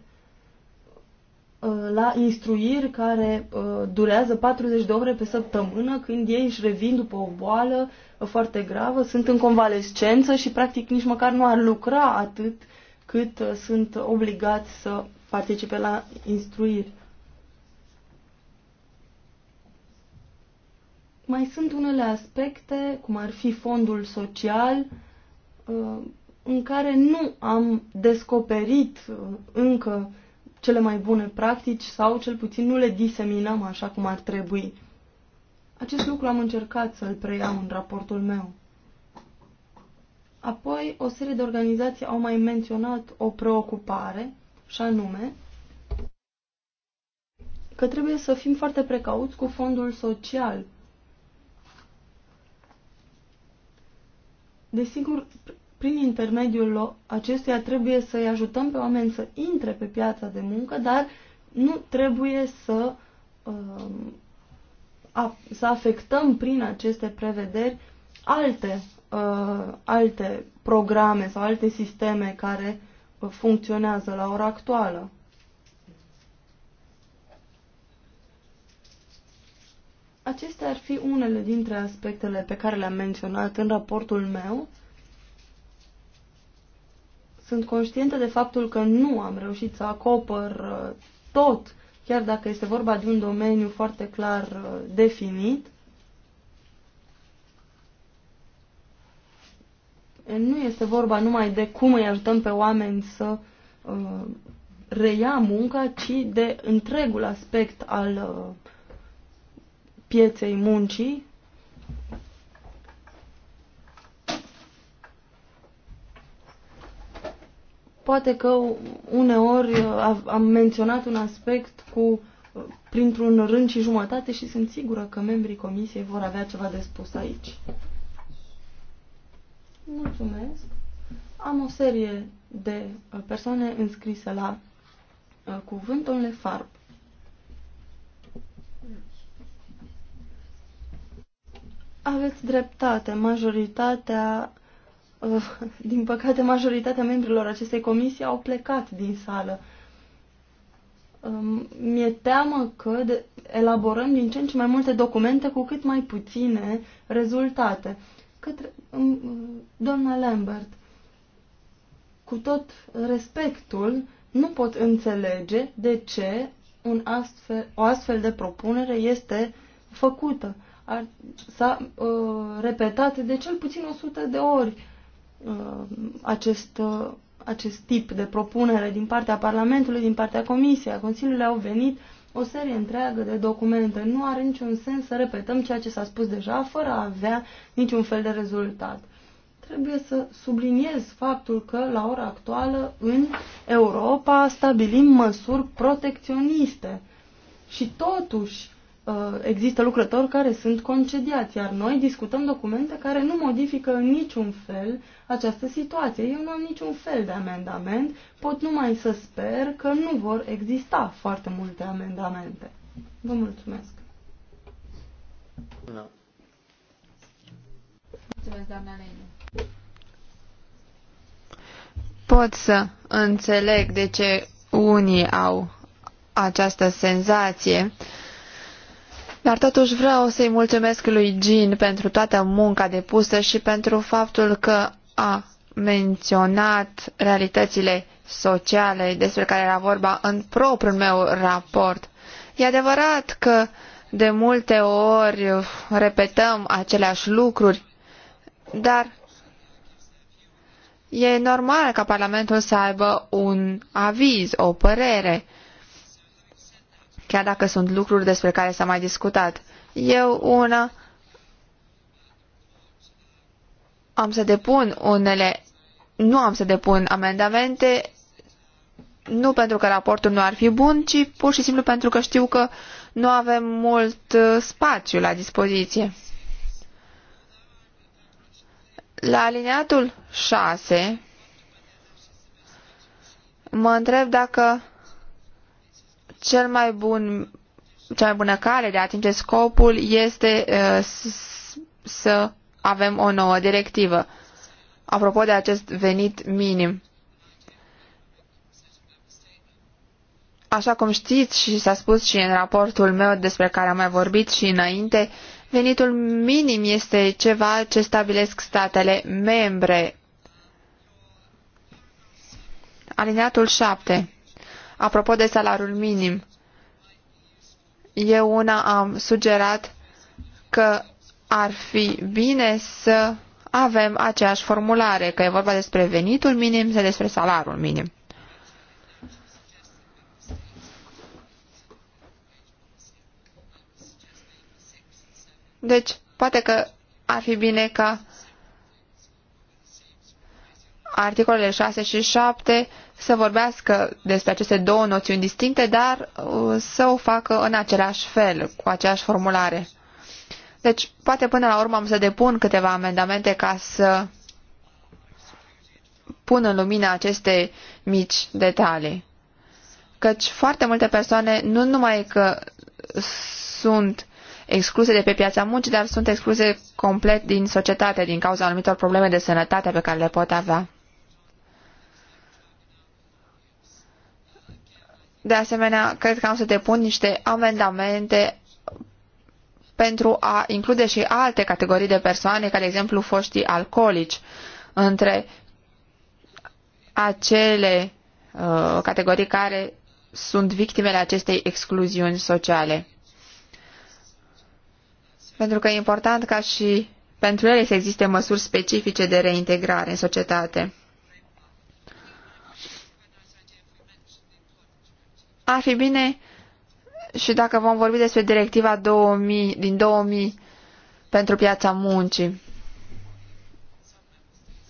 la instruiri care durează 40 de ore pe săptămână, când ei își revin după o boală foarte gravă, sunt în convalescență și practic nici măcar nu ar lucra atât cât sunt obligați să participe la instruiri. Mai sunt unele aspecte, cum ar fi fondul social, uh, în care nu am descoperit uh, încă cele mai bune practici sau cel puțin nu le diseminăm așa cum ar trebui. Acest lucru am încercat să-l preiau în raportul meu. Apoi, o serie de organizații au mai menționat o preocupare și anume că trebuie să fim foarte precauți cu fondul social. Desigur, prin intermediul acestuia trebuie să-i ajutăm pe oameni să intre pe piața de muncă, dar nu trebuie să, um, să afectăm prin aceste prevederi alte, uh, alte programe sau alte sisteme care funcționează la ora actuală. Acestea ar fi unele dintre aspectele pe care le-am menționat în raportul meu. Sunt conștientă de faptul că nu am reușit să acopăr uh, tot, chiar dacă este vorba de un domeniu foarte clar uh, definit. nu este vorba numai de cum îi ajutăm pe oameni să uh, reia munca, ci de întregul aspect al uh, pieței muncii. Poate că uneori uh, am menționat un aspect cu uh, printr-un rând și jumătate și sunt sigură că membrii comisiei vor avea ceva de spus aici. Mulțumesc. Am o serie de uh, persoane înscrise la uh, cuvântul Lefarb. Aveți dreptate. Majoritatea, uh, din păcate, majoritatea membrilor acestei comisii au plecat din sală. Um, mi-e teamă că elaborăm din ce în ce mai multe documente cu cât mai puține rezultate către doamna Lambert. Cu tot respectul, nu pot înțelege de ce un astfel, o astfel de propunere este făcută. S-a uh, repetat de cel puțin 100 de ori uh, acest, uh, acest tip de propunere din partea Parlamentului, din partea Comisiei, a Consiliului au venit uh, o serie întreagă de documente. Nu are niciun sens să repetăm ceea ce s-a spus deja fără a avea niciun fel de rezultat. Trebuie să subliniez faptul că la ora actuală în Europa stabilim măsuri protecționiste și totuși Uh, există lucrători care sunt concediați, iar noi discutăm documente care nu modifică în niciun fel această situație. Eu nu am niciun fel de amendament, pot numai să sper că nu vor exista foarte multe amendamente. Vă mulțumesc. No. Mulțumesc, doamna Leine. Pot să înțeleg de ce unii au această senzație dar totuși vreau să-i mulțumesc lui Jean pentru toată munca depusă și pentru faptul că a menționat realitățile sociale despre care era vorba în propriul meu raport. E adevărat că de multe ori repetăm aceleași lucruri, dar e normal ca Parlamentul să aibă un aviz, o părere chiar dacă sunt lucruri despre care s-a mai discutat. Eu, una, am să depun unele, nu am să depun amendamente, nu pentru că raportul nu ar fi bun, ci pur și simplu pentru că știu că nu avem mult uh, spațiu la dispoziție. La alineatul 6 mă întreb dacă cel mai bun, cea mai bună cale de a atinge scopul este uh, să avem o nouă directivă. Apropo de acest venit minim. Așa cum știți și s-a spus și în raportul meu despre care am mai vorbit și înainte, venitul minim este ceva ce stabilesc statele membre. Alineatul 7. Apropo de salariul minim, eu una am sugerat că ar fi bine să avem aceeași formulare, că e vorba despre venitul minim sau despre salariul minim. Deci, poate că ar fi bine ca articolele 6 și 7 să vorbească despre aceste două noțiuni distincte, dar uh, să o facă în același fel, cu aceeași formulare. Deci, poate până la urmă am să depun câteva amendamente ca să pun în lumină aceste mici detalii. Căci foarte multe persoane nu numai că sunt excluse de pe piața muncii, dar sunt excluse complet din societate din cauza anumitor probleme de sănătate pe care le pot avea. De asemenea, cred că am să depun niște amendamente pentru a include și alte categorii de persoane, ca de exemplu foștii alcoolici, între acele uh, categorii care sunt victimele acestei excluziuni sociale. Pentru că e important ca și pentru ele să existe măsuri specifice de reintegrare în societate. Ar fi bine și dacă vom vorbi despre directiva 2000, din 2000 pentru piața muncii.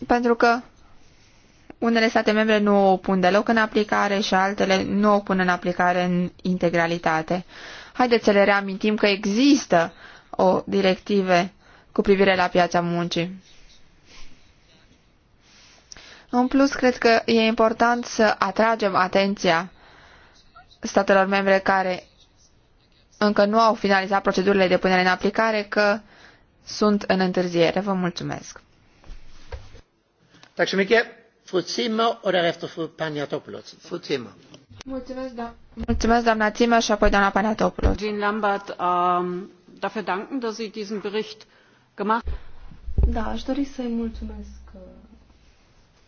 Pentru că unele state membre nu o pun deloc în aplicare și altele nu o pun în aplicare în integralitate. Haideți să le reamintim că există o directive cu privire la piața muncii. În plus, cred că e important să atragem atenția statelor membre care încă nu au finalizat procedurile de punere în aplicare că sunt în întârziere. Vă mulțumesc. Mulțumesc, da. Mulțumesc doamna Țimă și apoi doamna Paniatopoulos. Jean Lambert, um, dafür danken, dass Sie diesen Bericht gemacht Da, aș dori să-i mulțumesc uh,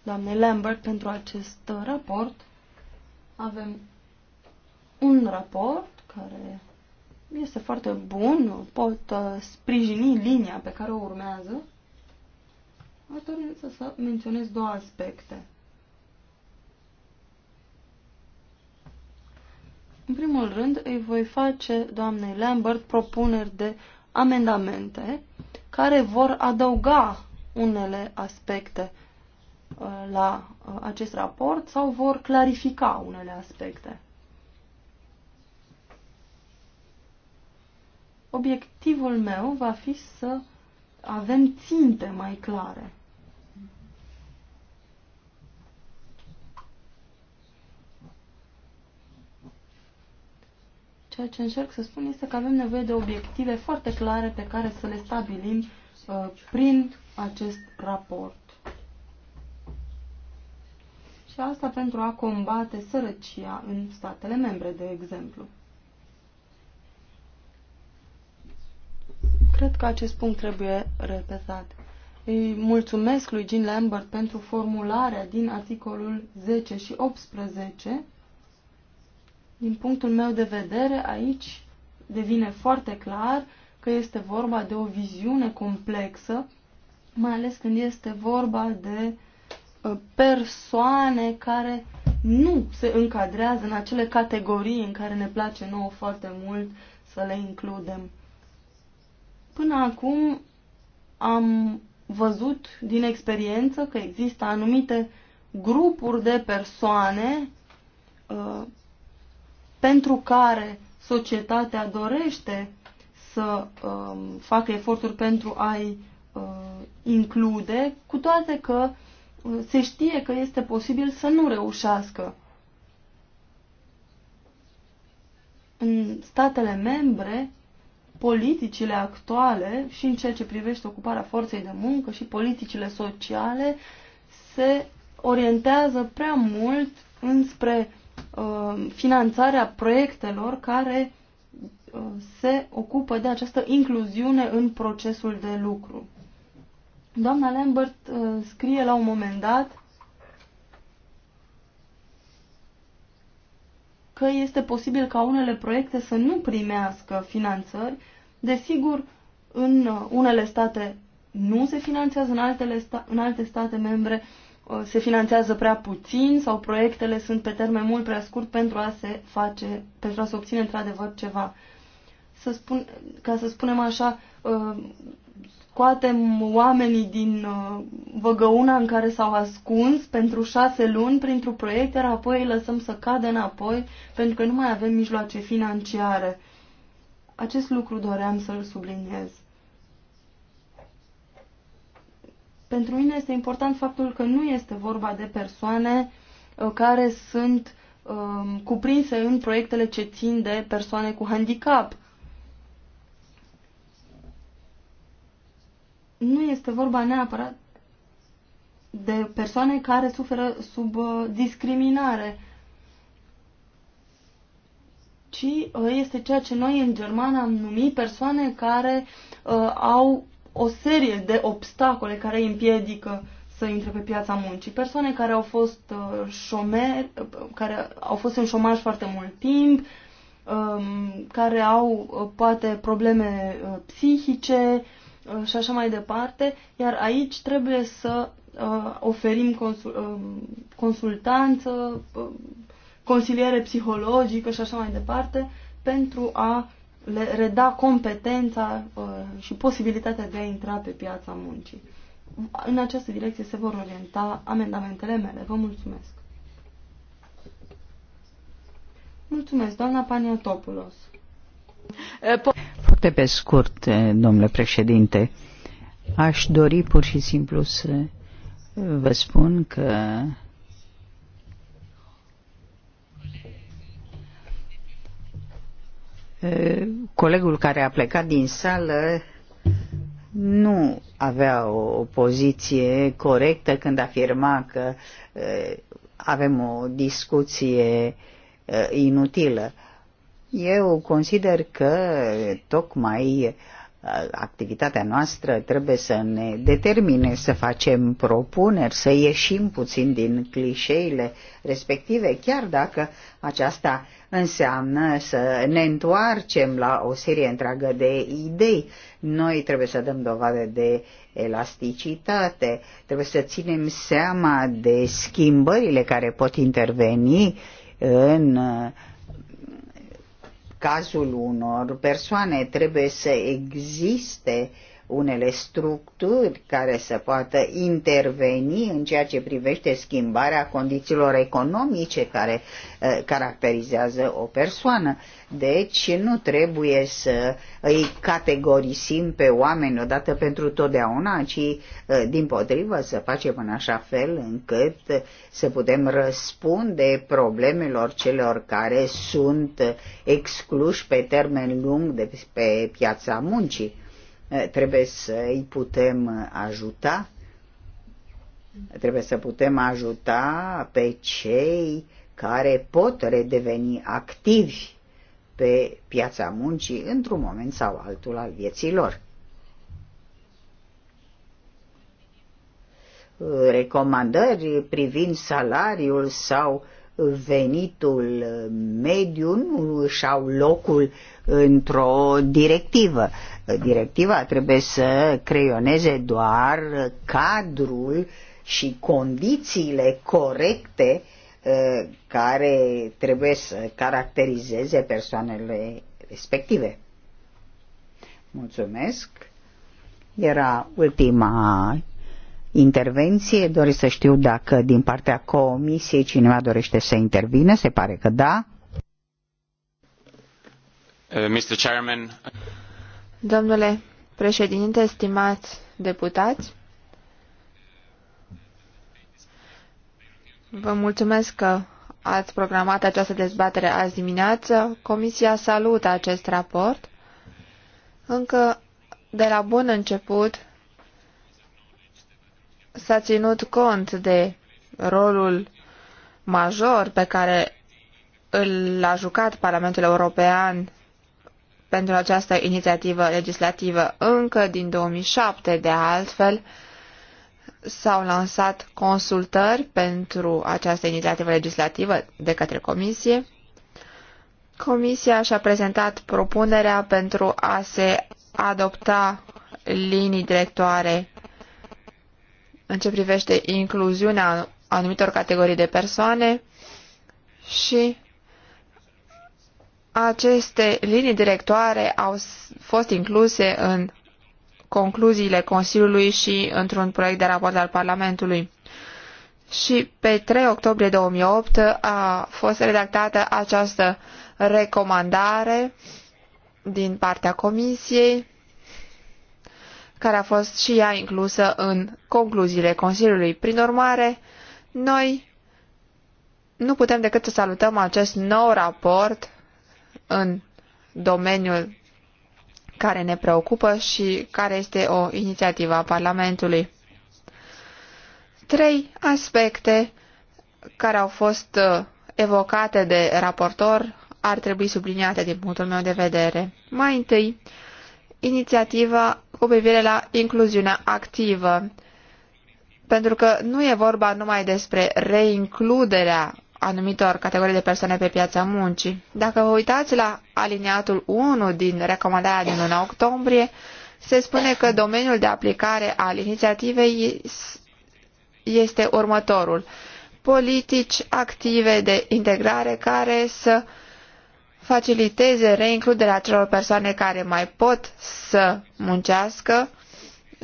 doamnei Lambert pentru acest uh, raport. Avem un raport care este foarte bun, pot uh, sprijini linia pe care o urmează. Aș dori însă să menționez două aspecte. În primul rând, îi voi face doamnei Lambert propuneri de amendamente care vor adăuga unele aspecte uh, la uh, acest raport sau vor clarifica unele aspecte. obiectivul meu va fi să avem ținte mai clare. Ceea ce încerc să spun este că avem nevoie de obiective foarte clare pe care să le stabilim uh, prin acest raport. Și asta pentru a combate sărăcia în statele membre, de exemplu. cred că acest punct trebuie repetat. Îi mulțumesc lui Jean Lambert pentru formularea din articolul 10 și 18. Din punctul meu de vedere, aici devine foarte clar că este vorba de o viziune complexă, mai ales când este vorba de ă, persoane care nu se încadrează în acele categorii în care ne place nouă foarte mult să le includem. Până acum am văzut din experiență că există anumite grupuri de persoane uh, pentru care societatea dorește să uh, facă eforturi pentru a-i uh, include, cu toate că uh, se știe că este posibil să nu reușească. În statele membre, politicile actuale și în ceea ce privește ocuparea forței de muncă și politicile sociale se orientează prea mult înspre uh, finanțarea proiectelor care uh, se ocupă de această incluziune în procesul de lucru. Doamna Lambert uh, scrie la un moment dat că este posibil ca unele proiecte să nu primească finanțări. Desigur, în uh, unele state nu se finanțează, în, altele sta- în alte state membre uh, se finanțează prea puțin sau proiectele sunt pe termen mult prea scurt pentru a se face, pentru a se obține într-adevăr ceva. Să spun, ca să spunem așa, uh, scoatem oamenii din uh, văgăuna în care s-au ascuns pentru șase luni printr-un proiect, iar apoi îi lăsăm să cadă înapoi pentru că nu mai avem mijloace financiare. Acest lucru doream să-l subliniez. Pentru mine este important faptul că nu este vorba de persoane uh, care sunt um, cuprinse în proiectele ce țin de persoane cu handicap nu este vorba neapărat de persoane care suferă sub uh, discriminare, ci uh, este ceea ce noi în germană am numit persoane care uh, au o serie de obstacole care îi împiedică să intre pe piața muncii. Persoane care au fost uh, șomeri, uh, care au fost în șomaj foarte mult timp, um, care au uh, poate probleme uh, psihice, uh, Uh, și așa mai departe, iar aici trebuie să uh, oferim consul, uh, consultanță, consiliere psihologică și așa mai departe, pentru a le reda competența și posibilitatea de a intra pe piața muncii. În această direcție se vor orienta amendamentele mele. Vă mulțumesc! Mulțumesc, doamna Paniatopoulos! Foarte pe scurt, eh, domnule președinte, aș dori pur și simplu să vă spun că eh, colegul care a plecat din sală nu avea o poziție corectă când afirma că eh, avem o discuție inutilă. Eu consider că tocmai uh, activitatea noastră trebuie să ne determine să facem propuneri, să ieșim puțin din clișeile respective, chiar dacă aceasta înseamnă să ne întoarcem la o serie întreagă de idei. Noi trebuie să dăm dovadă de elasticitate, trebuie să ținem seama de schimbările care pot interveni în uh, cazul unor persoane trebuie să existe uh, unele structuri care să poată interveni în ceea ce privește schimbarea condițiilor economice care uh, caracterizează o persoană. Deci nu trebuie să îi categorisim pe oameni odată pentru totdeauna, ci uh, din potrivă să facem în așa fel încât să putem răspunde problemelor celor care sunt excluși pe termen lung de pe piața muncii Trebuie să îi putem ajuta, trebuie să putem ajuta pe cei care pot redeveni activi pe piața muncii într-un moment sau altul al vieții lor. Recomandări privind salariul sau venitul mediu nu își au locul într-o directivă. Directiva trebuie să creioneze doar cadrul și condițiile corecte eh, care trebuie să caracterizeze persoanele respective. Mulțumesc! Era ultima intervenție. Doresc să știu dacă din partea comisiei cineva dorește să intervine. Se pare că da. Uh, Mr. Chairman. Domnule președinte, stimați deputați, vă mulțumesc că ați programat această dezbatere azi dimineață. Comisia salută acest raport. Încă de la bun început s-a ținut cont de rolul major pe care l-a jucat Parlamentul European pentru această inițiativă legislativă încă din 2007 de altfel, s-au lansat consultări pentru această inițiativă legislativă de către Comisie. Comisia și-a prezentat propunerea pentru a se adopta linii directoare în ce privește incluziunea anumitor categorii de persoane și aceste linii directoare au fost incluse în concluziile Consiliului și într-un proiect de raport al Parlamentului. Și pe 3 octombrie 2008 a fost redactată această recomandare din partea Comisiei care a fost și ea inclusă în concluziile Consiliului. Prin urmare, noi nu putem decât să salutăm acest nou raport în domeniul care ne preocupă și care este o inițiativă a Parlamentului. Trei aspecte care au fost uh, evocate de raportor ar trebui subliniate din punctul meu de vedere. Mai întâi, inițiativa cu privire la incluziunea activă. Pentru că nu e vorba numai despre reincluderea anumitor categorii de persoane pe piața muncii. Dacă vă uitați la aliniatul 1 din recomandarea din 1 octombrie, se spune că domeniul de aplicare al inițiativei este următorul. Politici active de integrare care să uh, faciliteze reincluderea celor persoane care mai pot să muncească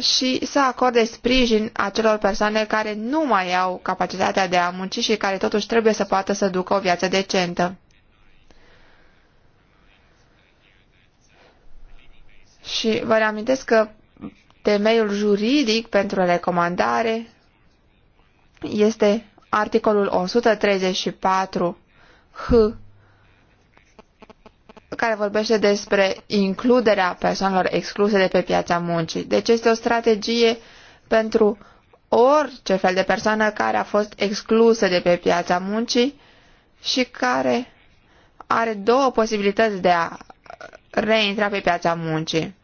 și să acorde sprijin acelor persoane care nu mai au capacitatea de a munci și care totuși trebuie să poată să ducă o viață decentă. Și vă reamintesc că temeiul juridic pentru recomandare este articolul 134 H care vorbește despre includerea persoanelor excluse de pe piața muncii. Deci este o strategie pentru orice fel de persoană care a fost exclusă de pe piața muncii și care are două posibilități de a reintra pe piața muncii.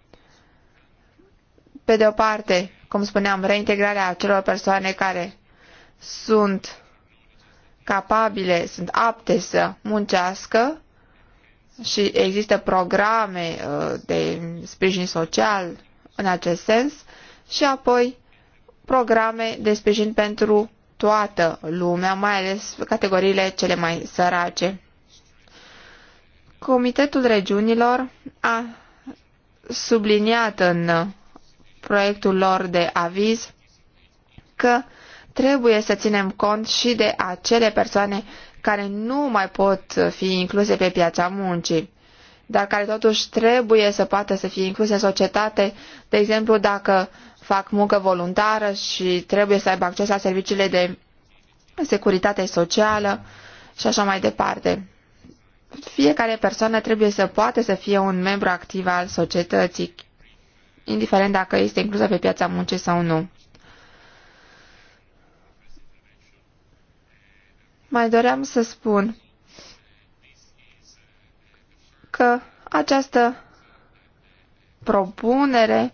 Pe de o parte, cum spuneam, reintegrarea acelor persoane care sunt capabile, sunt apte să muncească și există programe uh, de sprijin social în acest sens și apoi programe de sprijin pentru toată lumea, mai ales categoriile cele mai sărace. Comitetul regiunilor a subliniat în proiectul lor de aviz că trebuie să ținem cont și de acele persoane care nu mai pot fi incluse pe piața muncii, dar care totuși trebuie să poată să fie incluse în societate, de exemplu dacă fac muncă voluntară și trebuie să aibă acces la serviciile de securitate socială și așa mai departe. Fiecare persoană trebuie să poată să fie un membru activ al societății, indiferent dacă este inclusă pe piața muncii sau nu. Mai doream să spun că această propunere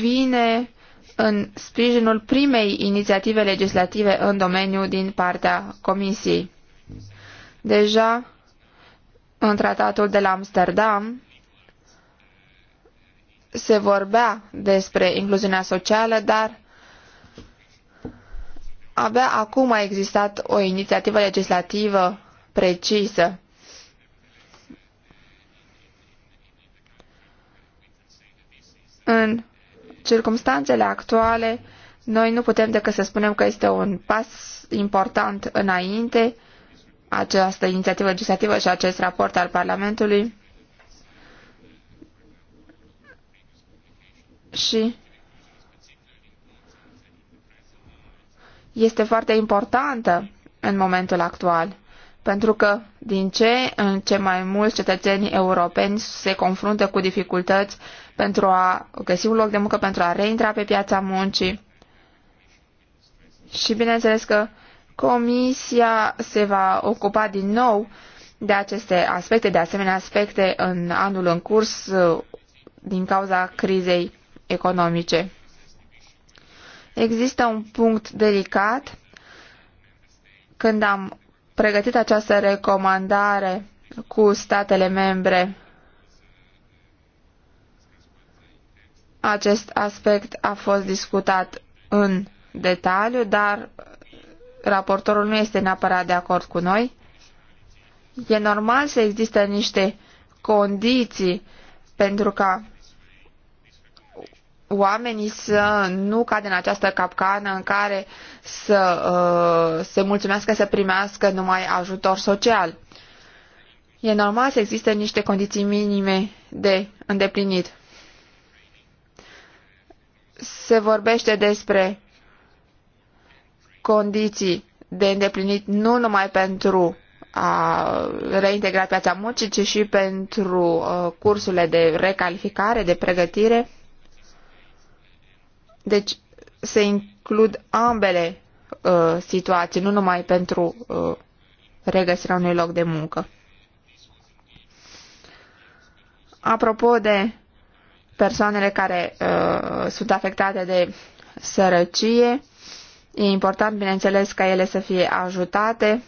vine în sprijinul primei inițiative legislative în domeniu din partea Comisiei. Deja în tratatul de la Amsterdam se vorbea despre incluziunea socială, dar Abia acum a existat o inițiativă legislativă precisă. În circumstanțele actuale, noi nu putem decât să spunem că este un pas important înainte această inițiativă legislativă și acest raport al Parlamentului. Și este foarte importantă în momentul actual, pentru că din ce în ce mai mulți cetățeni europeni se confruntă cu dificultăți pentru a găsi un loc de muncă, pentru a reintra pe piața muncii. Și bineînțeles că Comisia se va ocupa din nou de aceste aspecte, de asemenea aspecte în anul în curs uh, din cauza crizei economice. Există un punct delicat când am pregătit această recomandare cu statele membre. Acest aspect a fost discutat în detaliu, dar raportorul nu este neapărat de acord cu noi. E normal să există niște condiții pentru ca oamenii să nu cadă în această capcană în care să uh, se mulțumească să primească numai ajutor social. E normal să existe niște condiții minime de îndeplinit. Se vorbește despre condiții de îndeplinit nu numai pentru a reintegra piața muncii, ci și pentru uh, cursurile de recalificare, de pregătire. Deci se includ ambele uh, situații, nu numai pentru uh, regăsirea unui loc de muncă. Apropo de persoanele care uh, sunt afectate de sărăcie, e important, bineînțeles, ca ele să fie ajutate.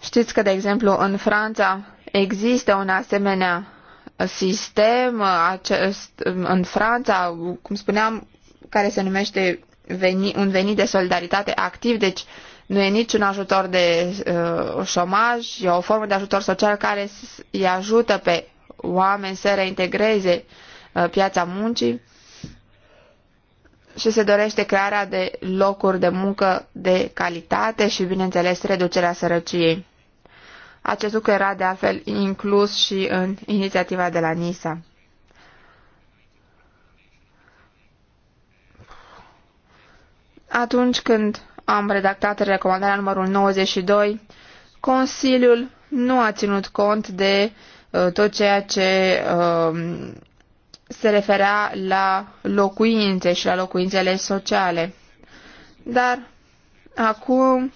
Știți că, de exemplu, în Franța există un asemenea sistem acest, în Franța, cum spuneam, care se numește veni, un venit de solidaritate activ, deci nu e niciun ajutor de uh, șomaj, e o formă de ajutor social care îi ajută pe oameni să reintegreze uh, piața muncii și se dorește crearea de locuri de muncă de calitate și, bineînțeles, reducerea sărăciei. Acest lucru era de altfel inclus și în inițiativa de la NISA. Atunci când am redactat recomandarea numărul 92, Consiliul nu a ținut cont de uh, tot ceea ce uh, se referea la locuințe și la locuințele sociale. Dar acum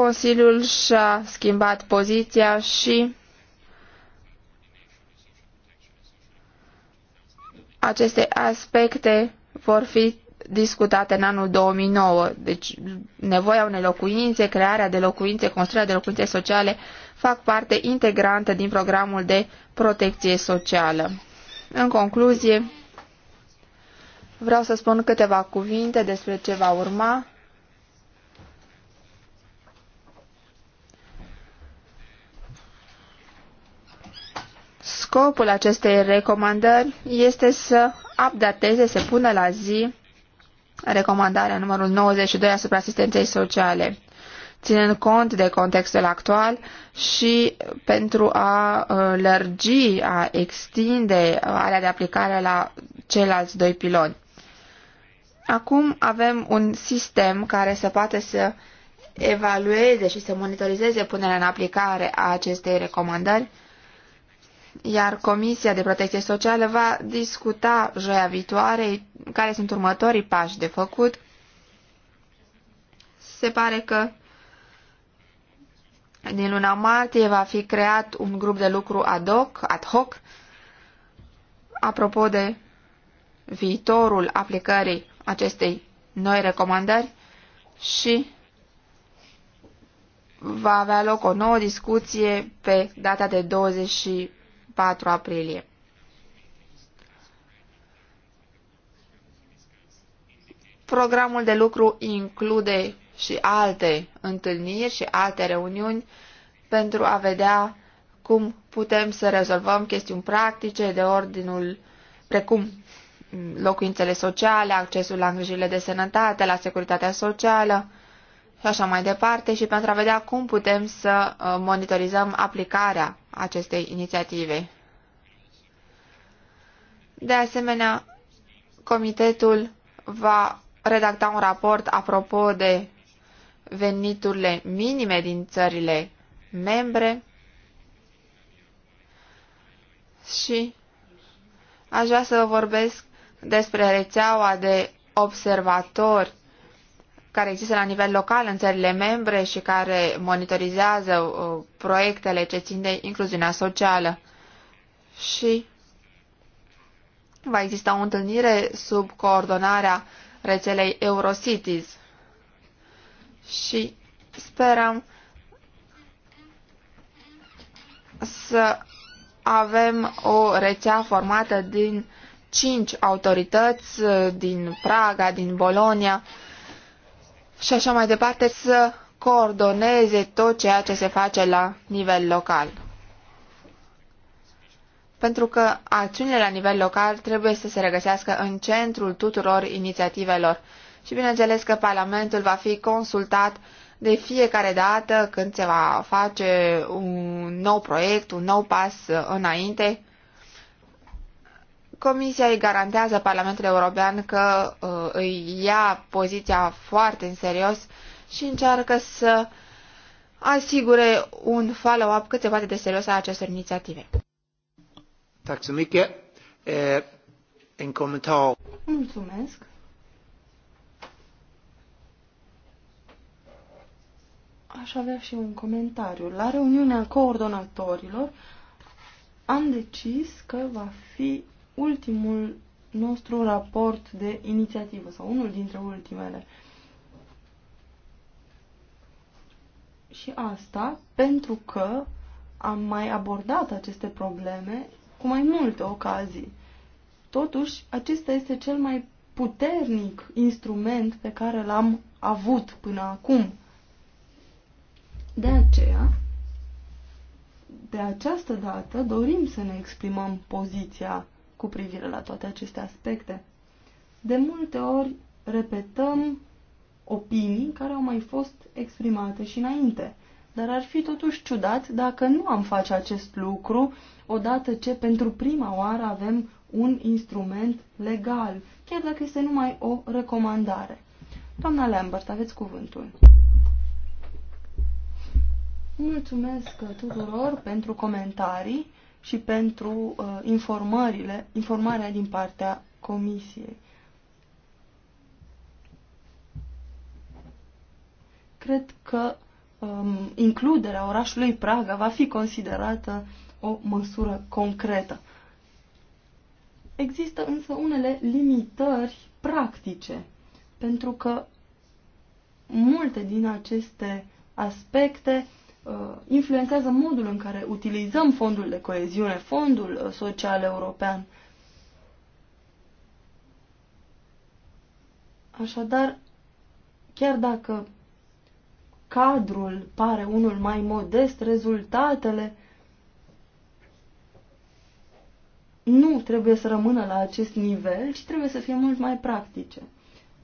Consiliul și-a schimbat poziția și aceste aspecte vor fi discutate în anul 2009. Deci nevoia unei locuințe, crearea de locuințe, construirea de locuințe sociale fac parte integrantă din programul de protecție socială. În concluzie, vreau să spun câteva cuvinte despre ce va urma. Scopul acestei recomandări este să updateze, să pună la zi recomandarea numărul 92 asupra asistenței sociale, ținând cont de contextul actual și pentru a uh, lărgi, a extinde area de aplicare la ceilalți doi piloni. Acum avem un sistem care să poate să evalueze și să monitorizeze punerea în aplicare a acestei recomandări iar Comisia de Protecție Socială va discuta joia viitoare care sunt următorii pași de făcut. Se pare că din luna martie va fi creat un grup de lucru ad hoc, ad hoc apropo de viitorul aplicării acestei noi recomandări și va avea loc o nouă discuție pe data de 24 4 aprilie. Programul de lucru include și alte întâlniri și alte reuniuni pentru a vedea cum putem să rezolvăm chestiuni practice de ordinul precum locuințele sociale, accesul la îngrijirile de sănătate, la securitatea socială, și așa mai departe și pentru a vedea cum putem să uh, monitorizăm aplicarea acestei inițiative. De asemenea, comitetul va redacta un raport apropo de veniturile minime din țările membre și aș vrea să vorbesc despre rețeaua de observatori care există la nivel local în țările membre și care monitorizează uh, proiectele ce țin de incluziunea socială. Și va exista o întâlnire sub coordonarea rețelei Eurocities. Și sperăm să avem o rețea formată din cinci autorități uh, din Praga, din Bolonia, și așa mai departe, să coordoneze tot ceea ce se face la nivel local. Pentru că acțiunile la nivel local trebuie să se regăsească în centrul tuturor inițiativelor și bineînțeles că Parlamentul va fi consultat de fiecare dată când se va face un nou proiect, un nou pas înainte Comisia îi garantează Parlamentul European că uh, îi ia poziția foarte în serios și încearcă să asigure un follow-up cât se poate de serios a acestor inițiative. Eh, Mulțumesc. Aș avea și un comentariu. La reuniunea coordonatorilor am decis că va fi ultimul nostru raport de inițiativă sau unul dintre ultimele. Și asta pentru că am mai abordat aceste probleme cu mai multe ocazii. Totuși, acesta este cel mai puternic instrument pe care l-am avut până acum. De aceea, de această dată, dorim să ne exprimăm poziția cu privire la toate aceste aspecte. De multe ori repetăm opinii care au mai fost exprimate și înainte, dar ar fi totuși ciudat dacă nu am face acest lucru odată ce pentru prima oară avem un instrument legal, chiar dacă este numai o recomandare. Doamna Lambert, aveți cuvântul. Mulțumesc tuturor pentru comentarii și pentru uh, informările, informarea din partea Comisiei. Cred că um, includerea orașului Praga va fi considerată o măsură concretă. Există însă unele limitări practice, pentru că multe din aceste aspecte Uh, influențează modul în care utilizăm fondul de coeziune, fondul uh, social european. Așadar, chiar dacă cadrul pare unul mai modest, rezultatele nu trebuie să rămână la acest nivel, ci trebuie să fie mult mai practice.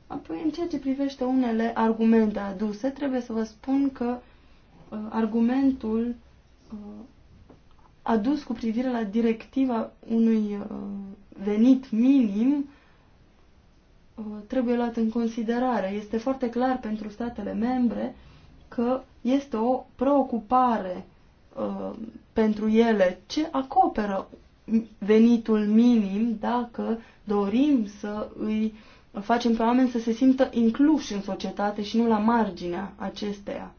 Apoi, în ceea ce privește unele argumente aduse, trebuie să vă spun că uh, Uh, argumentul uh, adus cu privire la directiva unui uh, venit minim trebuie luat în considerare. Este foarte clar pentru statele membre că este o preocupare pentru ele ce acoperă venitul minim dacă dorim să îi facem pe oameni să se simtă incluși în societate și nu la marginea acesteia.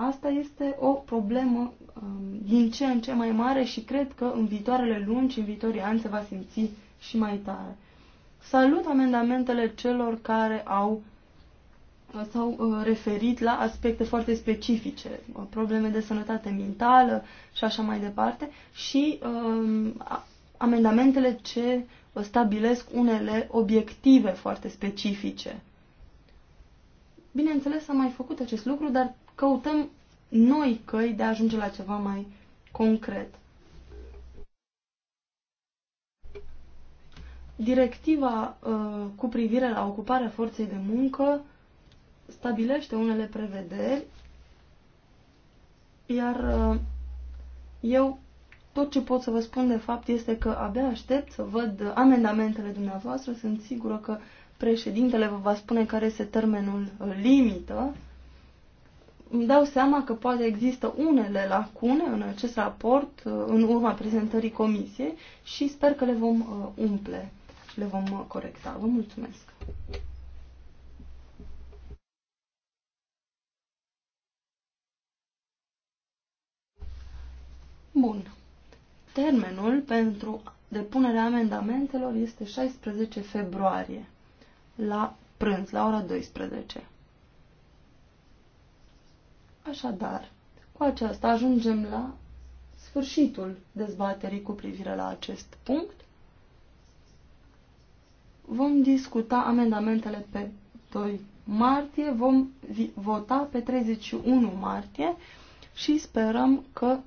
Asta este o problemă um, din ce în ce mai mare și cred că în viitoarele luni și în viitorii ani se va simți și mai tare. Salut amendamentele celor care au uh, s-au uh, referit la aspecte foarte specifice, uh, probleme de sănătate mentală și așa mai departe, și um, amendamentele ce stabilesc unele obiective foarte specifice. Bineînțeles, am mai făcut acest lucru, dar căutăm noi căi de a ajunge la ceva mai concret. Directiva uh, cu privire la ocuparea forței de muncă stabilește unele prevederi, iar uh, eu tot ce pot să vă spun de fapt este că abia aștept să văd amendamentele dumneavoastră. Sunt sigură că președintele vă va spune care este termenul uh, limită îmi dau seama că poate există unele lacune în acest raport uh, în urma prezentării comisiei și sper că le vom uh, umple, le vom uh, corecta. Vă mulțumesc! Bun. Termenul pentru depunerea amendamentelor este 16 februarie la prânz, la ora 12. Așadar, cu aceasta ajungem la sfârșitul dezbaterii cu privire la acest punct. Vom discuta amendamentele pe 2 martie, vom vota pe 31 martie și sperăm că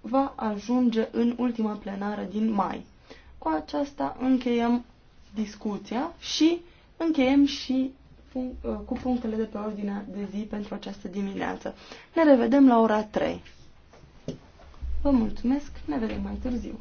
va ajunge în ultima plenară din mai. Cu aceasta încheiem discuția și încheiem și Uh, cu punctele de pe ordinea de zi pentru această dimineață. Ne revedem la ora 3. Vă mulțumesc, ne vedem mai târziu.